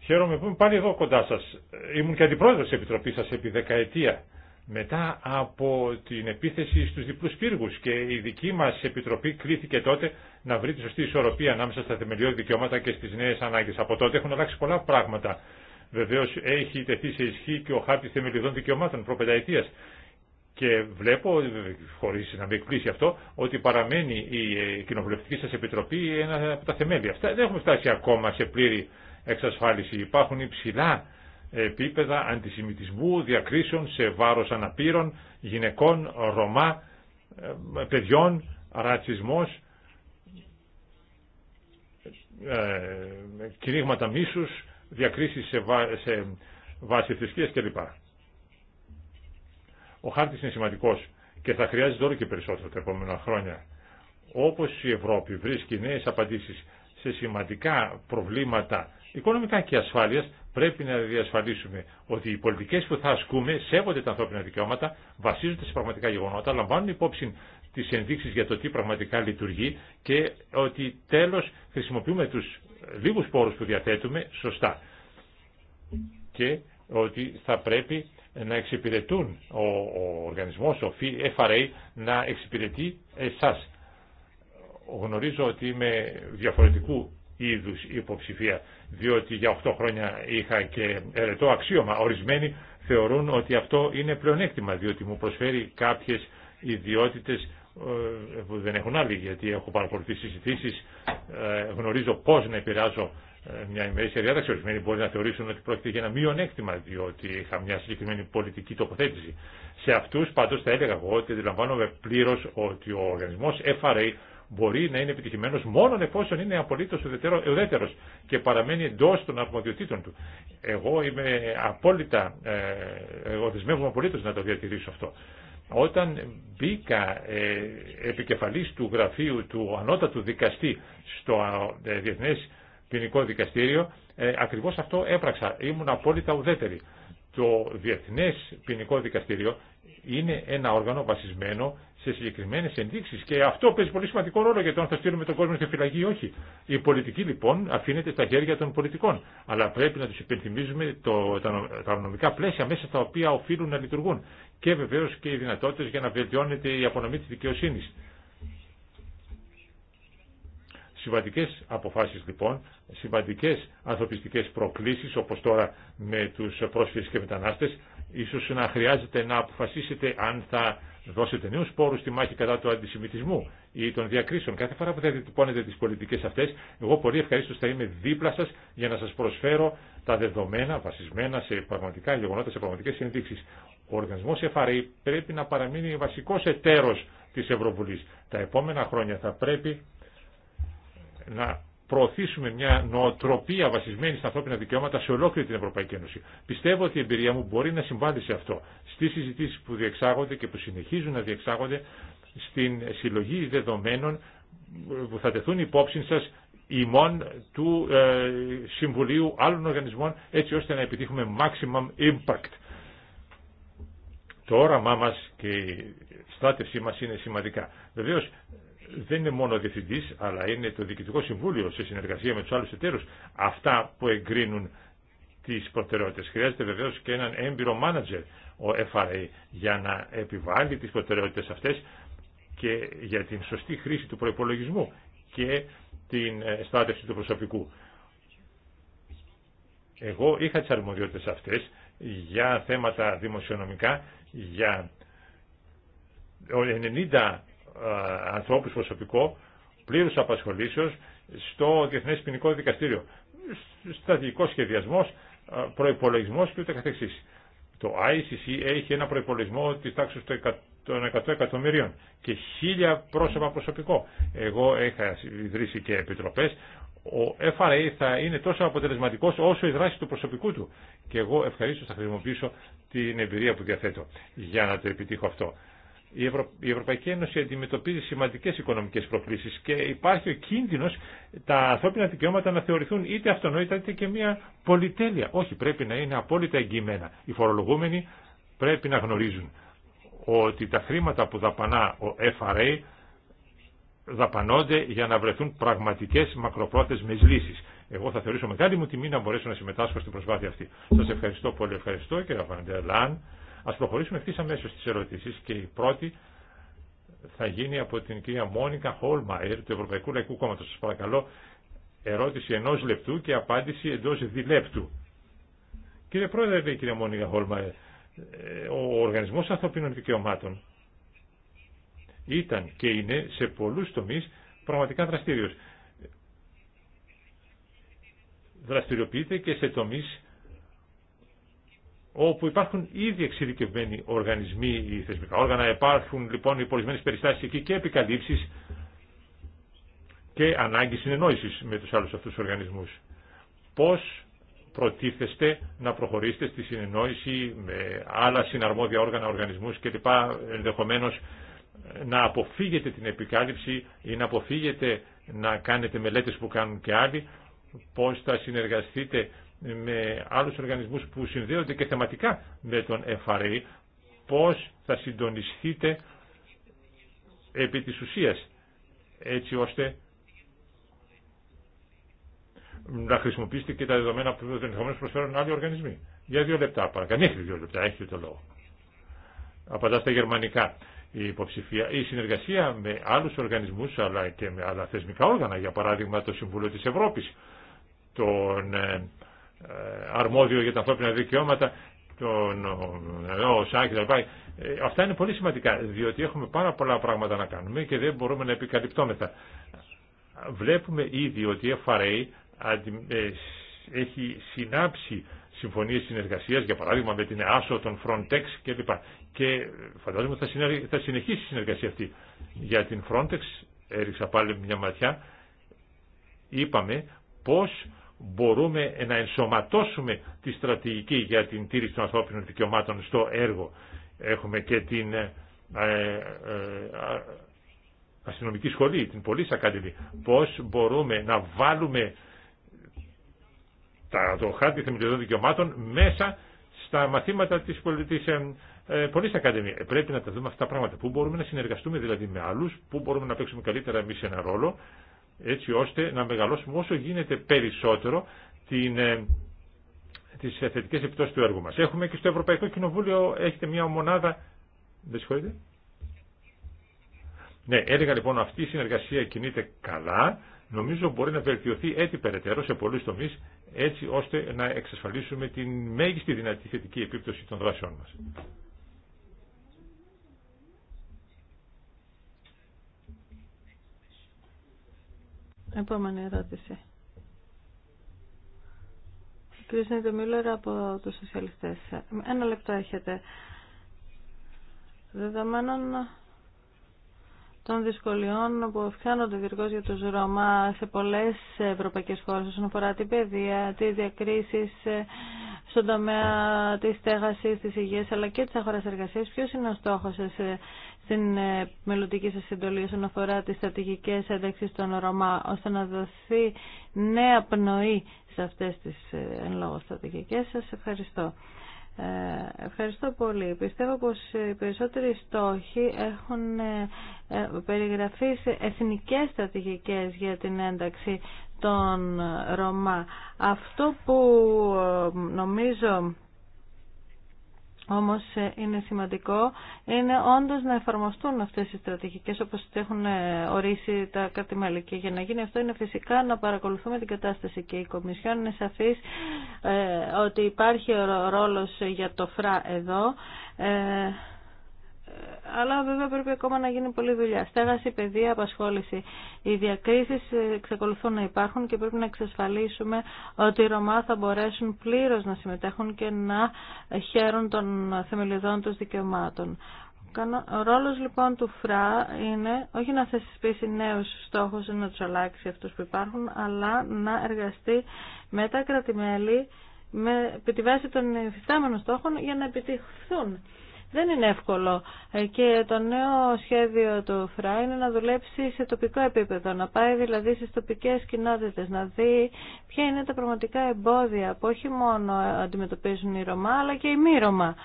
Χαίρομαι που είμαι πάλι εδώ κοντά σας. Ήμουν και αντιπρόεδρος της Επιτροπής σας επί δεκαετία. Μετά από την επίθεση στους διπλούς πύργους και η δική μας Επιτροπή κρίθηκε τότε να βρει τη σωστή ισορροπία ανάμεσα στα θεμελιώδη δικαιώματα και στις νέες ανάγκες. Από τότε έχουν αλλάξει πολλά πράγματα. Βεβαίω έχει τεθεί σε ισχύ και ο χάρτη θεμελιωδών δικαιωμάτων προπενταετία. Και βλέπω, χωρίς να με εκπλήσει αυτό, ότι παραμένει η ε, κοινοβουλευτική σας επιτροπή ένα από τα θεμέλια. δεν έχουμε φτάσει ακόμα σε πλήρη εξασφάλιση. Υπάρχουν υψηλά επίπεδα αντισημιτισμού, διακρίσεων σε βάρος αναπήρων, γυναικών, Ρωμά, ε, παιδιών, ρατσισμός, ε, κηρύγματα μίσους, διακρίσεις σε, βάση θρησκείας κλπ. Ο χάρτη είναι σημαντικό και θα χρειάζεται όλο και περισσότερο τα επόμενα χρόνια. όπω η Ευρώπη βρίσκει νέε απαντήσει σε σημαντικά προβλήματα οικονομικά και ασφάλεια, πρέπει να διασφαλίσουμε ότι οι πολιτικέ που θα ασκούμε σέβονται τα ανθρώπινα δικαιώματα, βασίζονται σε πραγματικά γεγονότα, λαμβάνουν υπόψη τι ενδείξει για το τι πραγματικά λειτουργεί και ότι τέλο χρησιμοποιούμε του λίγους πόρου που διαθέτουμε σωστά. Και ότι θα πρέπει να εξυπηρετούν ο, ο οργανισμός, ο FRA, να εξυπηρετεί εσάς. Γνωρίζω ότι είμαι διαφορετικού είδους υποψηφία, διότι για 8 χρόνια είχα και ερετό αξίωμα. Ορισμένοι θεωρούν ότι αυτό είναι πλεονέκτημα, διότι μου προσφέρει κάποιες ιδιότητες ε, που δεν έχουν άλλοι, γιατί έχω παρακολουθήσει συζητήσεις, ε, γνωρίζω πώς να επηρεάζω ε, μια ημερήσια διάταξη. Ορισμένοι μπορεί να θεωρήσουν ότι πρόκειται για ένα μειονέκτημα, διότι είχα μια συγκεκριμένη πολιτική τοποθέτηση. Σε αυτού πάντω θα έλεγα εγώ ότι αντιλαμβάνομαι πλήρω ότι ο οργανισμό FRA μπορεί να είναι επιτυχημένο μόνο εφόσον είναι απολύτω ουδέτερο και παραμένει εντό των αρμοδιοτήτων του. Εγώ είμαι απόλυτα, ε, εγώ δεσμεύομαι απολύτω να το διατηρήσω αυτό. Όταν μπήκα ε, επικεφαλής του γραφείου του ανώτατου δικαστή στο ε, ποινικό δικαστήριο, ε, ακριβώς αυτό έπραξα. Ήμουν απόλυτα ουδέτερη. Το Διεθνές Ποινικό Δικαστήριο είναι ένα όργανο βασισμένο σε συγκεκριμένε ενδείξει και αυτό παίζει πολύ σημαντικό ρόλο για το αν θα στείλουμε τον κόσμο στη φυλακή ή όχι. Η πολιτική λοιπόν αφήνεται στα χέρια των πολιτικών. Αλλά πρέπει να του υπενθυμίζουμε το, τα, τα νομικά πλαίσια μέσα στα οποία οφείλουν να λειτουργούν. Και βεβαίω και οι δυνατότητε για να βελτιώνεται η απονομή τη δικαιοσύνη. Συμβατικές αποφάσεις λοιπόν, συμβατικές ανθρωπιστικές προκλήσεις όπως τώρα με τους πρόσφυγες και μετανάστες, ίσως να χρειάζεται να αποφασίσετε αν θα δώσετε νέους πόρου στη μάχη κατά του αντισημιτισμού ή των διακρίσεων. Κάθε φορά που θα διατυπώνετε τις πολιτικές αυτές, εγώ πολύ ευχαρίστως θα είμαι δίπλα σας για να σας προσφέρω τα δεδομένα βασισμένα σε πραγματικά γεγονότα, σε πραγματικές ενδείξει. Ο οργανισμό FRA πρέπει να παραμείνει βασικός εταίρος της Ευρωβουλής. Τα επόμενα χρόνια θα πρέπει να προωθήσουμε μια νοοτροπία βασισμένη στα ανθρώπινα δικαιώματα σε ολόκληρη την Ευρωπαϊκή Ένωση. Πιστεύω ότι η εμπειρία μου μπορεί να συμβάλλει σε αυτό. Στι συζητήσει που διεξάγονται και που συνεχίζουν να διεξάγονται στην συλλογή δεδομένων που θα τεθούν υπόψη σα ημών του ε, Συμβουλίου άλλων οργανισμών έτσι ώστε να επιτύχουμε maximum impact. Το όραμά μας και η στάτευσή μας είναι σημαντικά. Βεβαίως δεν είναι μόνο ο διευθυντή, αλλά είναι το διοικητικό συμβούλιο σε συνεργασία με του άλλου εταίρου αυτά που εγκρίνουν τι προτεραιότητε. Χρειάζεται βεβαίω και έναν έμπειρο μάνατζερ ο FRA για να επιβάλλει τι προτεραιότητε αυτέ και για την σωστή χρήση του προπολογισμού και την ε, στάτευση του προσωπικού. Εγώ είχα τις αρμοδιότητε αυτές για θέματα δημοσιονομικά, για 90 ε, ανθρώπους προσωπικό πλήρους απασχολήσεως στο Διεθνές Ποινικό Δικαστήριο. Στρατηγικός σχεδιασμός, ε, προϋπολογισμός και ούτε καθεξής. Το ICC έχει ένα προϋπολογισμό της τάξης των 100 εκατομμυρίων και χίλια πρόσωπα προσωπικό. Εγώ είχα ιδρύσει και επιτροπές. Ο FRA θα είναι τόσο αποτελεσματικός όσο η δράση του προσωπικού του. Και εγώ ευχαρίστως θα χρησιμοποιήσω την εμπειρία που διαθέτω για να το επιτύχω αυτό. Η, Ευρω... η Ευρωπαϊκή Ένωση αντιμετωπίζει σημαντικές οικονομικές προκλήσεις και υπάρχει ο κίνδυνος τα ανθρώπινα δικαιώματα να θεωρηθούν είτε αυτονόητα είτε και μια πολυτέλεια. Όχι, πρέπει να είναι απόλυτα εγγυημένα. Οι φορολογούμενοι πρέπει να γνωρίζουν ότι τα χρήματα που δαπανά ο FRA δαπανώνται για να βρεθούν πραγματικές μακροπρόθεσμες λύσεις. Εγώ θα θεωρήσω μεγάλη μου τιμή να μπορέσω να συμμετάσχω στην προσπάθεια αυτή. Σας ευχαριστώ πολύ. Ευχαριστώ κύριε Βαντελάν. Ας προχωρήσουμε ευθύς αμέσως στις ερωτήσεις και η πρώτη θα γίνει από την κυρία Μόνικα Χόλμαερ του Ευρωπαϊκού Λαϊκού Κόμματος. Σας παρακαλώ ερώτηση ενός λεπτού και απάντηση εντός διλέπτου. Κύριε Πρόεδρε, λέει η κυρία Μόνικα Χόλμαερ, ε, ο Οργανισμός Ανθρωπίνων Δικαιωμάτων ήταν και είναι σε πολλούς τομείς πραγματικά δραστήριος. Δραστηριοποιείται και σε τομείς όπου υπάρχουν ήδη εξειδικευμένοι οργανισμοί ή θεσμικά όργανα. Υπάρχουν λοιπόν οι πολυσμένε περιστάσει εκεί και επικαλύψεις και ανάγκη συνεννόηση με του άλλου αυτού τους οργανισμούς. Πώς προτίθεστε να προχωρήσετε στη συνεννόηση με άλλα συναρμόδια όργανα, οργανισμούς κλπ. ενδεχομένως να αποφύγετε την επικάλυψη ή να αποφύγετε να κάνετε μελέτες που κάνουν και άλλοι, πώς θα συνεργαστείτε με άλλους οργανισμούς που συνδέονται και θεματικά με τον FRA, πώς θα συντονιστείτε επί της ουσίας, έτσι ώστε να χρησιμοποιήσετε και τα δεδομένα που ενδεχομένω προσφέρουν άλλοι οργανισμοί. Για δύο λεπτά, παρακαλώ. Έχει ναι, δύο λεπτά, έχετε το λόγο. Απαντά στα γερμανικά. Η υποψηφία, η συνεργασία με άλλους οργανισμούς αλλά και με άλλα θεσμικά όργανα, για παράδειγμα το Συμβούλιο της Ευρώπης, τον ε, ε, αρμόδιο για τα ανθρώπινα δικαιώματα, τον ΩΣΑ κλπ. Ε, αυτά είναι πολύ σημαντικά, διότι έχουμε πάρα πολλά πράγματα να κάνουμε και δεν μπορούμε να επικαλυπτόμεθα. Βλέπουμε ήδη ότι η FRA ε, έχει συνάψει συμφωνίες συνεργασίας, για παράδειγμα με την ΑΣΟ τον Frontex κλπ. Και φαντάζομαι ότι θα συνεχίσει η συνεργασία αυτή. Για την Frontex έριξα πάλι μια ματιά, είπαμε πώς μπορούμε να ενσωματώσουμε τη στρατηγική για την τήρηση των ανθρώπινων δικαιωμάτων στο έργο. Έχουμε και την ε, ε, ε, αστυνομική σχολή, την πολύ Academy. Πώς μπορούμε να βάλουμε τα, το χάρτη θεμελιωδών δικαιωμάτων μέσα στα μαθήματα της, πολιτικής ε, πρέπει να τα δούμε αυτά τα πράγματα. Πού μπορούμε να συνεργαστούμε δηλαδή με άλλους, πού μπορούμε να παίξουμε καλύτερα εμείς ένα ρόλο έτσι ώστε να μεγαλώσουμε όσο γίνεται περισσότερο την, ε, τις θετικές επιπτώσεις του έργου μας. Έχουμε και στο Ευρωπαϊκό Κοινοβούλιο, έχετε μια μονάδα, δεν συγχωρείτε. Ναι, έλεγα λοιπόν αυτή η συνεργασία κινείται καλά, νομίζω μπορεί να βελτιωθεί έτσι περαιτέρω σε πολλούς τομείς, έτσι ώστε να εξασφαλίσουμε την μέγιστη δυνατή θετική επίπτωση των δράσεών μας. Επόμενη ερώτηση. Κρίσνη Τεμίλερ από τους σοσιαλιστές. Ένα λεπτό έχετε. Δεδομένων των δυσκολιών που αυξάνονται διεργώ για τους Ρωμά σε πολλές ευρωπαϊκές χώρες όσον αφορά την παιδεία, τι διακρίσεις ε, στον τομέα της στέγασης, της υγείας αλλά και της αγοράς εργασίας, ποιος είναι ο στόχος σας ε, στην ε, μελλοντική σας συντολή όσον αφορά τις στρατηγικές ένταξεις των Ρωμά, ώστε να δοθεί νέα πνοή σε αυτές τις ε, εν λόγω στρατηγικές. Σας ευχαριστώ. Ε, ευχαριστώ πολύ. Πιστεύω πως οι περισσότεροι στόχοι έχουν περιγραφεί σε εθνικές στρατηγικές για την ένταξη των Ρωμά. Αυτό που νομίζω όμως ε, είναι σημαντικό είναι όντως να εφαρμοστούν αυτές οι στρατηγικές όπως έχουν ε, ορίσει τα κρατημέλη και για να γίνει αυτό είναι φυσικά να παρακολουθούμε την κατάσταση και η Κομισιόν είναι σαφής ε, ότι υπάρχει ρόλος για το ΦΡΑ εδώ αλλά βέβαια πρέπει ακόμα να γίνει πολλή δουλειά. Στέγαση, παιδεία, απασχόληση. Οι διακρίσει ε, εξακολουθούν να υπάρχουν και πρέπει να εξασφαλίσουμε ότι οι Ρωμά θα μπορέσουν πλήρω να συμμετέχουν και να χαίρουν των θεμελιωδών του δικαιωμάτων. Ο ρόλος λοιπόν του ΦΡΑ είναι όχι να θεσπίσει νέους στόχους ή να τους αλλάξει αυτούς που υπάρχουν, αλλά να εργαστεί με τα κρατημέλη με τη βάση των υφιστάμενων στόχων για να επιτυχθούν δεν είναι εύκολο. Ε, και το νέο σχέδιο του ΦΡΑ είναι να δουλέψει σε τοπικό επίπεδο, να πάει δηλαδή στις τοπικές κοινότητες, να δει ποια είναι τα πραγματικά εμπόδια που όχι μόνο αντιμετωπίζουν οι Ρωμά αλλά και οι μη Ρωμά.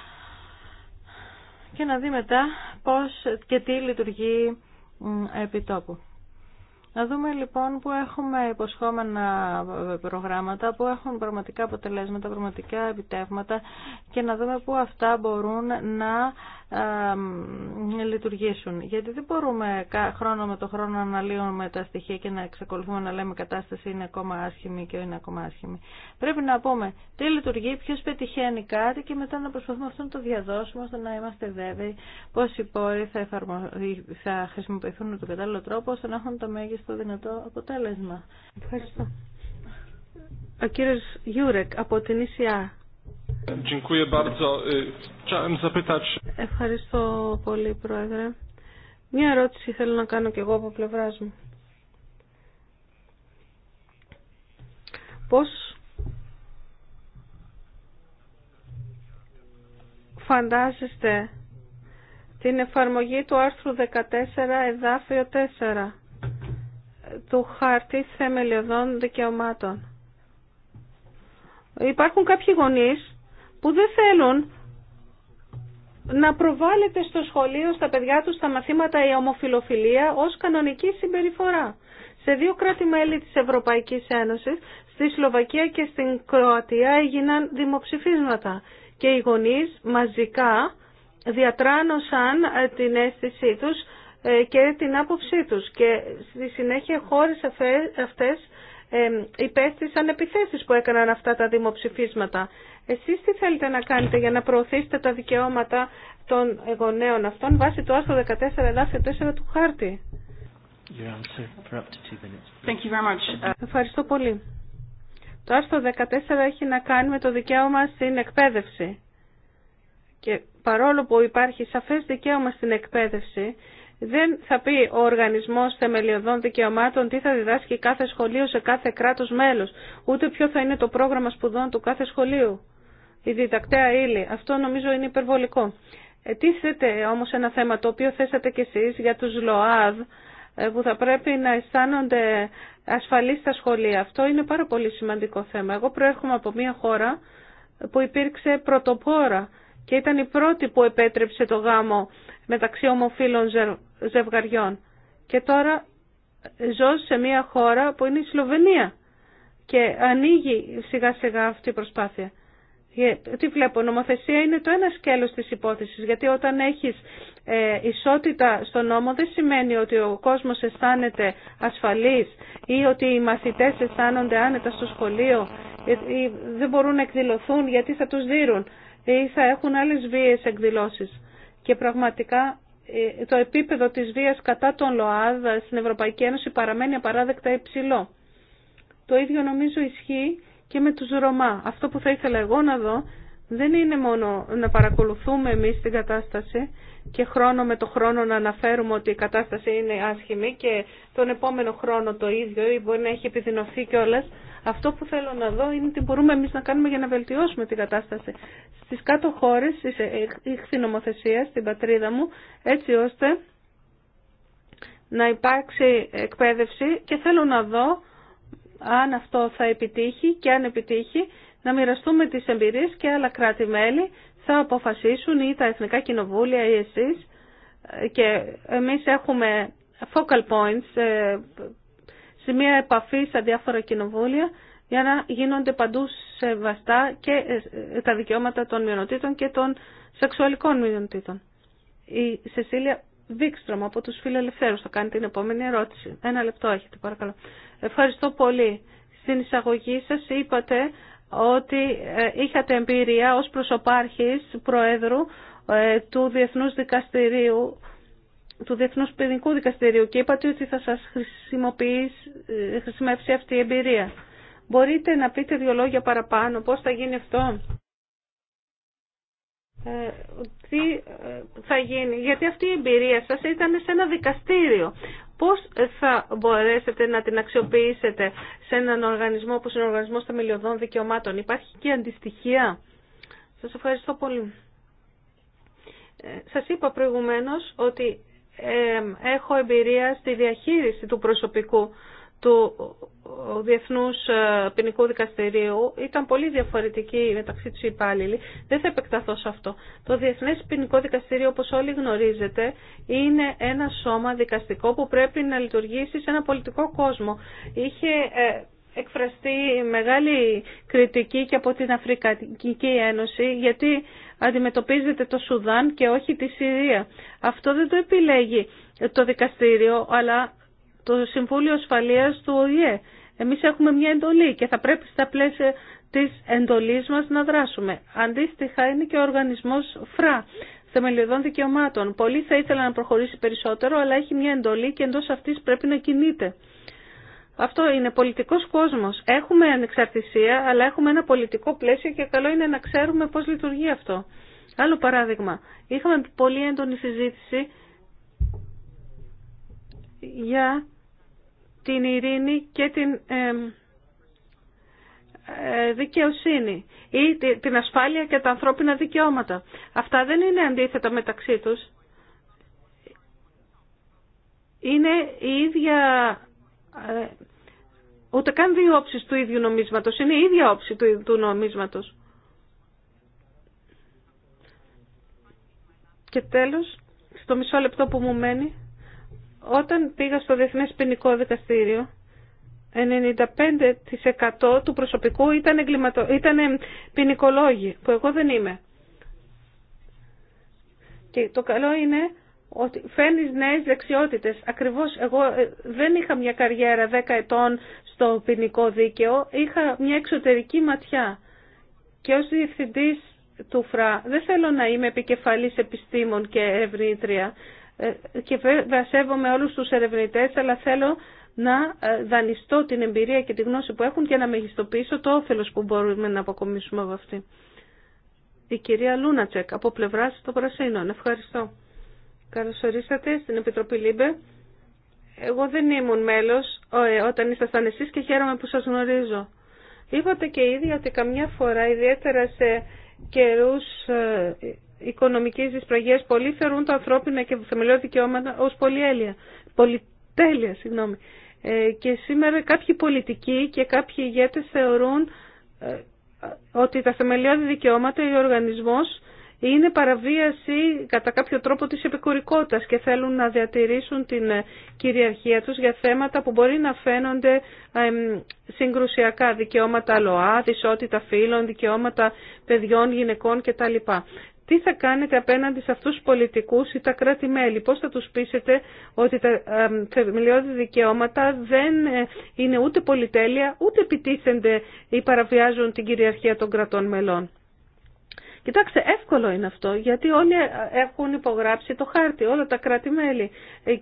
Και να δει μετά πώς και τι λειτουργεί επί τόπου. Να δούμε λοιπόν που έχουμε υποσχόμενα προγράμματα, που έχουν πραγματικά αποτελέσματα, πραγματικά επιτεύγματα και να δούμε που αυτά μπορούν να λειτουργήσουν. Γιατί δεν μπορούμε χρόνο με το χρόνο να αναλύουμε τα στοιχεία και να εξακολουθούμε να λέμε η κατάσταση είναι ακόμα άσχημη και είναι ακόμα άσχημη. Πρέπει να πούμε τι λειτουργεί, ποιο πετυχαίνει κάτι και μετά να προσπαθούμε αυτό να το διαδώσουμε ώστε να είμαστε βέβαιοι πώ οι πόροι θα, εφαρμο... θα χρησιμοποιηθούν με τον κατάλληλο τρόπο ώστε να έχουν το μέγιστο δυνατό αποτέλεσμα. Ευχαριστώ. Ο κύριος Γιούρεκ από την ΙΣΙΑ. Ευχαριστώ πολύ, Πρόεδρε. Μία ερώτηση θέλω να κάνω και εγώ από πλευρά μου. Πώς φαντάζεστε την εφαρμογή του άρθρου 14 εδάφιο 4 του χάρτη θεμελιωδών δικαιωμάτων. Υπάρχουν κάποιοι γονείς που δεν θέλουν να προβάλλεται στο σχολείο στα παιδιά τους στα μαθήματα η ομοφιλοφιλία ως κανονική συμπεριφορά. Σε δύο κράτη-μέλη της Ευρωπαϊκής Ένωσης, στη Σλοβακία και στην Κροατία έγιναν δημοψηφίσματα και οι γονείς μαζικά διατράνωσαν ε, την αίσθησή τους ε, και την άποψή τους και στη συνέχεια χώρες αυτές υπέστησαν επιθέσεις που έκαναν αυτά τα δημοψηφίσματα. Εσείς τι θέλετε να κάνετε για να προωθήσετε τα δικαιώματα των γονέων αυτών βάσει του άρθρου 14 εδάφιο 4 του χάρτη. Ευχαριστώ πολύ. Το άρθρο 14 έχει να κάνει με το δικαίωμα στην εκπαίδευση. Και παρόλο που υπάρχει σαφές δικαίωμα στην εκπαίδευση, δεν θα πει ο Οργανισμός Θεμελιωδών Δικαιωμάτων τι θα διδάσκει κάθε σχολείο σε κάθε κράτο μέλο. ούτε ποιο θα είναι το πρόγραμμα σπουδών του κάθε σχολείου. Η διδακτέα ύλη. Αυτό νομίζω είναι υπερβολικό. Ετίθεται όμω ένα θέμα το οποίο θέσατε κι εσεί για του ΛΟΑΔ ε, που θα πρέπει να αισθάνονται ασφαλείς στα σχολεία. Αυτό είναι πάρα πολύ σημαντικό θέμα. Εγώ προέρχομαι από μια χώρα που υπήρξε πρωτοπόρα και ήταν η πρώτη που επέτρεψε το γάμο μεταξύ ομοφύλων ζευγαριών. Και τώρα ζω σε μια χώρα που είναι η Σλοβενία και ανοίγει σιγά σιγά αυτή η προσπάθεια. Τι βλέπω, νομοθεσία είναι το ένα σκέλος της υπόθεσης, γιατί όταν έχεις ε, ισότητα στο νόμο δεν σημαίνει ότι ο κόσμος αισθάνεται ασφαλής ή ότι οι μαθητές αισθάνονται άνετα στο σχολείο ή δεν μπορούν να εκδηλωθούν γιατί θα τους δίνουν ή θα έχουν άλλες βίες εκδηλώσεις και πραγματικά ε, το επίπεδο της βίας κατά τον ΛΟΑΔ στην Ευρωπαϊκή Ένωση παραμένει απαράδεκτα υψηλό. Το ίδιο νομίζω ισχύει και με τους Ρωμά. Αυτό που θα ήθελα εγώ να δω δεν είναι μόνο να παρακολουθούμε εμείς την κατάσταση και χρόνο με το χρόνο να αναφέρουμε ότι η κατάσταση είναι άσχημη και τον επόμενο χρόνο το ίδιο ή μπορεί να έχει επιδεινωθεί κιόλα, αυτό που θέλω να δω είναι τι μπορούμε εμείς να κάνουμε για να βελτιώσουμε την κατάσταση στις κάτω χώρες, ε, ε, ε, στη χθινομοθεσία στην πατρίδα μου, έτσι ώστε να υπάρξει εκπαίδευση και θέλω να δω αν αυτό θα επιτύχει και αν επιτύχει να μοιραστούμε τις εμπειρίες και άλλα κράτη-μέλη θα αποφασίσουν ή τα Εθνικά Κοινοβούλια ή εσείς και εμείς έχουμε focal points, σε μία επαφή στα διάφορα κοινοβούλια για να γίνονται παντού σεβαστά και ε, ε, τα δικαιώματα των μειονοτήτων και των σεξουαλικών μειονοτήτων. Η Σεσίλια Βίξτρομ από τους φιλελευθέρους θα κάνει την επόμενη ερώτηση. Ένα λεπτό έχετε παρακαλώ. Ευχαριστώ πολύ. Στην εισαγωγή σας είπατε ότι ε, είχατε εμπειρία ως προσωπάρχης Προέδρου του Διεθνούς Δικαστηρίου του Διεθνούς Ποινικού Δικαστηρίου και είπατε ότι θα σας ε, χρησιμεύσει αυτή η εμπειρία. Μπορείτε να πείτε δύο λόγια παραπάνω, πώς θα γίνει αυτό. Ε, τι ε, θα γίνει, γιατί αυτή η εμπειρία σας ήταν σε ένα δικαστήριο. Πώς θα μπορέσετε να την αξιοποιήσετε σε έναν οργανισμό όπως είναι ο Οργανισμός Θεμελιωδών Δικαιωμάτων. Υπάρχει και αντιστοιχεία. Σας ευχαριστώ πολύ. Ε, σας είπα προηγουμένως ότι έχω εμπειρία στη διαχείριση του προσωπικού του Διεθνούς ε, Ποινικού Δικαστηρίου ήταν πολύ διαφορετική μεταξύ του υπάλληλοι. Δεν θα επεκταθώ σε αυτό. Το Διεθνές Ποινικό Δικαστήριο, όπως όλοι γνωρίζετε, είναι ένα σώμα δικαστικό που πρέπει να λειτουργήσει σε ένα πολιτικό κόσμο. Είχε ε, εκφραστεί μεγάλη κριτική και από την Αφρικανική Ένωση, γιατί αντιμετωπίζεται το Σουδάν και όχι τη Συρία. Αυτό δεν το επιλέγει το δικαστήριο, αλλά το Συμβούλιο Ασφαλείας του ΟΗΕ. Εμείς έχουμε μια εντολή και θα πρέπει στα πλαίσια της εντολής μας να δράσουμε. Αντίστοιχα είναι και ο οργανισμός ΦΡΑ, θεμελιωδών δικαιωμάτων. Πολλοί θα ήθελαν να προχωρήσει περισσότερο, αλλά έχει μια εντολή και εντός αυτής πρέπει να κινείται. Αυτό είναι πολιτικός κόσμος. Έχουμε ανεξαρτησία, αλλά έχουμε ένα πολιτικό πλαίσιο και καλό είναι να ξέρουμε πώς λειτουργεί αυτό. Άλλο παράδειγμα. Είχαμε πολύ έντονη συζήτηση για την ειρήνη και την ε, δικαιοσύνη ή την ασφάλεια και τα ανθρώπινα δικαιώματα. Αυτά δεν είναι αντίθετα μεταξύ τους. Είναι η ίδια ε, ούτε καν δύο όψεις του ίδιου νομίσματος. Είναι η ίδια όψη του, του νομίσματος. Και τέλος, στο μισό λεπτό που μου μένει, όταν πήγα στο Διεθνές Ποινικό Δικαστήριο, 95% του προσωπικού ήταν, ήταν ποινικολόγοι, που εγώ δεν είμαι. Και το καλό είναι ότι φέρνεις νέες δεξιότητες. Ακριβώς εγώ ε, δεν είχα μια καριέρα 10 ετών στο ποινικό δίκαιο, είχα μια εξωτερική ματιά. Και ως διευθυντής του ΦΡΑ δεν θέλω να είμαι επικεφαλής επιστήμων και ευρύτρια ε, και βασεύομαι σέβομαι όλους τους ερευνητές, αλλά θέλω να ε, δανειστώ την εμπειρία και τη γνώση που έχουν και να μεγιστοποιήσω το όφελος που μπορούμε να αποκομίσουμε από αυτή. Η κυρία Λούνατσεκ από πλευράς των Πρασίνων. Ευχαριστώ. Καλώς ορίσατε στην Επιτροπή ΛΥΜΠΕ. Εγώ δεν ήμουν μέλος ε, όταν ήσασταν εσείς και χαίρομαι που σας γνωρίζω. Είπατε και ήδη ότι καμιά φορά, ιδιαίτερα σε καιρούς ε, οικονομικής δυσπραγίας, πολλοί θεωρούν τα ανθρώπινα και θεμελιώδη δικαιώματα ως πολυέλεια. Πολυτέλεια, συγγνώμη. Ε, και σήμερα κάποιοι πολιτικοί και κάποιοι ηγέτες θεωρούν ότι τα θεμελιώδη δικαιώματα ή ο οργανισμός είναι παραβίαση κατά κάποιο τρόπο της επικουρικότητας και θέλουν να διατηρήσουν την ε, κυριαρχία τους για θέματα που μπορεί να φαίνονται συγκρουσιακά, δικαιώματα ΛΟΑΔ, ισότητα φύλων, δικαιώματα παιδιών, γυναικών κτλ. Τι θα κάνετε απέναντι σε αυτούς τους πολιτικούς ή τα κράτη-μέλη, πώς θα τους πείσετε ότι τα θεμελιώδη δικαιώματα δεν ε, είναι ούτε πολυτέλεια, ούτε επιτίθενται ή παραβιάζουν την κυριαρχία των κρατών μελών. Κοιτάξτε, εύκολο είναι αυτό, γιατί όλοι έχουν υπογράψει το χάρτη, όλα τα κράτη-μέλη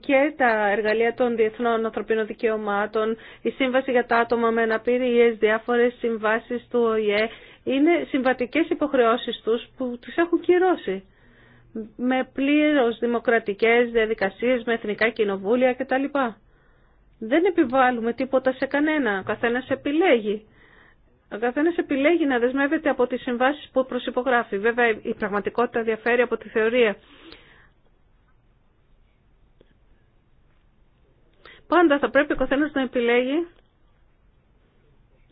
και τα εργαλεία των διεθνών ανθρωπίνων δικαιωμάτων, η σύμβαση για τα άτομα με αναπηρίες, διάφορες συμβάσεις του ΟΗΕ, είναι συμβατικές υποχρεώσεις τους που τις έχουν κυρώσει με πλήρως δημοκρατικές διαδικασίες, με εθνικά κοινοβούλια κτλ. Δεν επιβάλλουμε τίποτα σε κανένα, ο καθένας επιλέγει ο καθένα επιλέγει να δεσμεύεται από τις συμβάσει που προσυπογράφει. Βέβαια η πραγματικότητα διαφέρει από τη θεωρία. Πάντα θα πρέπει ο καθένας να επιλέγει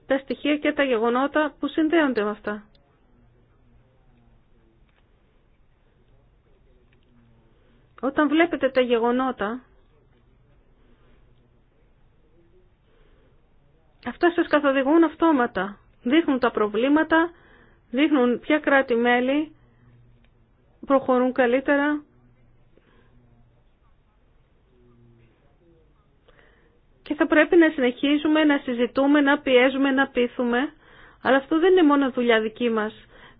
τα στοιχεία και τα γεγονότα που συνδέονται με αυτά. Όταν βλέπετε τα γεγονότα, αυτά σας καθοδηγούν αυτόματα δείχνουν τα προβλήματα, δείχνουν ποια κράτη-μέλη προχωρούν καλύτερα. Και θα πρέπει να συνεχίζουμε να συζητούμε, να πιέζουμε, να πείθουμε. Αλλά αυτό δεν είναι μόνο δουλειά δική μας.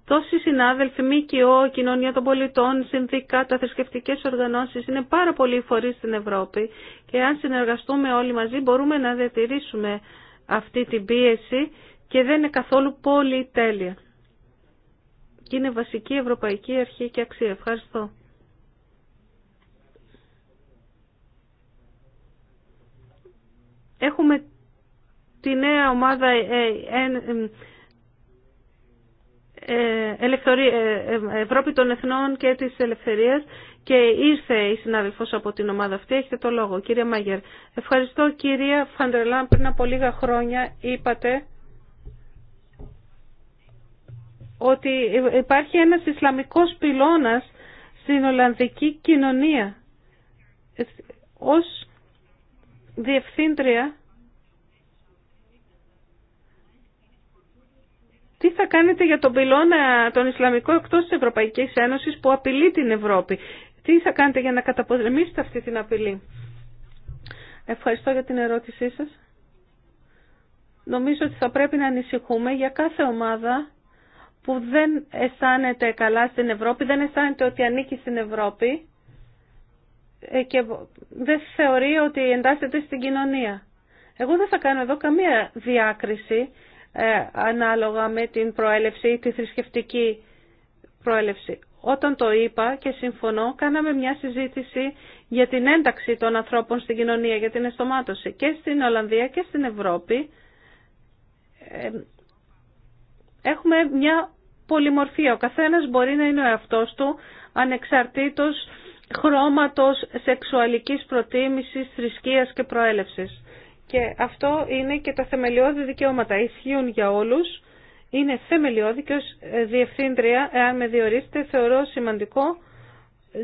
Τόσοι συνάδελφοι, ΜΚΟ, κοινωνία των πολιτών, τα θρησκευτικέ οργανώσει είναι πάρα πολλοί φορεί στην Ευρώπη και αν συνεργαστούμε όλοι μαζί μπορούμε να διατηρήσουμε αυτή την πίεση και δεν είναι καθόλου πολύ τέλεια. Και είναι βασική ευρωπαϊκή αρχή και αξία. Ευχαριστώ. Έχουμε τη νέα ομάδα ε, ε, ε, Ευρώπη των Εθνών και της Ελευθερίας και ήρθε η συνάδελφος από την ομάδα αυτή. Έχετε το λόγο, κύριε Μάγερ. Ευχαριστώ, κυρία Φαντρελάν. Πριν από λίγα χρόνια είπατε ότι υπάρχει ένας Ισλαμικός πυλώνας στην Ολλανδική κοινωνία. Ως διευθύντρια, τι θα κάνετε για τον πυλώνα τον Ισλαμικό εκτός της Ευρωπαϊκής Ένωσης που απειλεί την Ευρώπη. Τι θα κάνετε για να καταπολεμήσετε αυτή την απειλή. Ευχαριστώ για την ερώτησή σας. Νομίζω ότι θα πρέπει να ανησυχούμε για κάθε ομάδα που δεν αισθάνεται καλά στην Ευρώπη, δεν αισθάνεται ότι ανήκει στην Ευρώπη ε, και δεν θεωρεί ότι εντάσσεται στην κοινωνία. Εγώ δεν θα κάνω εδώ καμία διάκριση ε, ανάλογα με την προέλευση ή τη θρησκευτική προέλευση. Όταν το είπα και συμφωνώ, κάναμε μια συζήτηση για την ένταξη των ανθρώπων στην κοινωνία, για την εστομάτωση και στην Ολλανδία και στην Ευρώπη. Ε, Έχουμε μια πολυμορφία. Ο καθένας μπορεί να είναι ο εαυτός του ανεξαρτήτως χρώματος σεξουαλικής προτίμησης, θρησκείας και προέλευσης. Και αυτό είναι και τα θεμελιώδη δικαιώματα. Ισχύουν για όλους. Είναι θεμελιώδη και ως ε, διευθύντρια, εάν με διορίσετε, θεωρώ σημαντικό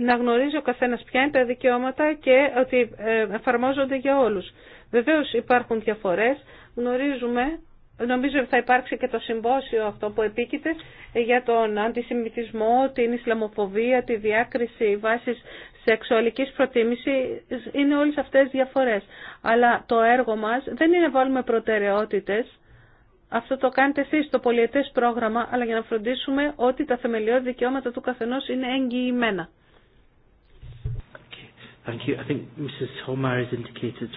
να γνωρίζει ο καθένας ποια είναι τα δικαιώματα και ότι ε, εφαρμόζονται για όλους. Βεβαίως υπάρχουν διαφορές. Γνωρίζουμε Νομίζω ότι θα υπάρξει και το συμπόσιο αυτό που επίκειται για τον αντισημιτισμό, την Ισλαμοφοβία, τη διάκριση βάσης σεξουαλικής προτίμηση. Είναι όλες αυτές διαφορές. Αλλά το έργο μας δεν είναι να βάλουμε προτεραιότητες. Αυτό το κάνετε εσείς στο πολιετές πρόγραμμα, αλλά για να φροντίσουμε ότι τα θεμελιώδη δικαιώματα του καθενός είναι εγγυημένα. Thank you. I think Mrs. indicated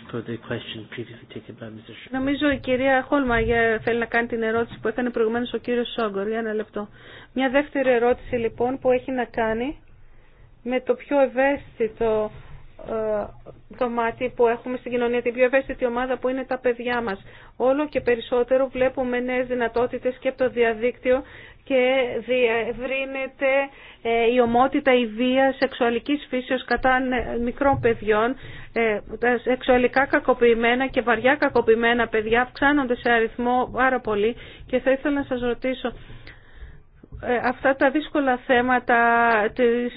Νομίζω η κυρία Χόλμαγε θέλει να κάνει την ερώτηση που έκανε προηγουμένως ο κύριος Σόγκορ. Για ένα λεπτό. Μια δεύτερη ερώτηση λοιπόν που έχει να κάνει με το πιο ευαίσθητο δωμάτι ε, που έχουμε στην κοινωνία, την πιο ευαίσθητη ομάδα που είναι τα παιδιά μας. Όλο και περισσότερο βλέπουμε νέες δυνατότητες και από το διαδίκτυο και διευρύνεται ε, η ομότητα, η βία σεξουαλικής φύσεως κατά μικρών παιδιών. Ε, τα σεξουαλικά κακοποιημένα και βαριά κακοποιημένα παιδιά αυξάνονται σε αριθμό πάρα πολύ και θα ήθελα να σας ρωτήσω ε, αυτά τα δύσκολα θέματα της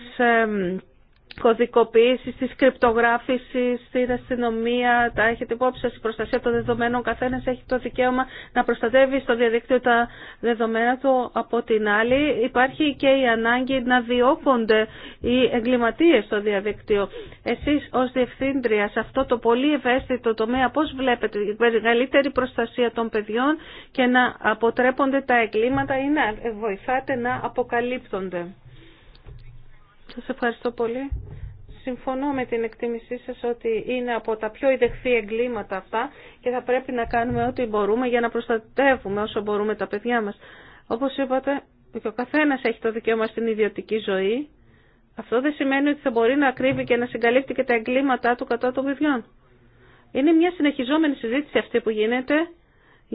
κωδικοποίηση, τη κρυπτογράφηση, στην αστυνομία, τα έχετε υπόψη σα, η προστασία των δεδομένων. καθένα, έχει το δικαίωμα να προστατεύει στο διαδίκτυο τα δεδομένα του. Από την άλλη υπάρχει και η ανάγκη να διώκονται οι εγκληματίε στο διαδίκτυο. Εσεί ω διευθύντρια σε αυτό το πολύ ευαίσθητο τομέα πώς βλέπετε η μεγαλύτερη προστασία των παιδιών και να αποτρέπονται τα εγκλήματα ή να βοηθάτε να αποκαλύπτονται. Σας ευχαριστώ πολύ. Συμφωνώ με την εκτίμησή σας ότι είναι από τα πιο ιδεχθή εγκλήματα αυτά και θα πρέπει να κάνουμε ό,τι μπορούμε για να προστατεύουμε όσο μπορούμε τα παιδιά μας. Όπως είπατε, και ο καθένας έχει το δικαίωμα στην ιδιωτική ζωή. Αυτό δεν σημαίνει ότι θα μπορεί να ακρίβει και να συγκαλύπτει και τα εγκλήματά του κατά των παιδιών. Είναι μια συνεχιζόμενη συζήτηση αυτή που γίνεται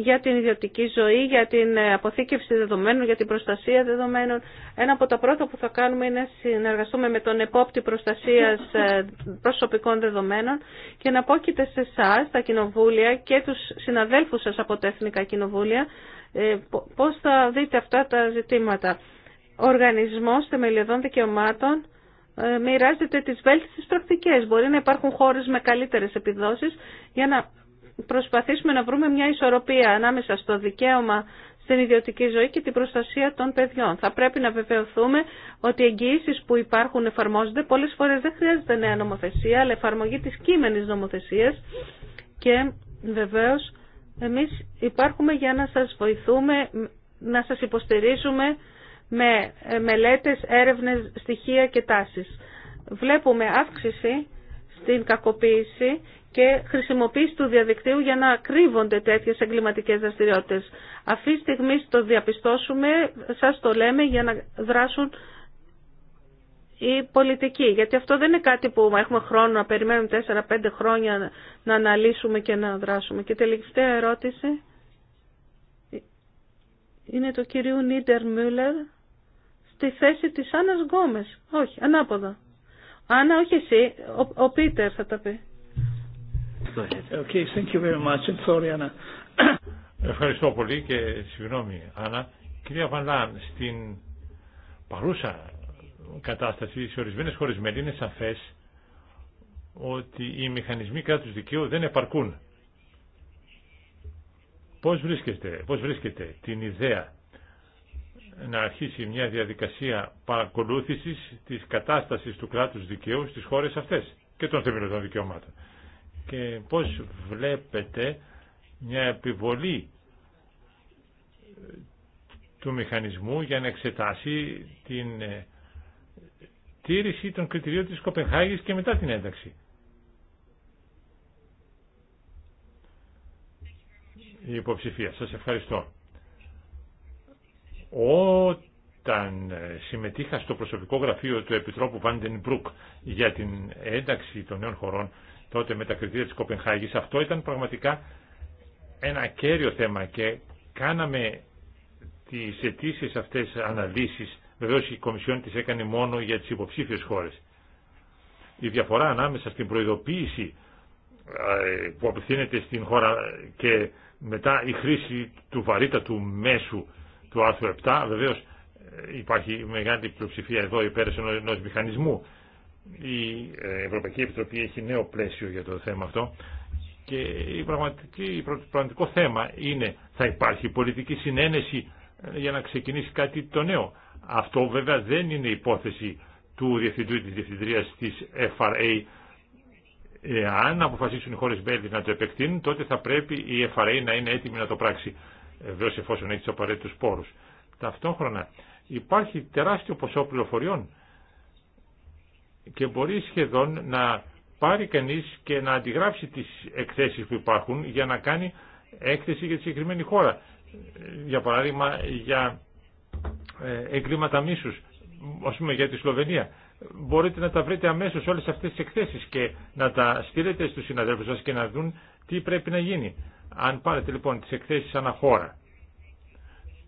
για την ιδιωτική ζωή, για την ε, αποθήκευση δεδομένων, για την προστασία δεδομένων. Ένα από τα πρώτα που θα κάνουμε είναι να συνεργαστούμε με τον επόπτη προστασίας ε, προσωπικών δεδομένων και να πόκειται σε εσά, τα κοινοβούλια και τους συναδέλφους σας από τα εθνικά κοινοβούλια, ε, πώς θα δείτε αυτά τα ζητήματα. Ο οργανισμός θεμελιωδών δικαιωμάτων μοιράζεται τις βέλτιστες πρακτικές. Μπορεί να υπάρχουν χώρες με καλύτερες επιδόσεις για να προσπαθήσουμε να βρούμε μια ισορροπία ανάμεσα στο δικαίωμα στην ιδιωτική ζωή και την προστασία των παιδιών. Θα πρέπει να βεβαιωθούμε ότι οι εγγυήσει που υπάρχουν εφαρμόζονται. Πολλέ φορέ δεν χρειάζεται νέα νομοθεσία, αλλά εφαρμογή τη κείμενη νομοθεσία. Και βεβαίω εμεί υπάρχουμε για να σα βοηθούμε, να σα υποστηρίζουμε με μελέτε, έρευνε, στοιχεία και τάσεις. Βλέπουμε αύξηση στην κακοποίηση και χρησιμοποίηση του διαδικτύου για να κρύβονται τέτοιες εγκληματικές δραστηριότητες. Αυτή τη στιγμή το διαπιστώσουμε, σας το λέμε, για να δράσουν οι πολιτικοί. Γιατί αυτό δεν είναι κάτι που έχουμε χρόνο να περιμένουμε 4-5 χρόνια να αναλύσουμε και να δράσουμε. Και τελευταία ερώτηση είναι το κυρίου Νίτερ Μούλερ στη θέση της Άννας Γκόμες. Όχι, ανάποδα. Άννα, όχι εσύ, ο, ο Πίτερ θα τα πει. Okay, thank you very much. sorry, Anna. Ευχαριστώ πολύ και συγγνώμη, Άννα. Κυρία Βανλάν, στην παρούσα κατάσταση σε ορισμένε χώρε μέλη είναι σαφές ότι οι μηχανισμοί κράτους δικαίου δεν επαρκούν. Πώς βρίσκεται, πώς βρίσκεται την ιδέα να αρχίσει μια διαδικασία παρακολούθησης της κατάστασης του κράτους δικαίου στις χώρε αυτές και των θεμελιωδών δικαιωμάτων και πώς βλέπετε μια επιβολή ε, του μηχανισμού για να εξετάσει την ε, τήρηση των κριτηρίων της Κοπενχάγης και μετά την ένταξη. Η υποψηφία. Σας ευχαριστώ. Όταν ε, συμμετείχα στο προσωπικό γραφείο του Επιτρόπου Βάντεν Μπρουκ για την ένταξη των νέων χωρών τότε με τα κριτήρια της Κοπενχάγης, αυτό ήταν πραγματικά ένα κέριο θέμα και κάναμε τις αιτήσει αυτές αναλύσεις, βεβαίως η Κομισιόν τις έκανε μόνο για τις υποψήφιες χώρες. Η διαφορά ανάμεσα στην προειδοποίηση ε, που απευθύνεται στην χώρα και μετά η χρήση του βαρύτατου μέσου του άρθρου 7, βεβαίως ε, υπάρχει μεγάλη πλειοψηφία εδώ υπέρ ενός μηχανισμού ε, η Ευρωπαϊκή Επιτροπή έχει νέο πλαίσιο για το θέμα αυτό και η πραγματική, το πραγματικό θέμα είναι θα υπάρχει πολιτική συνένεση ε, για να ξεκινήσει κάτι το νέο. Αυτό βέβαια δεν είναι υπόθεση του Διευθυντού της Διευθυντρίας της FRA. Αν αποφασίσουν οι χώρες μέλη να το επεκτείνουν, τότε θα πρέπει η FRA να είναι έτοιμη να το πράξει, βέβαια εφόσον έχει τους απαραίτητους πόρους. Ταυτόχρονα υπάρχει τεράστιο ποσό πληροφοριών και μπορεί σχεδόν να πάρει κανείς και να αντιγράψει τις εκθέσεις που υπάρχουν για να κάνει έκθεση για τη συγκεκριμένη χώρα. Για παράδειγμα, για ε, εγκλήματα μίσους, ας πούμε για τη Σλοβενία. Μπορείτε να τα βρείτε αμέσως όλες αυτές τις εκθέσεις και να τα στείλετε στους συναδέλφους σας και να δουν τι πρέπει να γίνει. Αν πάρετε λοιπόν τις εκθέσεις αναχώρα,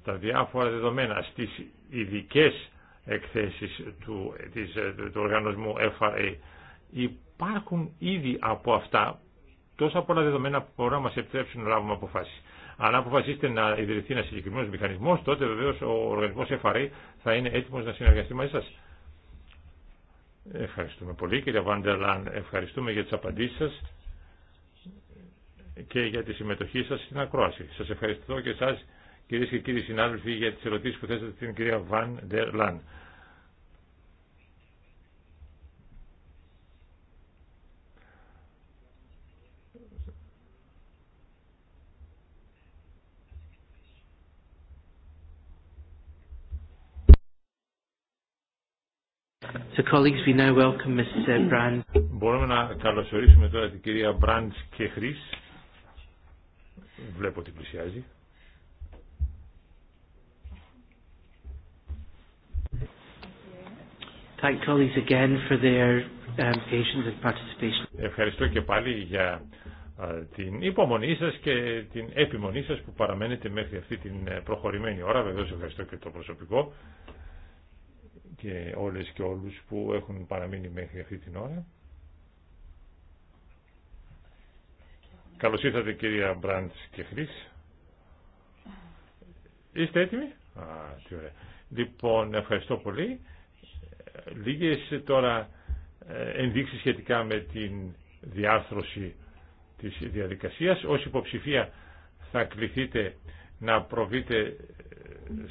τα διάφορα δεδομένα στις ειδικές εκθέσεις του, της, του οργανισμού FRA. Υπάρχουν ήδη από αυτά τόσα πολλά δεδομένα που μπορούν να μας επιτρέψουν να λάβουμε αποφάσεις. Αν αποφασίσετε να ιδρυθεί ένα συγκεκριμένο μηχανισμό, τότε βεβαίω ο οργανισμό FRA θα είναι έτοιμο να συνεργαστεί μαζί σα. Ευχαριστούμε πολύ, κύριε Βάντερλαν. Ευχαριστούμε για τι απαντήσει σα και για τη συμμετοχή σα στην ακρόαση. Σα ευχαριστώ και εσά κυρίε και κύριοι συνάδελφοι, για τι ερωτήσει που θέσατε στην κυρία Βαν Ντερ Λαν. Uh, Μπορούμε να καλωσορίσουμε τώρα την κυρία Μπραντς και Χρύς. Βλέπω ότι πλησιάζει. Um, ευχαριστώ και πάλι για την υπομονή σας και την επιμονή σας που παραμένετε μέχρι αυτή την ε, προχωρημένη ώρα. βεβαίω ευχαριστώ και το προσωπικό και όλες και όλους που έχουν παραμείνει μέχρι αυτή την ώρα. Καλώς ήρθατε κυρία Μπραντ και Χρύς. Είστε έτοιμοι? Α, τι ωραία. Λοιπόν, ευχαριστώ πολύ. Λίγες ε, τώρα ε, ενδείξεις σχετικά με την διάρθρωση της διαδικασίας. Ως υποψηφία θα κληθείτε να προβείτε ε,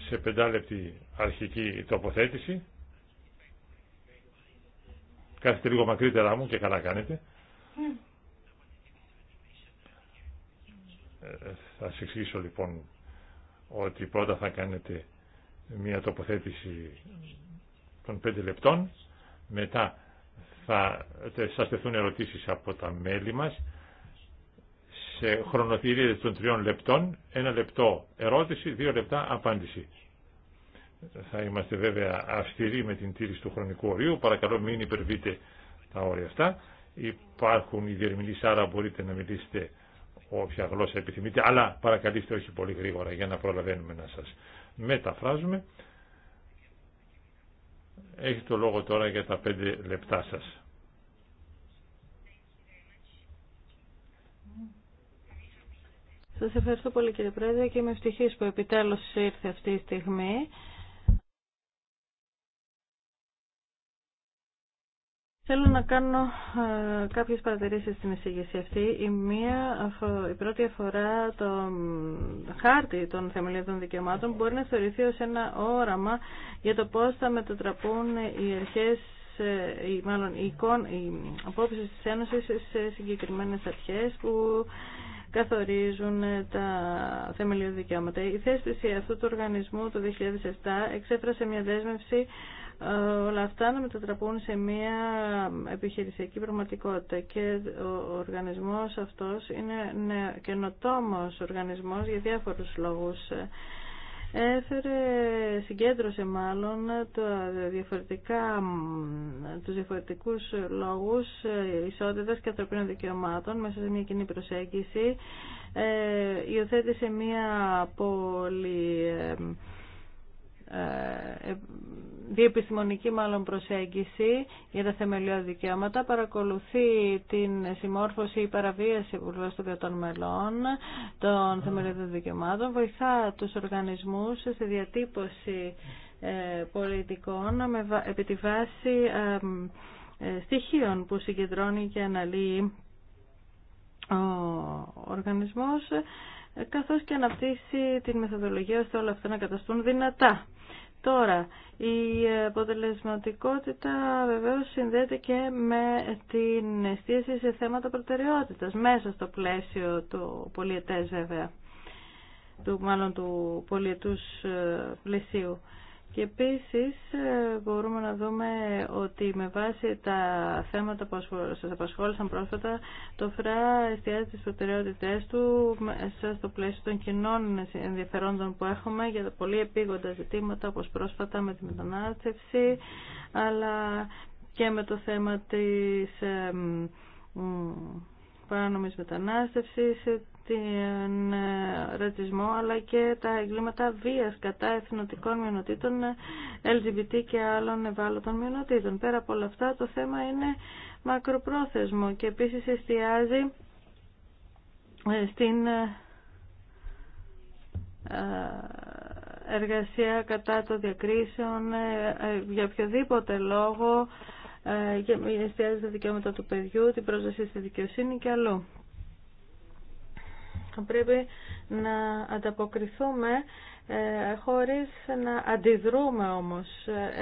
σε πεντάλεπτη αρχική τοποθέτηση. Κάθετε λίγο μακρύτερα μου και καλά κάνετε. Θα σας εξηγήσω λοιπόν ότι πρώτα θα κάνετε μια τοποθέτηση των 5 λεπτών. Μετά θα σας τεθούν ερωτήσεις από τα μέλη μας σε χρονοθυρίδες των 3 λεπτών. Ένα λεπτό ερώτηση, δύο λεπτά απάντηση. Θα είμαστε βέβαια αυστηροί με την τήρηση του χρονικού ορίου. Παρακαλώ μην υπερβείτε τα όρια αυτά. Υπάρχουν οι διερμηνείς, άρα μπορείτε να μιλήσετε όποια γλώσσα επιθυμείτε, αλλά παρακαλείστε όχι πολύ γρήγορα για να προλαβαίνουμε να σας μεταφράζουμε. Έχει το λόγο τώρα για τα πέντε λεπτά σας. Σας ευχαριστώ πολύ κύριε Πρόεδρε και είμαι ευτυχής που επιτέλους ήρθε αυτή η στιγμή. Θέλω να κάνω ε, κάποιες παρατηρήσεις στην εισήγηση αυτή. Η, μία, η πρώτη αφορά το χάρτη των θεμελιωδών δικαιωμάτων μπορεί να θεωρηθεί ως ένα όραμα για το πώς θα μετατραπούν οι αρχές ή ε, μάλλον οι, εικόν, οι απόψεις της Ένωσης σε συγκεκριμένες αρχές που καθορίζουν ε, τα θεμελιώδη δικαιώματα. θέσπιση αυτού του οργανισμού το 2007 εξέφρασε μια δέσμευση ε, όλα αυτά να μετατραπούν σε μια επιχειρησιακή πραγματικότητα και ο οργανισμός αυτός είναι καινοτόμος οργανισμός για διάφορους λόγους έφερε, συγκέντρωσε μάλλον τα διαφορετικά, τους διαφορετικούς λόγους ισότητας και ανθρωπίνων δικαιωμάτων μέσα σε μια κοινή προσέγγιση. Ε, υιοθέτησε μια πολύ ε, ε, διεπιστημονική μάλλον προσέγγιση για τα θεμελιώδη δικαιώματα, παρακολουθεί την συμμόρφωση ή παραβίαση βουλβάς των μελών των θεμελιώδων δικαιωμάτων, βοηθά τους οργανισμούς στη διατύπωση ε, πολιτικών με, επί τη βάση ε, στοιχείων που συγκεντρώνει και αναλύει ο οργανισμός καθώς και αναπτύσσει την μεθοδολογία ώστε όλα αυτά να καταστούν δυνατά. Τώρα, η αποτελεσματικότητα βεβαίως συνδέεται και με την εστίαση σε θέματα προτεραιότητας μέσα στο πλαίσιο του πολιετές βέβαια, του, μάλλον του πολιετούς ε, πλαισίου. Και επίσης ε, μπορούμε να δούμε ότι με βάση τα θέματα που σας απασχόλησαν πρόσφατα, το ΦΡΑ εστιάζει τις προτεραιότητές του στο πλαίσιο των κοινών ενδιαφερόντων που έχουμε για τα πολύ επίγοντα ζητήματα όπως πρόσφατα με τη μετανάστευση, αλλά και με το θέμα της ε, παράνομης μετανάστευσης, την ρατσισμό αλλά και τα εγκλήματα βίας κατά εθνοτικών μειονοτήτων, LGBT και άλλων ευάλωτων μειονοτήτων. Πέρα από όλα αυτά το θέμα είναι μακροπρόθεσμο και επίσης εστιάζει ε, στην ε, εργασία κατά των διακρίσεων ε, για οποιοδήποτε λόγο εστιάζει στα δικαιώματα του παιδιού, την πρόσβαση στη δικαιοσύνη και αλλού πρέπει να ανταποκριθούμε ε, χωρίς να αντιδρούμε όμως.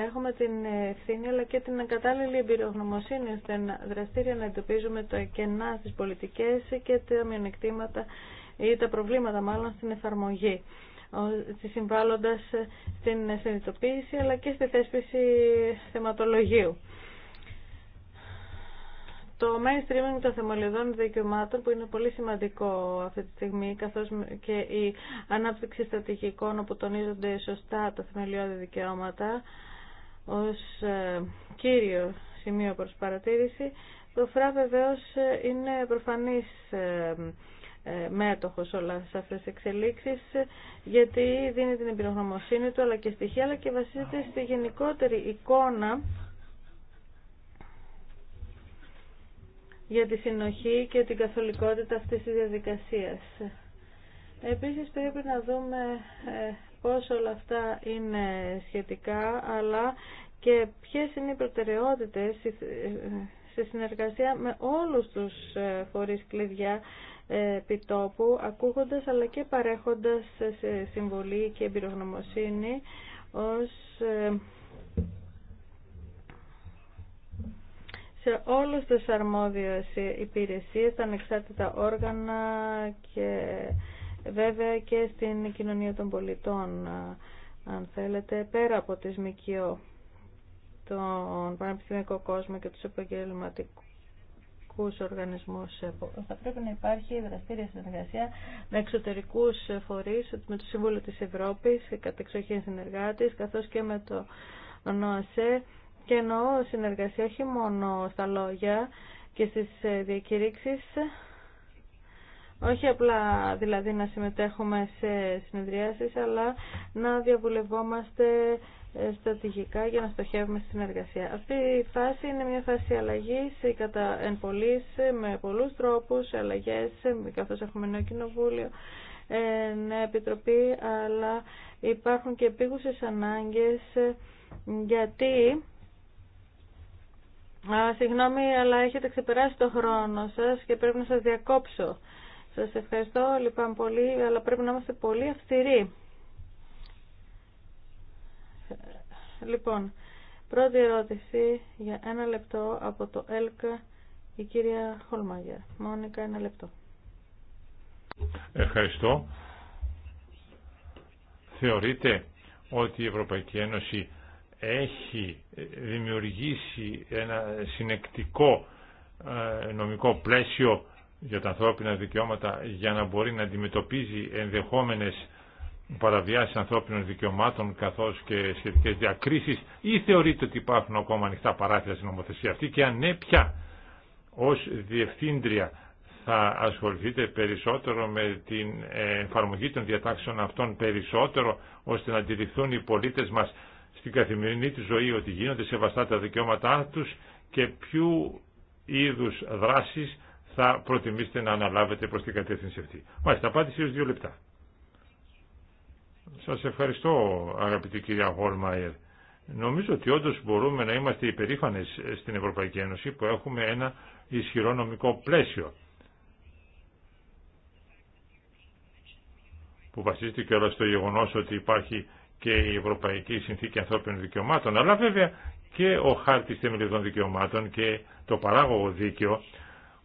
Έχουμε την ευθύνη αλλά και την κατάλληλη εμπειρογνωμοσύνη ώστε δραστήρια να εντοπίζουμε τα κενά στις πολιτικές και τα μειονεκτήματα ή τα προβλήματα μάλλον στην εφαρμογή συμβάλλοντας στην συνειδητοποίηση αλλά και στη θέσπιση θεματολογίου το mainstreaming των θεμελιωδών δικαιωμάτων που είναι πολύ σημαντικό αυτή τη στιγμή καθώς και η ανάπτυξη στρατηγικών όπου τονίζονται σωστά τα θεμελιώδη δικαιώματα ως ε, κύριο σημείο προς παρατήρηση. Το ΦΡΑ βεβαίως ε, είναι προφανής ε, μέτοχος όλα σε αυτές τις εξελίξεις γιατί δίνει την εμπειρογνωμοσύνη του αλλά και στοιχεία αλλά και βασίζεται στη γενικότερη εικόνα για τη συνοχή και την καθολικότητα αυτής της διαδικασίας. Επίσης πρέπει να δούμε ε, πώς όλα αυτά είναι σχετικά, αλλά και ποιες είναι οι προτεραιότητες σε συνεργασία με όλους τους ε, φορείς κλειδιά ε, επιτόπου, ακούγοντας αλλά και παρέχοντας συμβολή και εμπειρογνωμοσύνη ως σε όλες τις αρμόδιες υπηρεσίες, τα ανεξάρτητα όργανα και βέβαια και στην κοινωνία των πολιτών, αν θέλετε, πέρα από τη ΜΚΟ, τον πανεπιστημιακό κόσμο και τους επαγγελματικούς οργανισμούς. Θα πρέπει να υπάρχει δραστήρια συνεργασία με εξωτερικούς φορείς, με το Σύμβολο της Ευρώπης, κατεξοχήν συνεργάτης, καθώς και με το ΝΟΑΣΕ, και εννοώ συνεργασία όχι μόνο στα λόγια και στις ε, διακηρύξεις, όχι απλά δηλαδή να συμμετέχουμε σε συνεδριάσεις, αλλά να διαβουλευόμαστε ε, στρατηγικά για να στοχεύουμε στη συνεργασία. Αυτή η φάση είναι μια φάση αλλαγής κατά εν ε, με πολλούς τρόπους, αλλαγές, καθώς έχουμε νέο κοινοβούλιο, νέα επιτροπή, αλλά υπάρχουν και επίγουσες ανάγκες γιατί Α, συγγνώμη, αλλά έχετε ξεπεράσει το χρόνο σας και πρέπει να σας διακόψω. Σας ευχαριστώ λοιπόν πολύ, αλλά πρέπει να είμαστε πολύ αυστηροί. Λοιπόν, πρώτη ερώτηση για ένα λεπτό από το ΕΛΚΑ, η κυρία Χολμάγερ. Μόνικα, ένα λεπτό. Ευχαριστώ. Θεωρείτε ότι η Ευρωπαϊκή Ένωση έχει ε, δημιουργήσει ένα συνεκτικό ε, νομικό πλαίσιο για τα ανθρώπινα δικαιώματα για να μπορεί να αντιμετωπίζει ενδεχόμενες παραβιάσεις ανθρώπινων δικαιωμάτων καθώς και σχετικές διακρίσεις ή θεωρείτε ότι υπάρχουν ακόμα ανοιχτά παράθυρα στην νομοθεσία αυτή και αν ναι ως διευθύντρια θα ασχοληθείτε περισσότερο με την ε, εφαρμογή των διατάξεων αυτών περισσότερο ώστε να αντιληφθούν οι πολίτες μας στην καθημερινή τη ζωή ότι γίνονται σεβαστά τα δικαιώματά τους και ποιου είδους δράσεις θα προτιμήσετε να αναλάβετε προς την κατεύθυνση αυτή. Μάλιστα, απάντηση ω δύο λεπτά. Σας ευχαριστώ αγαπητή κυρία Χόλμαϊερ. Νομίζω ότι όντω μπορούμε να είμαστε υπερήφανε στην Ευρωπαϊκή Ένωση που έχουμε ένα ισχυρό νομικό πλαίσιο που βασίζεται και όλα στο γεγονός ότι υπάρχει και η Ευρωπαϊκή Συνθήκη Ανθρώπινων Δικαιωμάτων, αλλά βέβαια και ο Χάρτης Θεμελιωδών Δικαιωμάτων και το παράγωγο δίκαιο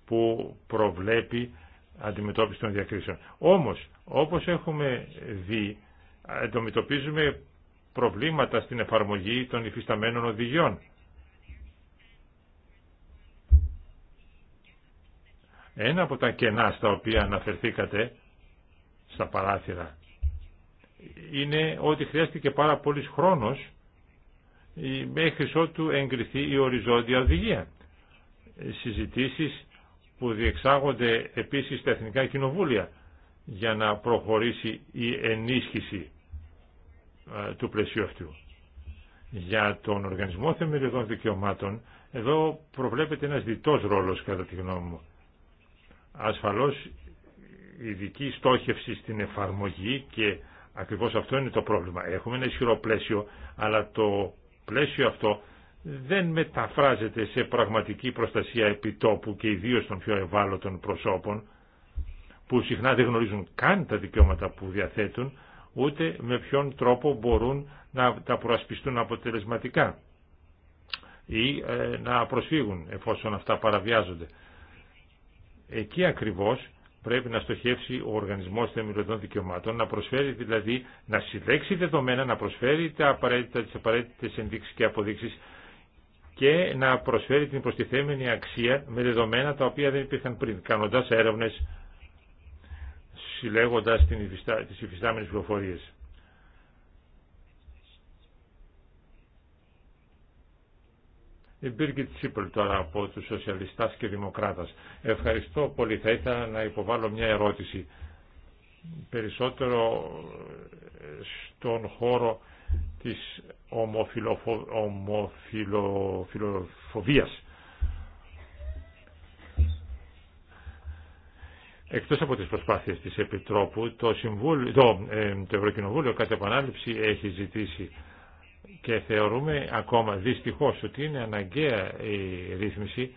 που προβλέπει αντιμετώπιση των διακρίσεων. Όμως, όπως έχουμε δει, αντιμετωπίζουμε προβλήματα στην εφαρμογή των υφισταμένων οδηγιών. Ένα από τα κενά στα οποία αναφερθήκατε στα παράθυρα είναι ότι χρειάστηκε πάρα πολύς χρόνος μέχρι ότου εγκριθεί η οριζόντια οδηγία. Συζητήσεις που διεξάγονται επίσης στα Εθνικά Κοινοβούλια για να προχωρήσει η ενίσχυση ε, του πλαισίου αυτού. Για τον Οργανισμό Θεμελιωδών Δικαιωμάτων εδώ προβλέπεται ένας διτός ρόλος κατά τη γνώμη μου. Ασφαλώς ειδική στόχευση στην εφαρμογή και Ακριβώς αυτό είναι το πρόβλημα. Έχουμε ένα ισχυρό πλαίσιο, αλλά το πλαίσιο αυτό δεν μεταφράζεται σε πραγματική προστασία επιτόπου και ιδίω των πιο ευάλωτων προσώπων, που συχνά δεν γνωρίζουν καν τα δικαιώματα που διαθέτουν, ούτε με ποιον τρόπο μπορούν να τα προασπιστούν αποτελεσματικά ή ε, να προσφύγουν εφόσον αυτά παραβιάζονται. Εκεί ακριβώς πρέπει να στοχεύσει ο Οργανισμός Θεμελιωδών Δικαιωμάτων, να προσφέρει δηλαδή, να συλλέξει δεδομένα, να προσφέρει τα απαραίτητα, τις απαραίτητες ενδείξεις και αποδείξεις και να προσφέρει την προστιθέμενη αξία με δεδομένα τα οποία δεν υπήρχαν πριν, κάνοντας έρευνες, συλλέγοντας τις υφιστάμενες πληροφορίες. Η Birgit τώρα από τους Σοσιαλιστάς και Δημοκράτας. Ευχαριστώ πολύ. Θα ήθελα να υποβάλω μια ερώτηση περισσότερο ε, στον χώρο της ομοφιλοφο... ομοφιλοφοβίας. Εκτός από τις προσπάθειες της Επιτρόπου, το, Συμβούλιο, το, ε, το Ευρωκοινοβούλιο κατά επανάληψη έχει ζητήσει και θεωρούμε ακόμα δυστυχώς ότι είναι αναγκαία η ρύθμιση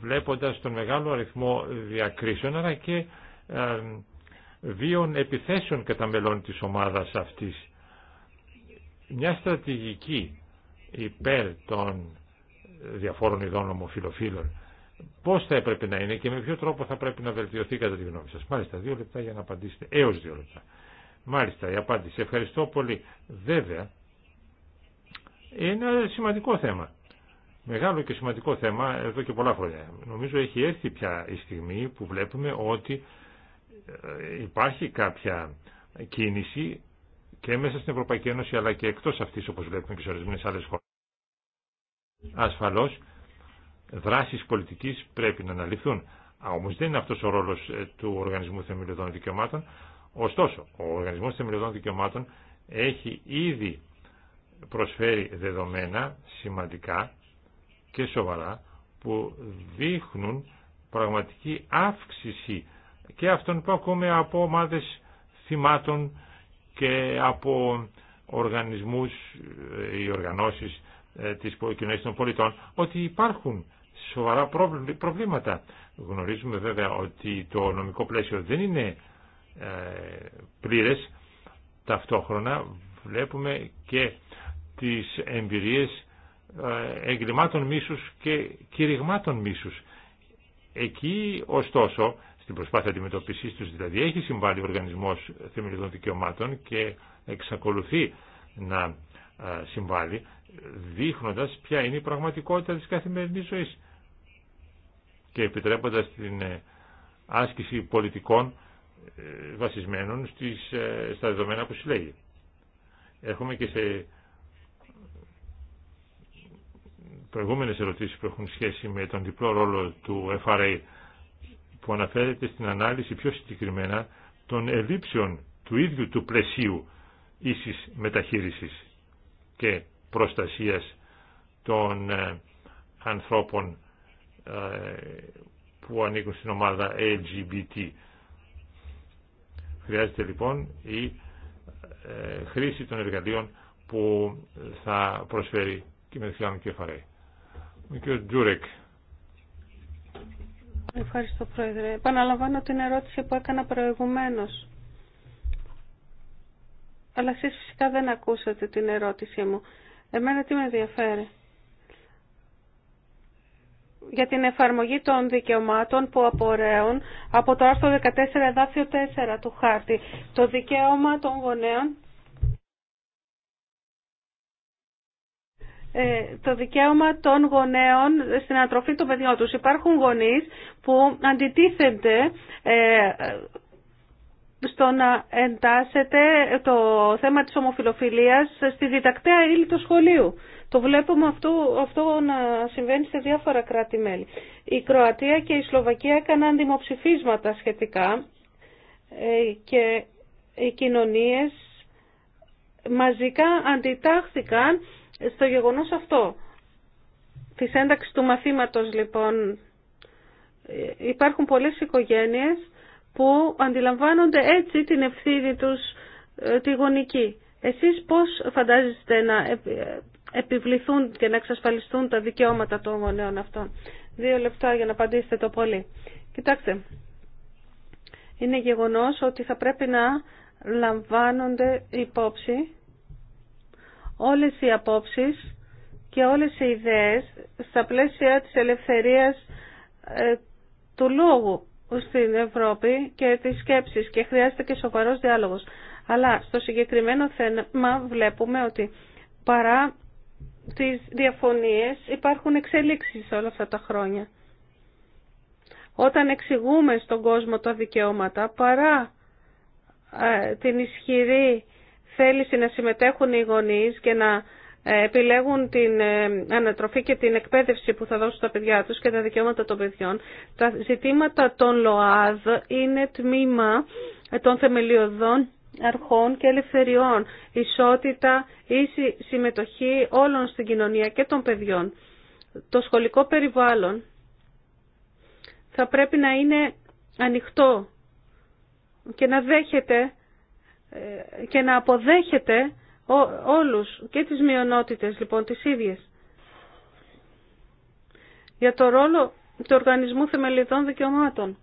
βλέποντας τον μεγάλο αριθμό διακρίσεων αλλά και βίων επιθέσεων κατά μελών της ομάδας αυτής. Μια στρατηγική υπέρ των διαφόρων ειδών ομοφιλοφίλων πώς θα έπρεπε να είναι και με ποιο τρόπο θα πρέπει να βελτιωθεί κατά τη γνώμη σας. Μάλιστα, δύο λεπτά για να απαντήσετε, έως δύο λεπτά. Μάλιστα, η απάντηση. Ευχαριστώ πολύ. Βέβαια, είναι σημαντικό θέμα. Μεγάλο και σημαντικό θέμα εδώ και πολλά χρόνια. Νομίζω έχει έρθει πια η στιγμή που βλέπουμε ότι ε, υπάρχει κάποια κίνηση και μέσα στην Ευρωπαϊκή Ένωση αλλά και εκτός αυτής όπως βλέπουμε και σε ορισμένες άλλες χώρες. Ασφαλώς δράσεις πολιτικής πρέπει να αναλυθούν. Όμως δεν είναι αυτός ο ρόλος ε, του Οργανισμού Θεμελιωδών Δικαιωμάτων. Ωστόσο, ο Οργανισμός Θεμελιωδών Δικαιωμάτων έχει ήδη προσφέρει δεδομένα σημαντικά και σοβαρά που δείχνουν πραγματική αύξηση και αυτών που ακούμε από ομάδες θυμάτων και από οργανισμούς ή ε, οργανώσεις ε, της κοινωνίας των πολιτών ότι υπάρχουν σοβαρά προβλήματα. Γνωρίζουμε βέβαια ότι το νομικό πλαίσιο δεν είναι ε, πλήρες ταυτόχρονα βλέπουμε και τις εμπειρίες ε, εγκλημάτων μίσους και κηρυγμάτων μίσους. Εκεί, ωστόσο, στην προσπάθεια αντιμετωπίσης τους, δηλαδή έχει συμβάλει ο Οργανισμός Θεμελιωδών Δικαιωμάτων και εξακολουθεί να ε, συμβάλλει, δείχνοντας ποια είναι η πραγματικότητα της καθημερινής ζωής και επιτρέποντας την ε, άσκηση πολιτικών βασισμένων στις, στα δεδομένα που συλλέγει. Έχουμε και σε Προηγούμενε ερωτήσει που έχουν σχέση με τον διπλό ρόλο του FRA που αναφέρεται στην ανάλυση πιο συγκεκριμένα των ελλείψεων του ίδιου του πλαισίου ίση μεταχείρισης και προστασία των ε, ανθρώπων ε, που ανήκουν στην ομάδα LGBT. Χρειάζεται λοιπόν η ε, χρήση των εργαλείων που θα προσφέρει και με και Ευχαριστώ, Πρόεδρε. Επαναλαμβάνω την ερώτηση που έκανα προηγουμένως. Αλλά εσείς φυσικά δεν ακούσατε την ερώτησή μου. Εμένα τι με ενδιαφέρει. Για την εφαρμογή των δικαιωμάτων που απορρέουν από το άρθρο 14 εδάφιο 4 του χάρτη. Το δικαίωμα των γονέων Ε, το δικαίωμα των γονέων στην ανατροφή των παιδιών τους. Υπάρχουν γονείς που αντιτίθενται ε, στο να εντάσσεται το θέμα της ομοφιλοφιλίας στη διδακτέα ύλη του σχολείου. Το βλέπουμε αυτό, αυτό να συμβαίνει σε διάφορα κράτη-μέλη. Η Κροατία και η Σλοβακία έκαναν δημοψηφίσματα σχετικά ε, και οι κοινωνίες μαζικά αντιτάχθηκαν στο γεγονός αυτό της ένταξης του μαθήματος λοιπόν υπάρχουν πολλές οικογένειες που αντιλαμβάνονται έτσι την ευθύνη τους ε, τη γονική. Εσείς πώς φαντάζεστε να ε, επιβληθούν και να εξασφαλιστούν τα δικαιώματα των γονέων αυτών. Δύο λεπτά για να απαντήσετε το πολύ. Κοιτάξτε, είναι γεγονός ότι θα πρέπει να λαμβάνονται υπόψη όλες οι απόψεις και όλες οι ιδέες στα πλαίσια της ελευθερίας ε, του λόγου στην Ευρώπη και της σκέψης και χρειάζεται και σοβαρός διάλογος. Αλλά στο συγκεκριμένο θέμα βλέπουμε ότι παρά τις διαφωνίες υπάρχουν εξελίξεις όλα αυτά τα χρόνια. Όταν εξηγούμε στον κόσμο τα δικαιώματα παρά ε, την ισχυρή θέληση να συμμετέχουν οι γονείς και να ε, επιλέγουν την ε, ανατροφή και την εκπαίδευση που θα δώσουν τα παιδιά τους και τα δικαιώματα των παιδιών. Τα ζητήματα των ΛΟΑΔ είναι τμήμα των θεμελιωδών αρχών και ελευθεριών, ισότητα, ίση συμμετοχή όλων στην κοινωνία και των παιδιών. Το σχολικό περιβάλλον θα πρέπει να είναι ανοιχτό και να δέχεται ε, και να αποδέχεται όλους και τις μειονότητες λοιπόν τις ίδιες. Για το ρόλο του Οργανισμού Θεμελιδών Δικαιωμάτων.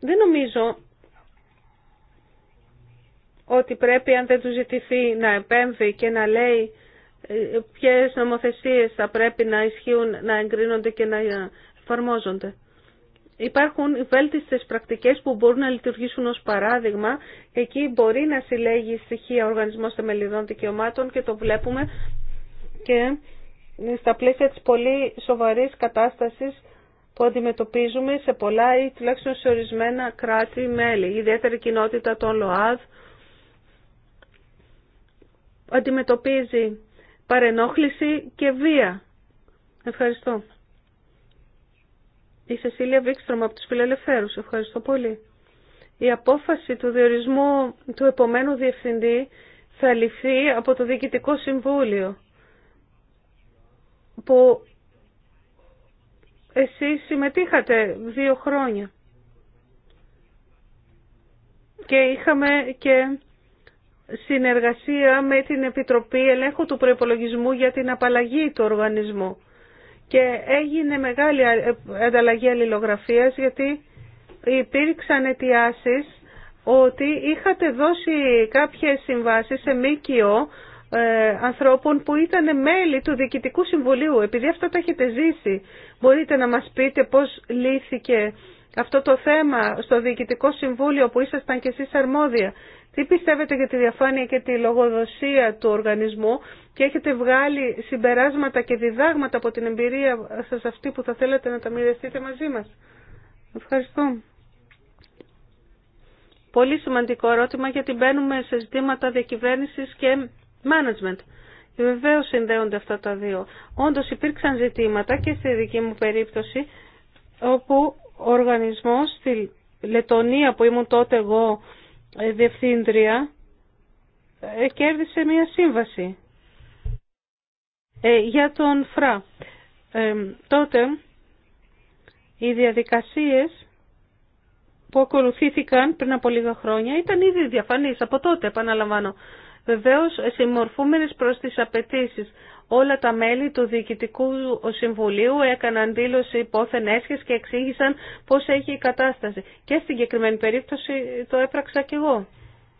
Δεν νομίζω ότι πρέπει αν δεν του ζητηθεί να επέμβει και να λέει ε, ποιες νομοθεσίες θα πρέπει να ισχύουν, να εγκρίνονται και να εφαρμόζονται. Υπάρχουν βέλτιστες πρακτικές που μπορούν να λειτουργήσουν ως παράδειγμα. Εκεί μπορεί να συλλέγει στοιχεία ο Οργανισμός Θεμελιδών Δικαιωμάτων και το βλέπουμε και στα πλαίσια της πολύ σοβαρής κατάστασης που αντιμετωπίζουμε σε πολλά ή τουλάχιστον σε ορισμένα κράτη-μέλη, η ιδιαίτερη κοινότητα των ΛΟΑΔ, αντιμετωπίζει παρενόχληση και βία. Ευχαριστώ. Η Σεσίλια Βίξτρομ από τους Φιλελευθέρους. Ευχαριστώ πολύ. Η απόφαση του διορισμού του επομένου διευθυντή θα ληφθεί από το Διοικητικό Συμβούλιο που εσείς συμμετείχατε δύο χρόνια και είχαμε και συνεργασία με την Επιτροπή Ελέγχου του Προϋπολογισμού για την απαλλαγή του οργανισμού και έγινε μεγάλη ε, ανταλλαγή αλληλογραφίας γιατί υπήρξαν αιτιάσει ότι είχατε δώσει κάποιες συμβάσεις σε ΜΚΟ ε, ανθρώπων που ήταν μέλη του Διοικητικού Συμβουλίου. Επειδή αυτό το έχετε ζήσει, μπορείτε να μας πείτε πώς λύθηκε αυτό το θέμα στο Διοικητικό Συμβούλιο που ήσασταν και εσείς αρμόδια. Τι πιστεύετε για τη διαφάνεια και τη λογοδοσία του οργανισμού και έχετε βγάλει συμπεράσματα και διδάγματα από την εμπειρία σας αυτή που θα θέλετε να τα μοιραστείτε μαζί μας. Ευχαριστώ. Πολύ σημαντικό ερώτημα γιατί μπαίνουμε σε ζητήματα διακυβέρνησης και management. Βεβαίω συνδέονται αυτά τα δύο. Όντως υπήρξαν ζητήματα και στη δική μου περίπτωση όπου ο οργανισμός στη Λετωνία που ήμουν τότε εγώ ε, διευθύντρια ε, κέρδισε μία σύμβαση ε, για τον ΦΡΑ. Ε, τότε οι διαδικασίες που ακολουθήθηκαν πριν από λίγα χρόνια ήταν ήδη διαφανείς από τότε, επαναλαμβάνω. Βεβαίως, συμμορφούμενες προς τις απαιτήσεις. Όλα τα μέλη του Διοικητικού Συμβουλίου έκαναν δήλωση υπόθεν έσχες και εξήγησαν πώς έχει η κατάσταση. Και στην συγκεκριμένη περίπτωση το έπραξα κι εγώ.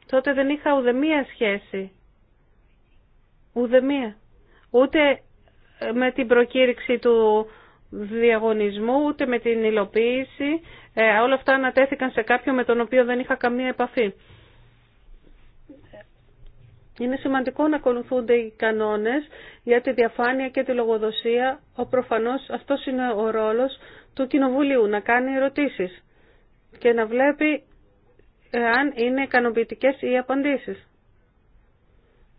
Τότε δεν είχα ουδεμία σχέση. Ουδεμία ούτε ε, με την προκήρυξη του διαγωνισμού, ούτε με την υλοποίηση. Ε, όλα αυτά ανατέθηκαν σε κάποιον με τον οποίο δεν είχα καμία επαφή. Είναι σημαντικό να ακολουθούνται οι κανόνες για τη διαφάνεια και τη λογοδοσία. Ο προφανώς αυτός είναι ο ρόλος του Κοινοβουλίου, να κάνει ερωτήσεις και να βλέπει ε, αν είναι ικανοποιητικέ οι απαντήσεις.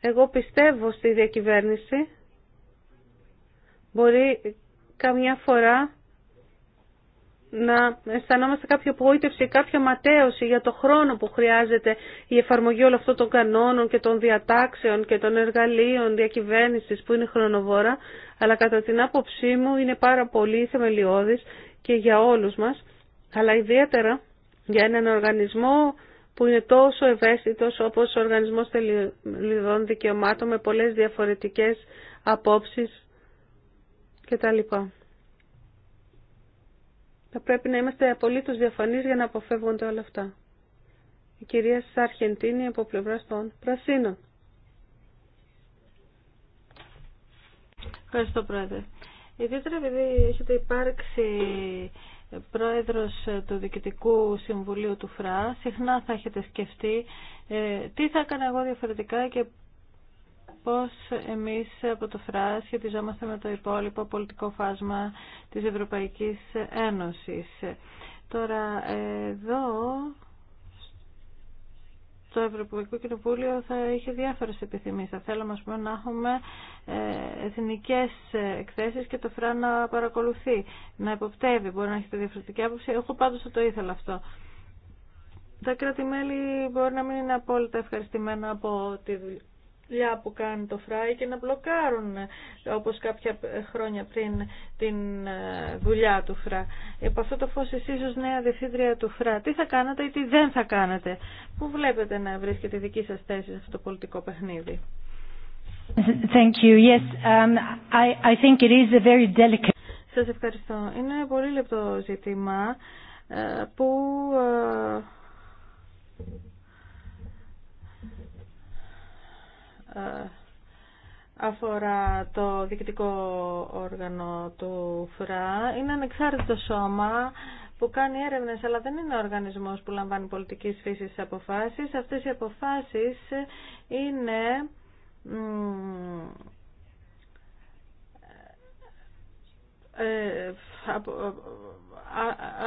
Εγώ πιστεύω στη διακυβέρνηση μπορεί καμιά φορά να αισθανόμαστε κάποια απογοήτευση ή κάποια ματέωση για το χρόνο που χρειάζεται η εφαρμογή όλων αυτών των κανόνων και των διατάξεων και των εργαλείων διακυβέρνησης που είναι χρονοβόρα, αλλά κατά την άποψή μου είναι πάρα πολύ θεμελιώδης και για όλους μας, αλλά ιδιαίτερα για έναν οργανισμό που είναι τόσο ευαίσθητος όπως ο Οργανισμός Θελιδών Δικαιωμάτων με πολλές διαφορετικές απόψεις και τα λοιπά. Θα πρέπει να είμαστε απολύτως διαφανείς για να αποφεύγονται όλα αυτά. Η κυρία Σαρχεντίνη από πλευρά των Πρασίνων. Ευχαριστώ Πρόεδρε. Ιδιαίτερα επειδή έχετε υπάρξει πρόεδρος του Διοικητικού Συμβουλίου του ΦΡΑ, συχνά θα έχετε σκεφτεί ε, τι θα έκανα εγώ διαφορετικά και πώς εμείς από το ΦΡΑ σχετιζόμαστε με το υπόλοιπο πολιτικό φάσμα της Ευρωπαϊκής Ένωσης. Τώρα εδώ το Ευρωπαϊκό Κοινοβούλιο θα είχε διάφορες επιθυμίες. Θα θέλαμε ας πούμε, να έχουμε ε, εθνικές εκθέσεις και το ΦΡΑ να παρακολουθεί, να υποπτεύει. Μπορεί να έχετε διαφορετική άποψη. Εγώ πάντως θα το ήθελα αυτό. Τα κράτη-μέλη μπορεί να μην είναι απόλυτα ευχαριστημένα από τη δουλειά δουλειά που κάνει το ΦΡΑΙ και να μπλοκάρουν όπως κάποια χρόνια πριν την ε, δουλειά του ΦΡΑ. Επ' αυτό το φως εσείς ως νέα διευθύντρια του ΦΡΑ, τι θα κάνατε ή τι δεν θα κάνατε. Πού βλέπετε να βρίσκεται η δική σας θέση σε αυτό το πολιτικό παιχνίδι. Thank Σας ευχαριστώ. Είναι ένα πολύ λεπτό ζήτημα ε, που ε, Ε, αφορά το διοικητικό όργανο του ΦΡΑ. Είναι ανεξάρτητο σώμα που κάνει έρευνες, αλλά δεν είναι οργανισμός που λαμβάνει πολιτικής φύσης αποφάσεις. Αυτές οι αποφάσεις είναι ε,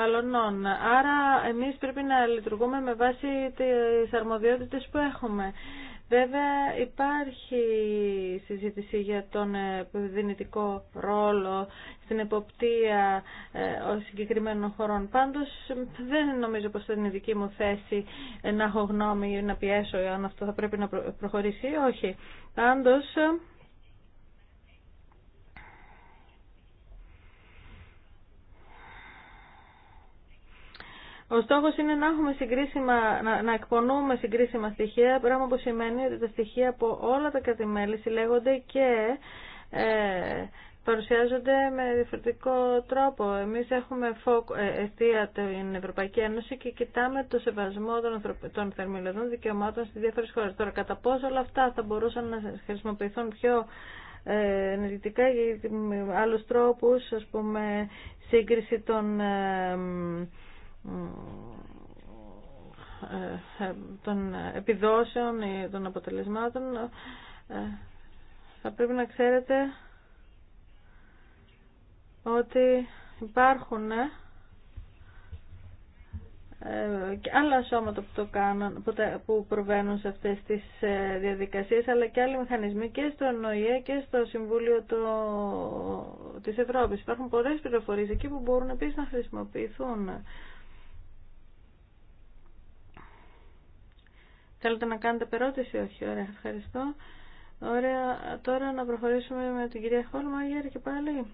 αλλωνών ε, Άρα εμείς πρέπει να λειτουργούμε με βάση τις αρμοδιότητες που έχουμε. Βέβαια υπάρχει συζήτηση για τον δυνητικό ρόλο στην εποπτεία ε, συγκεκριμένων χωρών. Πάντως δεν νομίζω πως είναι δική μου θέση να έχω γνώμη ή να πιέσω αν αυτό θα πρέπει να προχωρήσει. Όχι. Πάντως Ο στόχος είναι να, έχουμε συγκρίσιμα, να, να εκπονούμε συγκρίσιμα στοιχεία, πράγμα που σημαίνει ότι τα στοιχεία από όλα τα κατημέλη συλλέγονται και ε, παρουσιάζονται με διαφορετικό τρόπο. Εμείς έχουμε φόκ, ε, αιτία την Ευρωπαϊκή Ένωση και κοιτάμε το σεβασμό των, των δικαιωμάτων στις διάφορες χώρες. Τώρα, κατά πόσο όλα αυτά θα μπορούσαν να χρησιμοποιηθούν πιο ε, ενεργητικά για άλλους τρόπους, ας πούμε, σύγκριση των των επιδόσεων ή των αποτελεσμάτων ε, θα πρέπει να ξέρετε ότι υπάρχουν ε, και άλλα σώματα που, το που, προβαίνουν σε αυτές τις ε, διαδικασίες αλλά και άλλοι μηχανισμοί και στο ΝΟΗΕ και στο Συμβούλιο το, της Ευρώπης. Υπάρχουν πολλές πληροφορίες εκεί που μπορούν επίσης να χρησιμοποιηθούν. Θέλετε να κάνετε περώτηση, όχι, ωραία, ευχαριστώ. Ωραία, τώρα να προχωρήσουμε με την κυρία Χόλμαγερ και πάλι.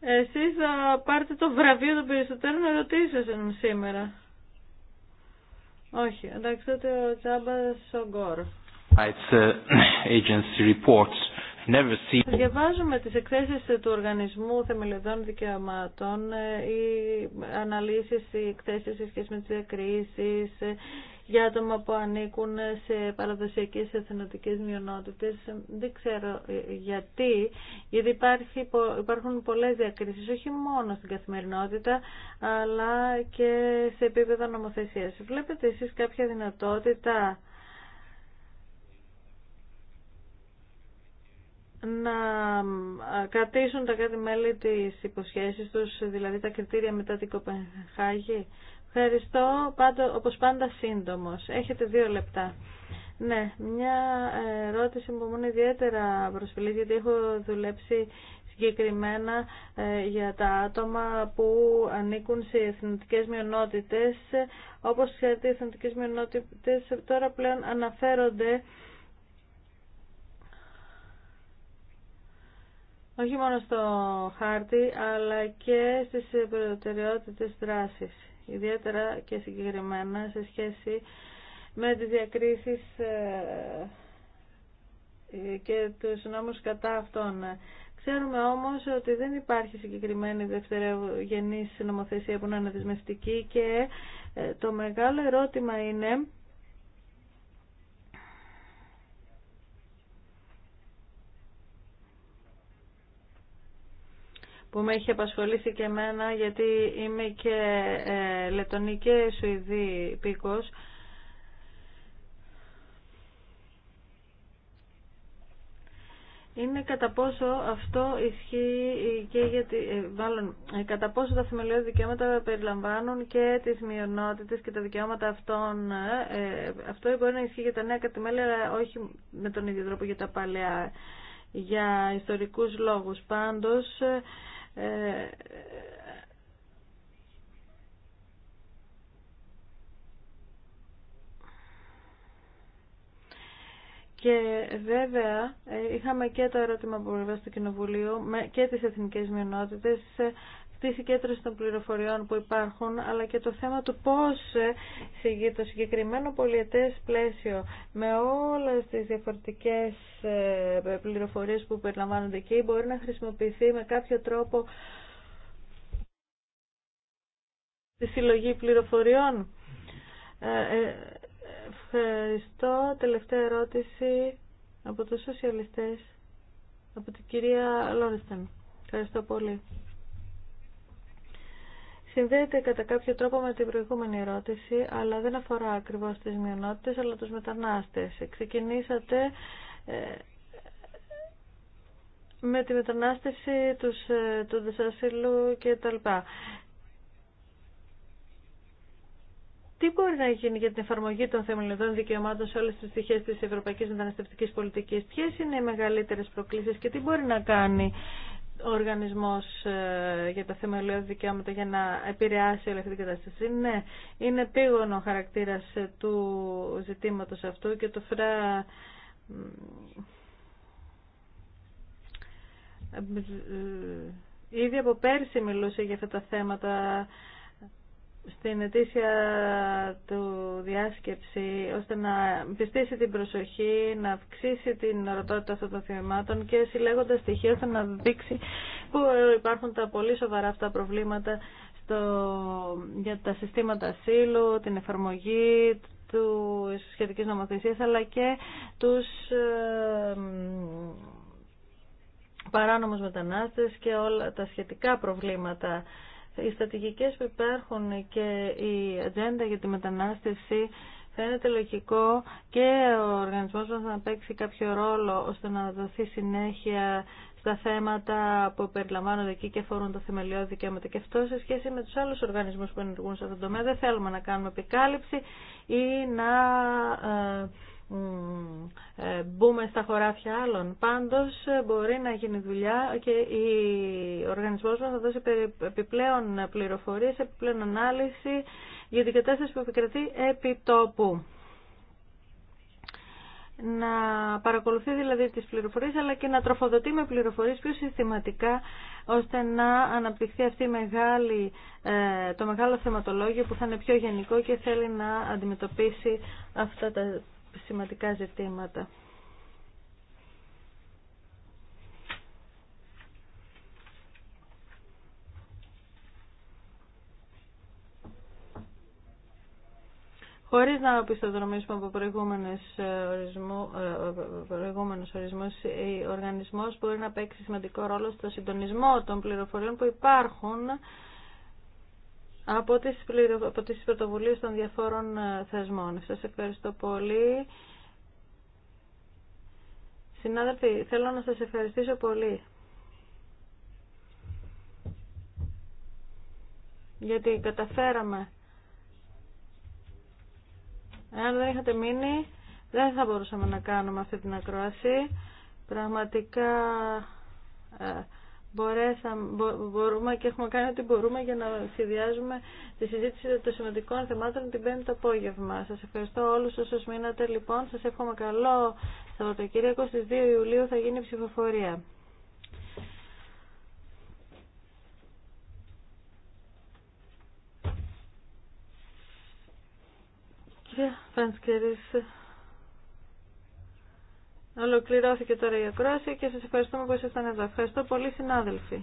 Εσείς θα πάρετε το βραβείο των περισσότερων ερωτήσεων σήμερα. Όχι, εντάξει, τότε ο Τσάμπα Σογκόρ. It's ε, agency reports Διαβάζουμε τις εκθέσεις του Οργανισμού Θεμελιωδών Δικαιωμάτων, ε, οι αναλύσεις, οι εκθέσεις σε σχέση με τις διακρίσεις, ε, για άτομα που ανήκουν σε παραδοσιακές εθνοτικές μειονότητες. Δεν ξέρω ε, γιατί, γιατί υπάρχουν πολλές διακρίσεις, όχι μόνο στην καθημερινότητα, αλλά και σε επίπεδο νομοθεσίας. Βλέπετε εσείς κάποια δυνατότητα να ε, κρατήσουν τα κάτι μέλη της υποσχέσεις τους, δηλαδή τα κριτήρια μετά την Κοπενχάγη. Ευχαριστώ, πάντο, όπως πάντα σύντομος. Έχετε δύο λεπτά. Ναι, μια ερώτηση που μου είναι ιδιαίτερα προσφυλή γιατί έχω δουλέψει συγκεκριμένα ε, για τα άτομα που ανήκουν σε εθνικές μειονότητες. Όπως ξέρετε, οι εθνικές μειονότητες τώρα πλέον αναφέρονται όχι μόνο στο χάρτη, αλλά και στις προτεραιότητες δράσης, ιδιαίτερα και συγκεκριμένα σε σχέση με τις διακρίσεις ε, ε, και τους νόμους κατά αυτών. Ξέρουμε όμως ότι δεν υπάρχει συγκεκριμένη δευτερογενής νομοθεσία που να είναι και ε, το μεγάλο ερώτημα είναι που με έχει απασχολήσει και εμένα γιατί είμαι και ε, λετωνή και Σουηδή πίκος. είναι κατά πόσο αυτό ισχύει και γιατί τη, ε, ε, κατά πόσο τα θεμελιώδη δικαιώματα περιλαμβάνουν και τις μειονότητες και τα δικαιώματα αυτών. Ε, αυτό μπορεί να ισχύει για τα νέα κατημέλια, αλλά όχι με τον ίδιο τρόπο για τα παλαιά, για ιστορικούς λόγους. Πάντως, ε, και βέβαια ε, είχαμε και το ερώτημα που βέβαια στο Κοινοβουλίο και τις εθνικές μειονότητες ε, τη συγκέντρωση των πληροφοριών που υπάρχουν, αλλά και το θέμα του πώς το συγκεκριμένο πολιετές πλαίσιο με όλες τις διαφορετικές ε, πληροφορίες που περιλαμβάνονται εκεί μπορεί να χρησιμοποιηθεί με κάποιο τρόπο τη συλλογή πληροφοριών. Ε, ε, ευχαριστώ. Τελευταία ερώτηση από τους σοσιαλιστές, από την κυρία Λόρισταν. Ευχαριστώ πολύ. Συνδέεται κατά κάποιο τρόπο με την προηγούμενη ερώτηση, αλλά δεν αφορά ακριβώς τις μειονότητες, αλλά τους μετανάστες. Ξεκινήσατε ε, με τη μετανάστευση τους, ε, του δεσάσυλου και τα λοιπά. Τι μπορεί να γίνει για την εφαρμογή των θεμελιωδών δικαιωμάτων σε όλες τις πτυχές της ευρωπαϊκής μεταναστευτικής πολιτικής. Ποιες είναι οι μεγαλύτερες προκλήσεις και τι μπορεί να κάνει οργανισμός για τα θεμελιώδη δικαιώματα για να επηρεάσει όλη αυτή την κατάσταση. είναι πίγωνο ο χαρακτήρας του ζητήματος αυτού και το ΦΡΑ ήδη από πέρσι μιλούσε για αυτά τα θέματα στην αιτήσια του διάσκεψη ώστε να πιστήσει την προσοχή, να αυξήσει την ερωτότητα αυτών των θεμάτων και συλλέγοντας στοιχεία ώστε να δείξει που υπάρχουν τα πολύ σοβαρά αυτά προβλήματα στο, για τα συστήματα ασύλου, την εφαρμογή του σχετικής νομοθεσίας αλλά και τους παράνομους μετανάστες και όλα τα σχετικά προβλήματα οι στρατηγικές που υπάρχουν και η ατζέντα για τη μετανάστευση φαίνεται λογικό και ο οργανισμός μας να παίξει κάποιο ρόλο ώστε να δοθεί συνέχεια στα θέματα που περιλαμβάνονται εκεί και αφορούν τα θεμελιώδη δικαιώματα. Και αυτό σε σχέση με τους άλλους οργανισμούς που ενεργούν σε αυτό το τομέα δεν θέλουμε να κάνουμε επικάλυψη ή να ε, ε, μπούμε στα χωράφια άλλων. Πάντως ε, μπορεί να γίνει δουλειά και ο οργανισμός μας θα δώσει επιπλέον πληροφορίες, επιπλέον ανάλυση για την κατάσταση που επικρατεί επί τόπου. Να παρακολουθεί δηλαδή τις πληροφορίες αλλά και να τροφοδοτεί με πληροφορίες πιο συστηματικά ώστε να αναπτυχθεί αυτή ε, το μεγάλο θεματολόγιο που θα είναι πιο γενικό και θέλει να αντιμετωπίσει αυτά τα σημαντικά ζητήματα. χωρίς να πιστοδρομήσουμε ε, ε, από προηγούμενους, ορισμούς, ο οργανισμός μπορεί να παίξει σημαντικό ρόλο στο συντονισμό των πληροφοριών που υπάρχουν από τις, από τις πρωτοβουλίες των διαφόρων ε, θεσμών. Σας ευχαριστώ πολύ. Συνάδελφοι, θέλω να σας ευχαριστήσω πολύ. Γιατί καταφέραμε. Εάν δεν είχατε μείνει, δεν θα μπορούσαμε να κάνουμε αυτή την ακρόαση. Πραγματικά... Ε, μπορούμε και έχουμε κάνει ό,τι μπορούμε για να συνδυάζουμε τη συζήτηση των σημαντικών θεμάτων την πέμπτη απόγευμα. Σας ευχαριστώ όλους όσους μείνατε λοιπόν. Σας εύχομαι καλό Σαββατοκύριακο. Στις 2 Ιουλίου θα γίνει ψηφοφορία. Κυρία Ολοκληρώθηκε τώρα η ακρόαση και σας ευχαριστούμε που ήσασταν εδώ. Ευχαριστώ πολύ συνάδελφοι.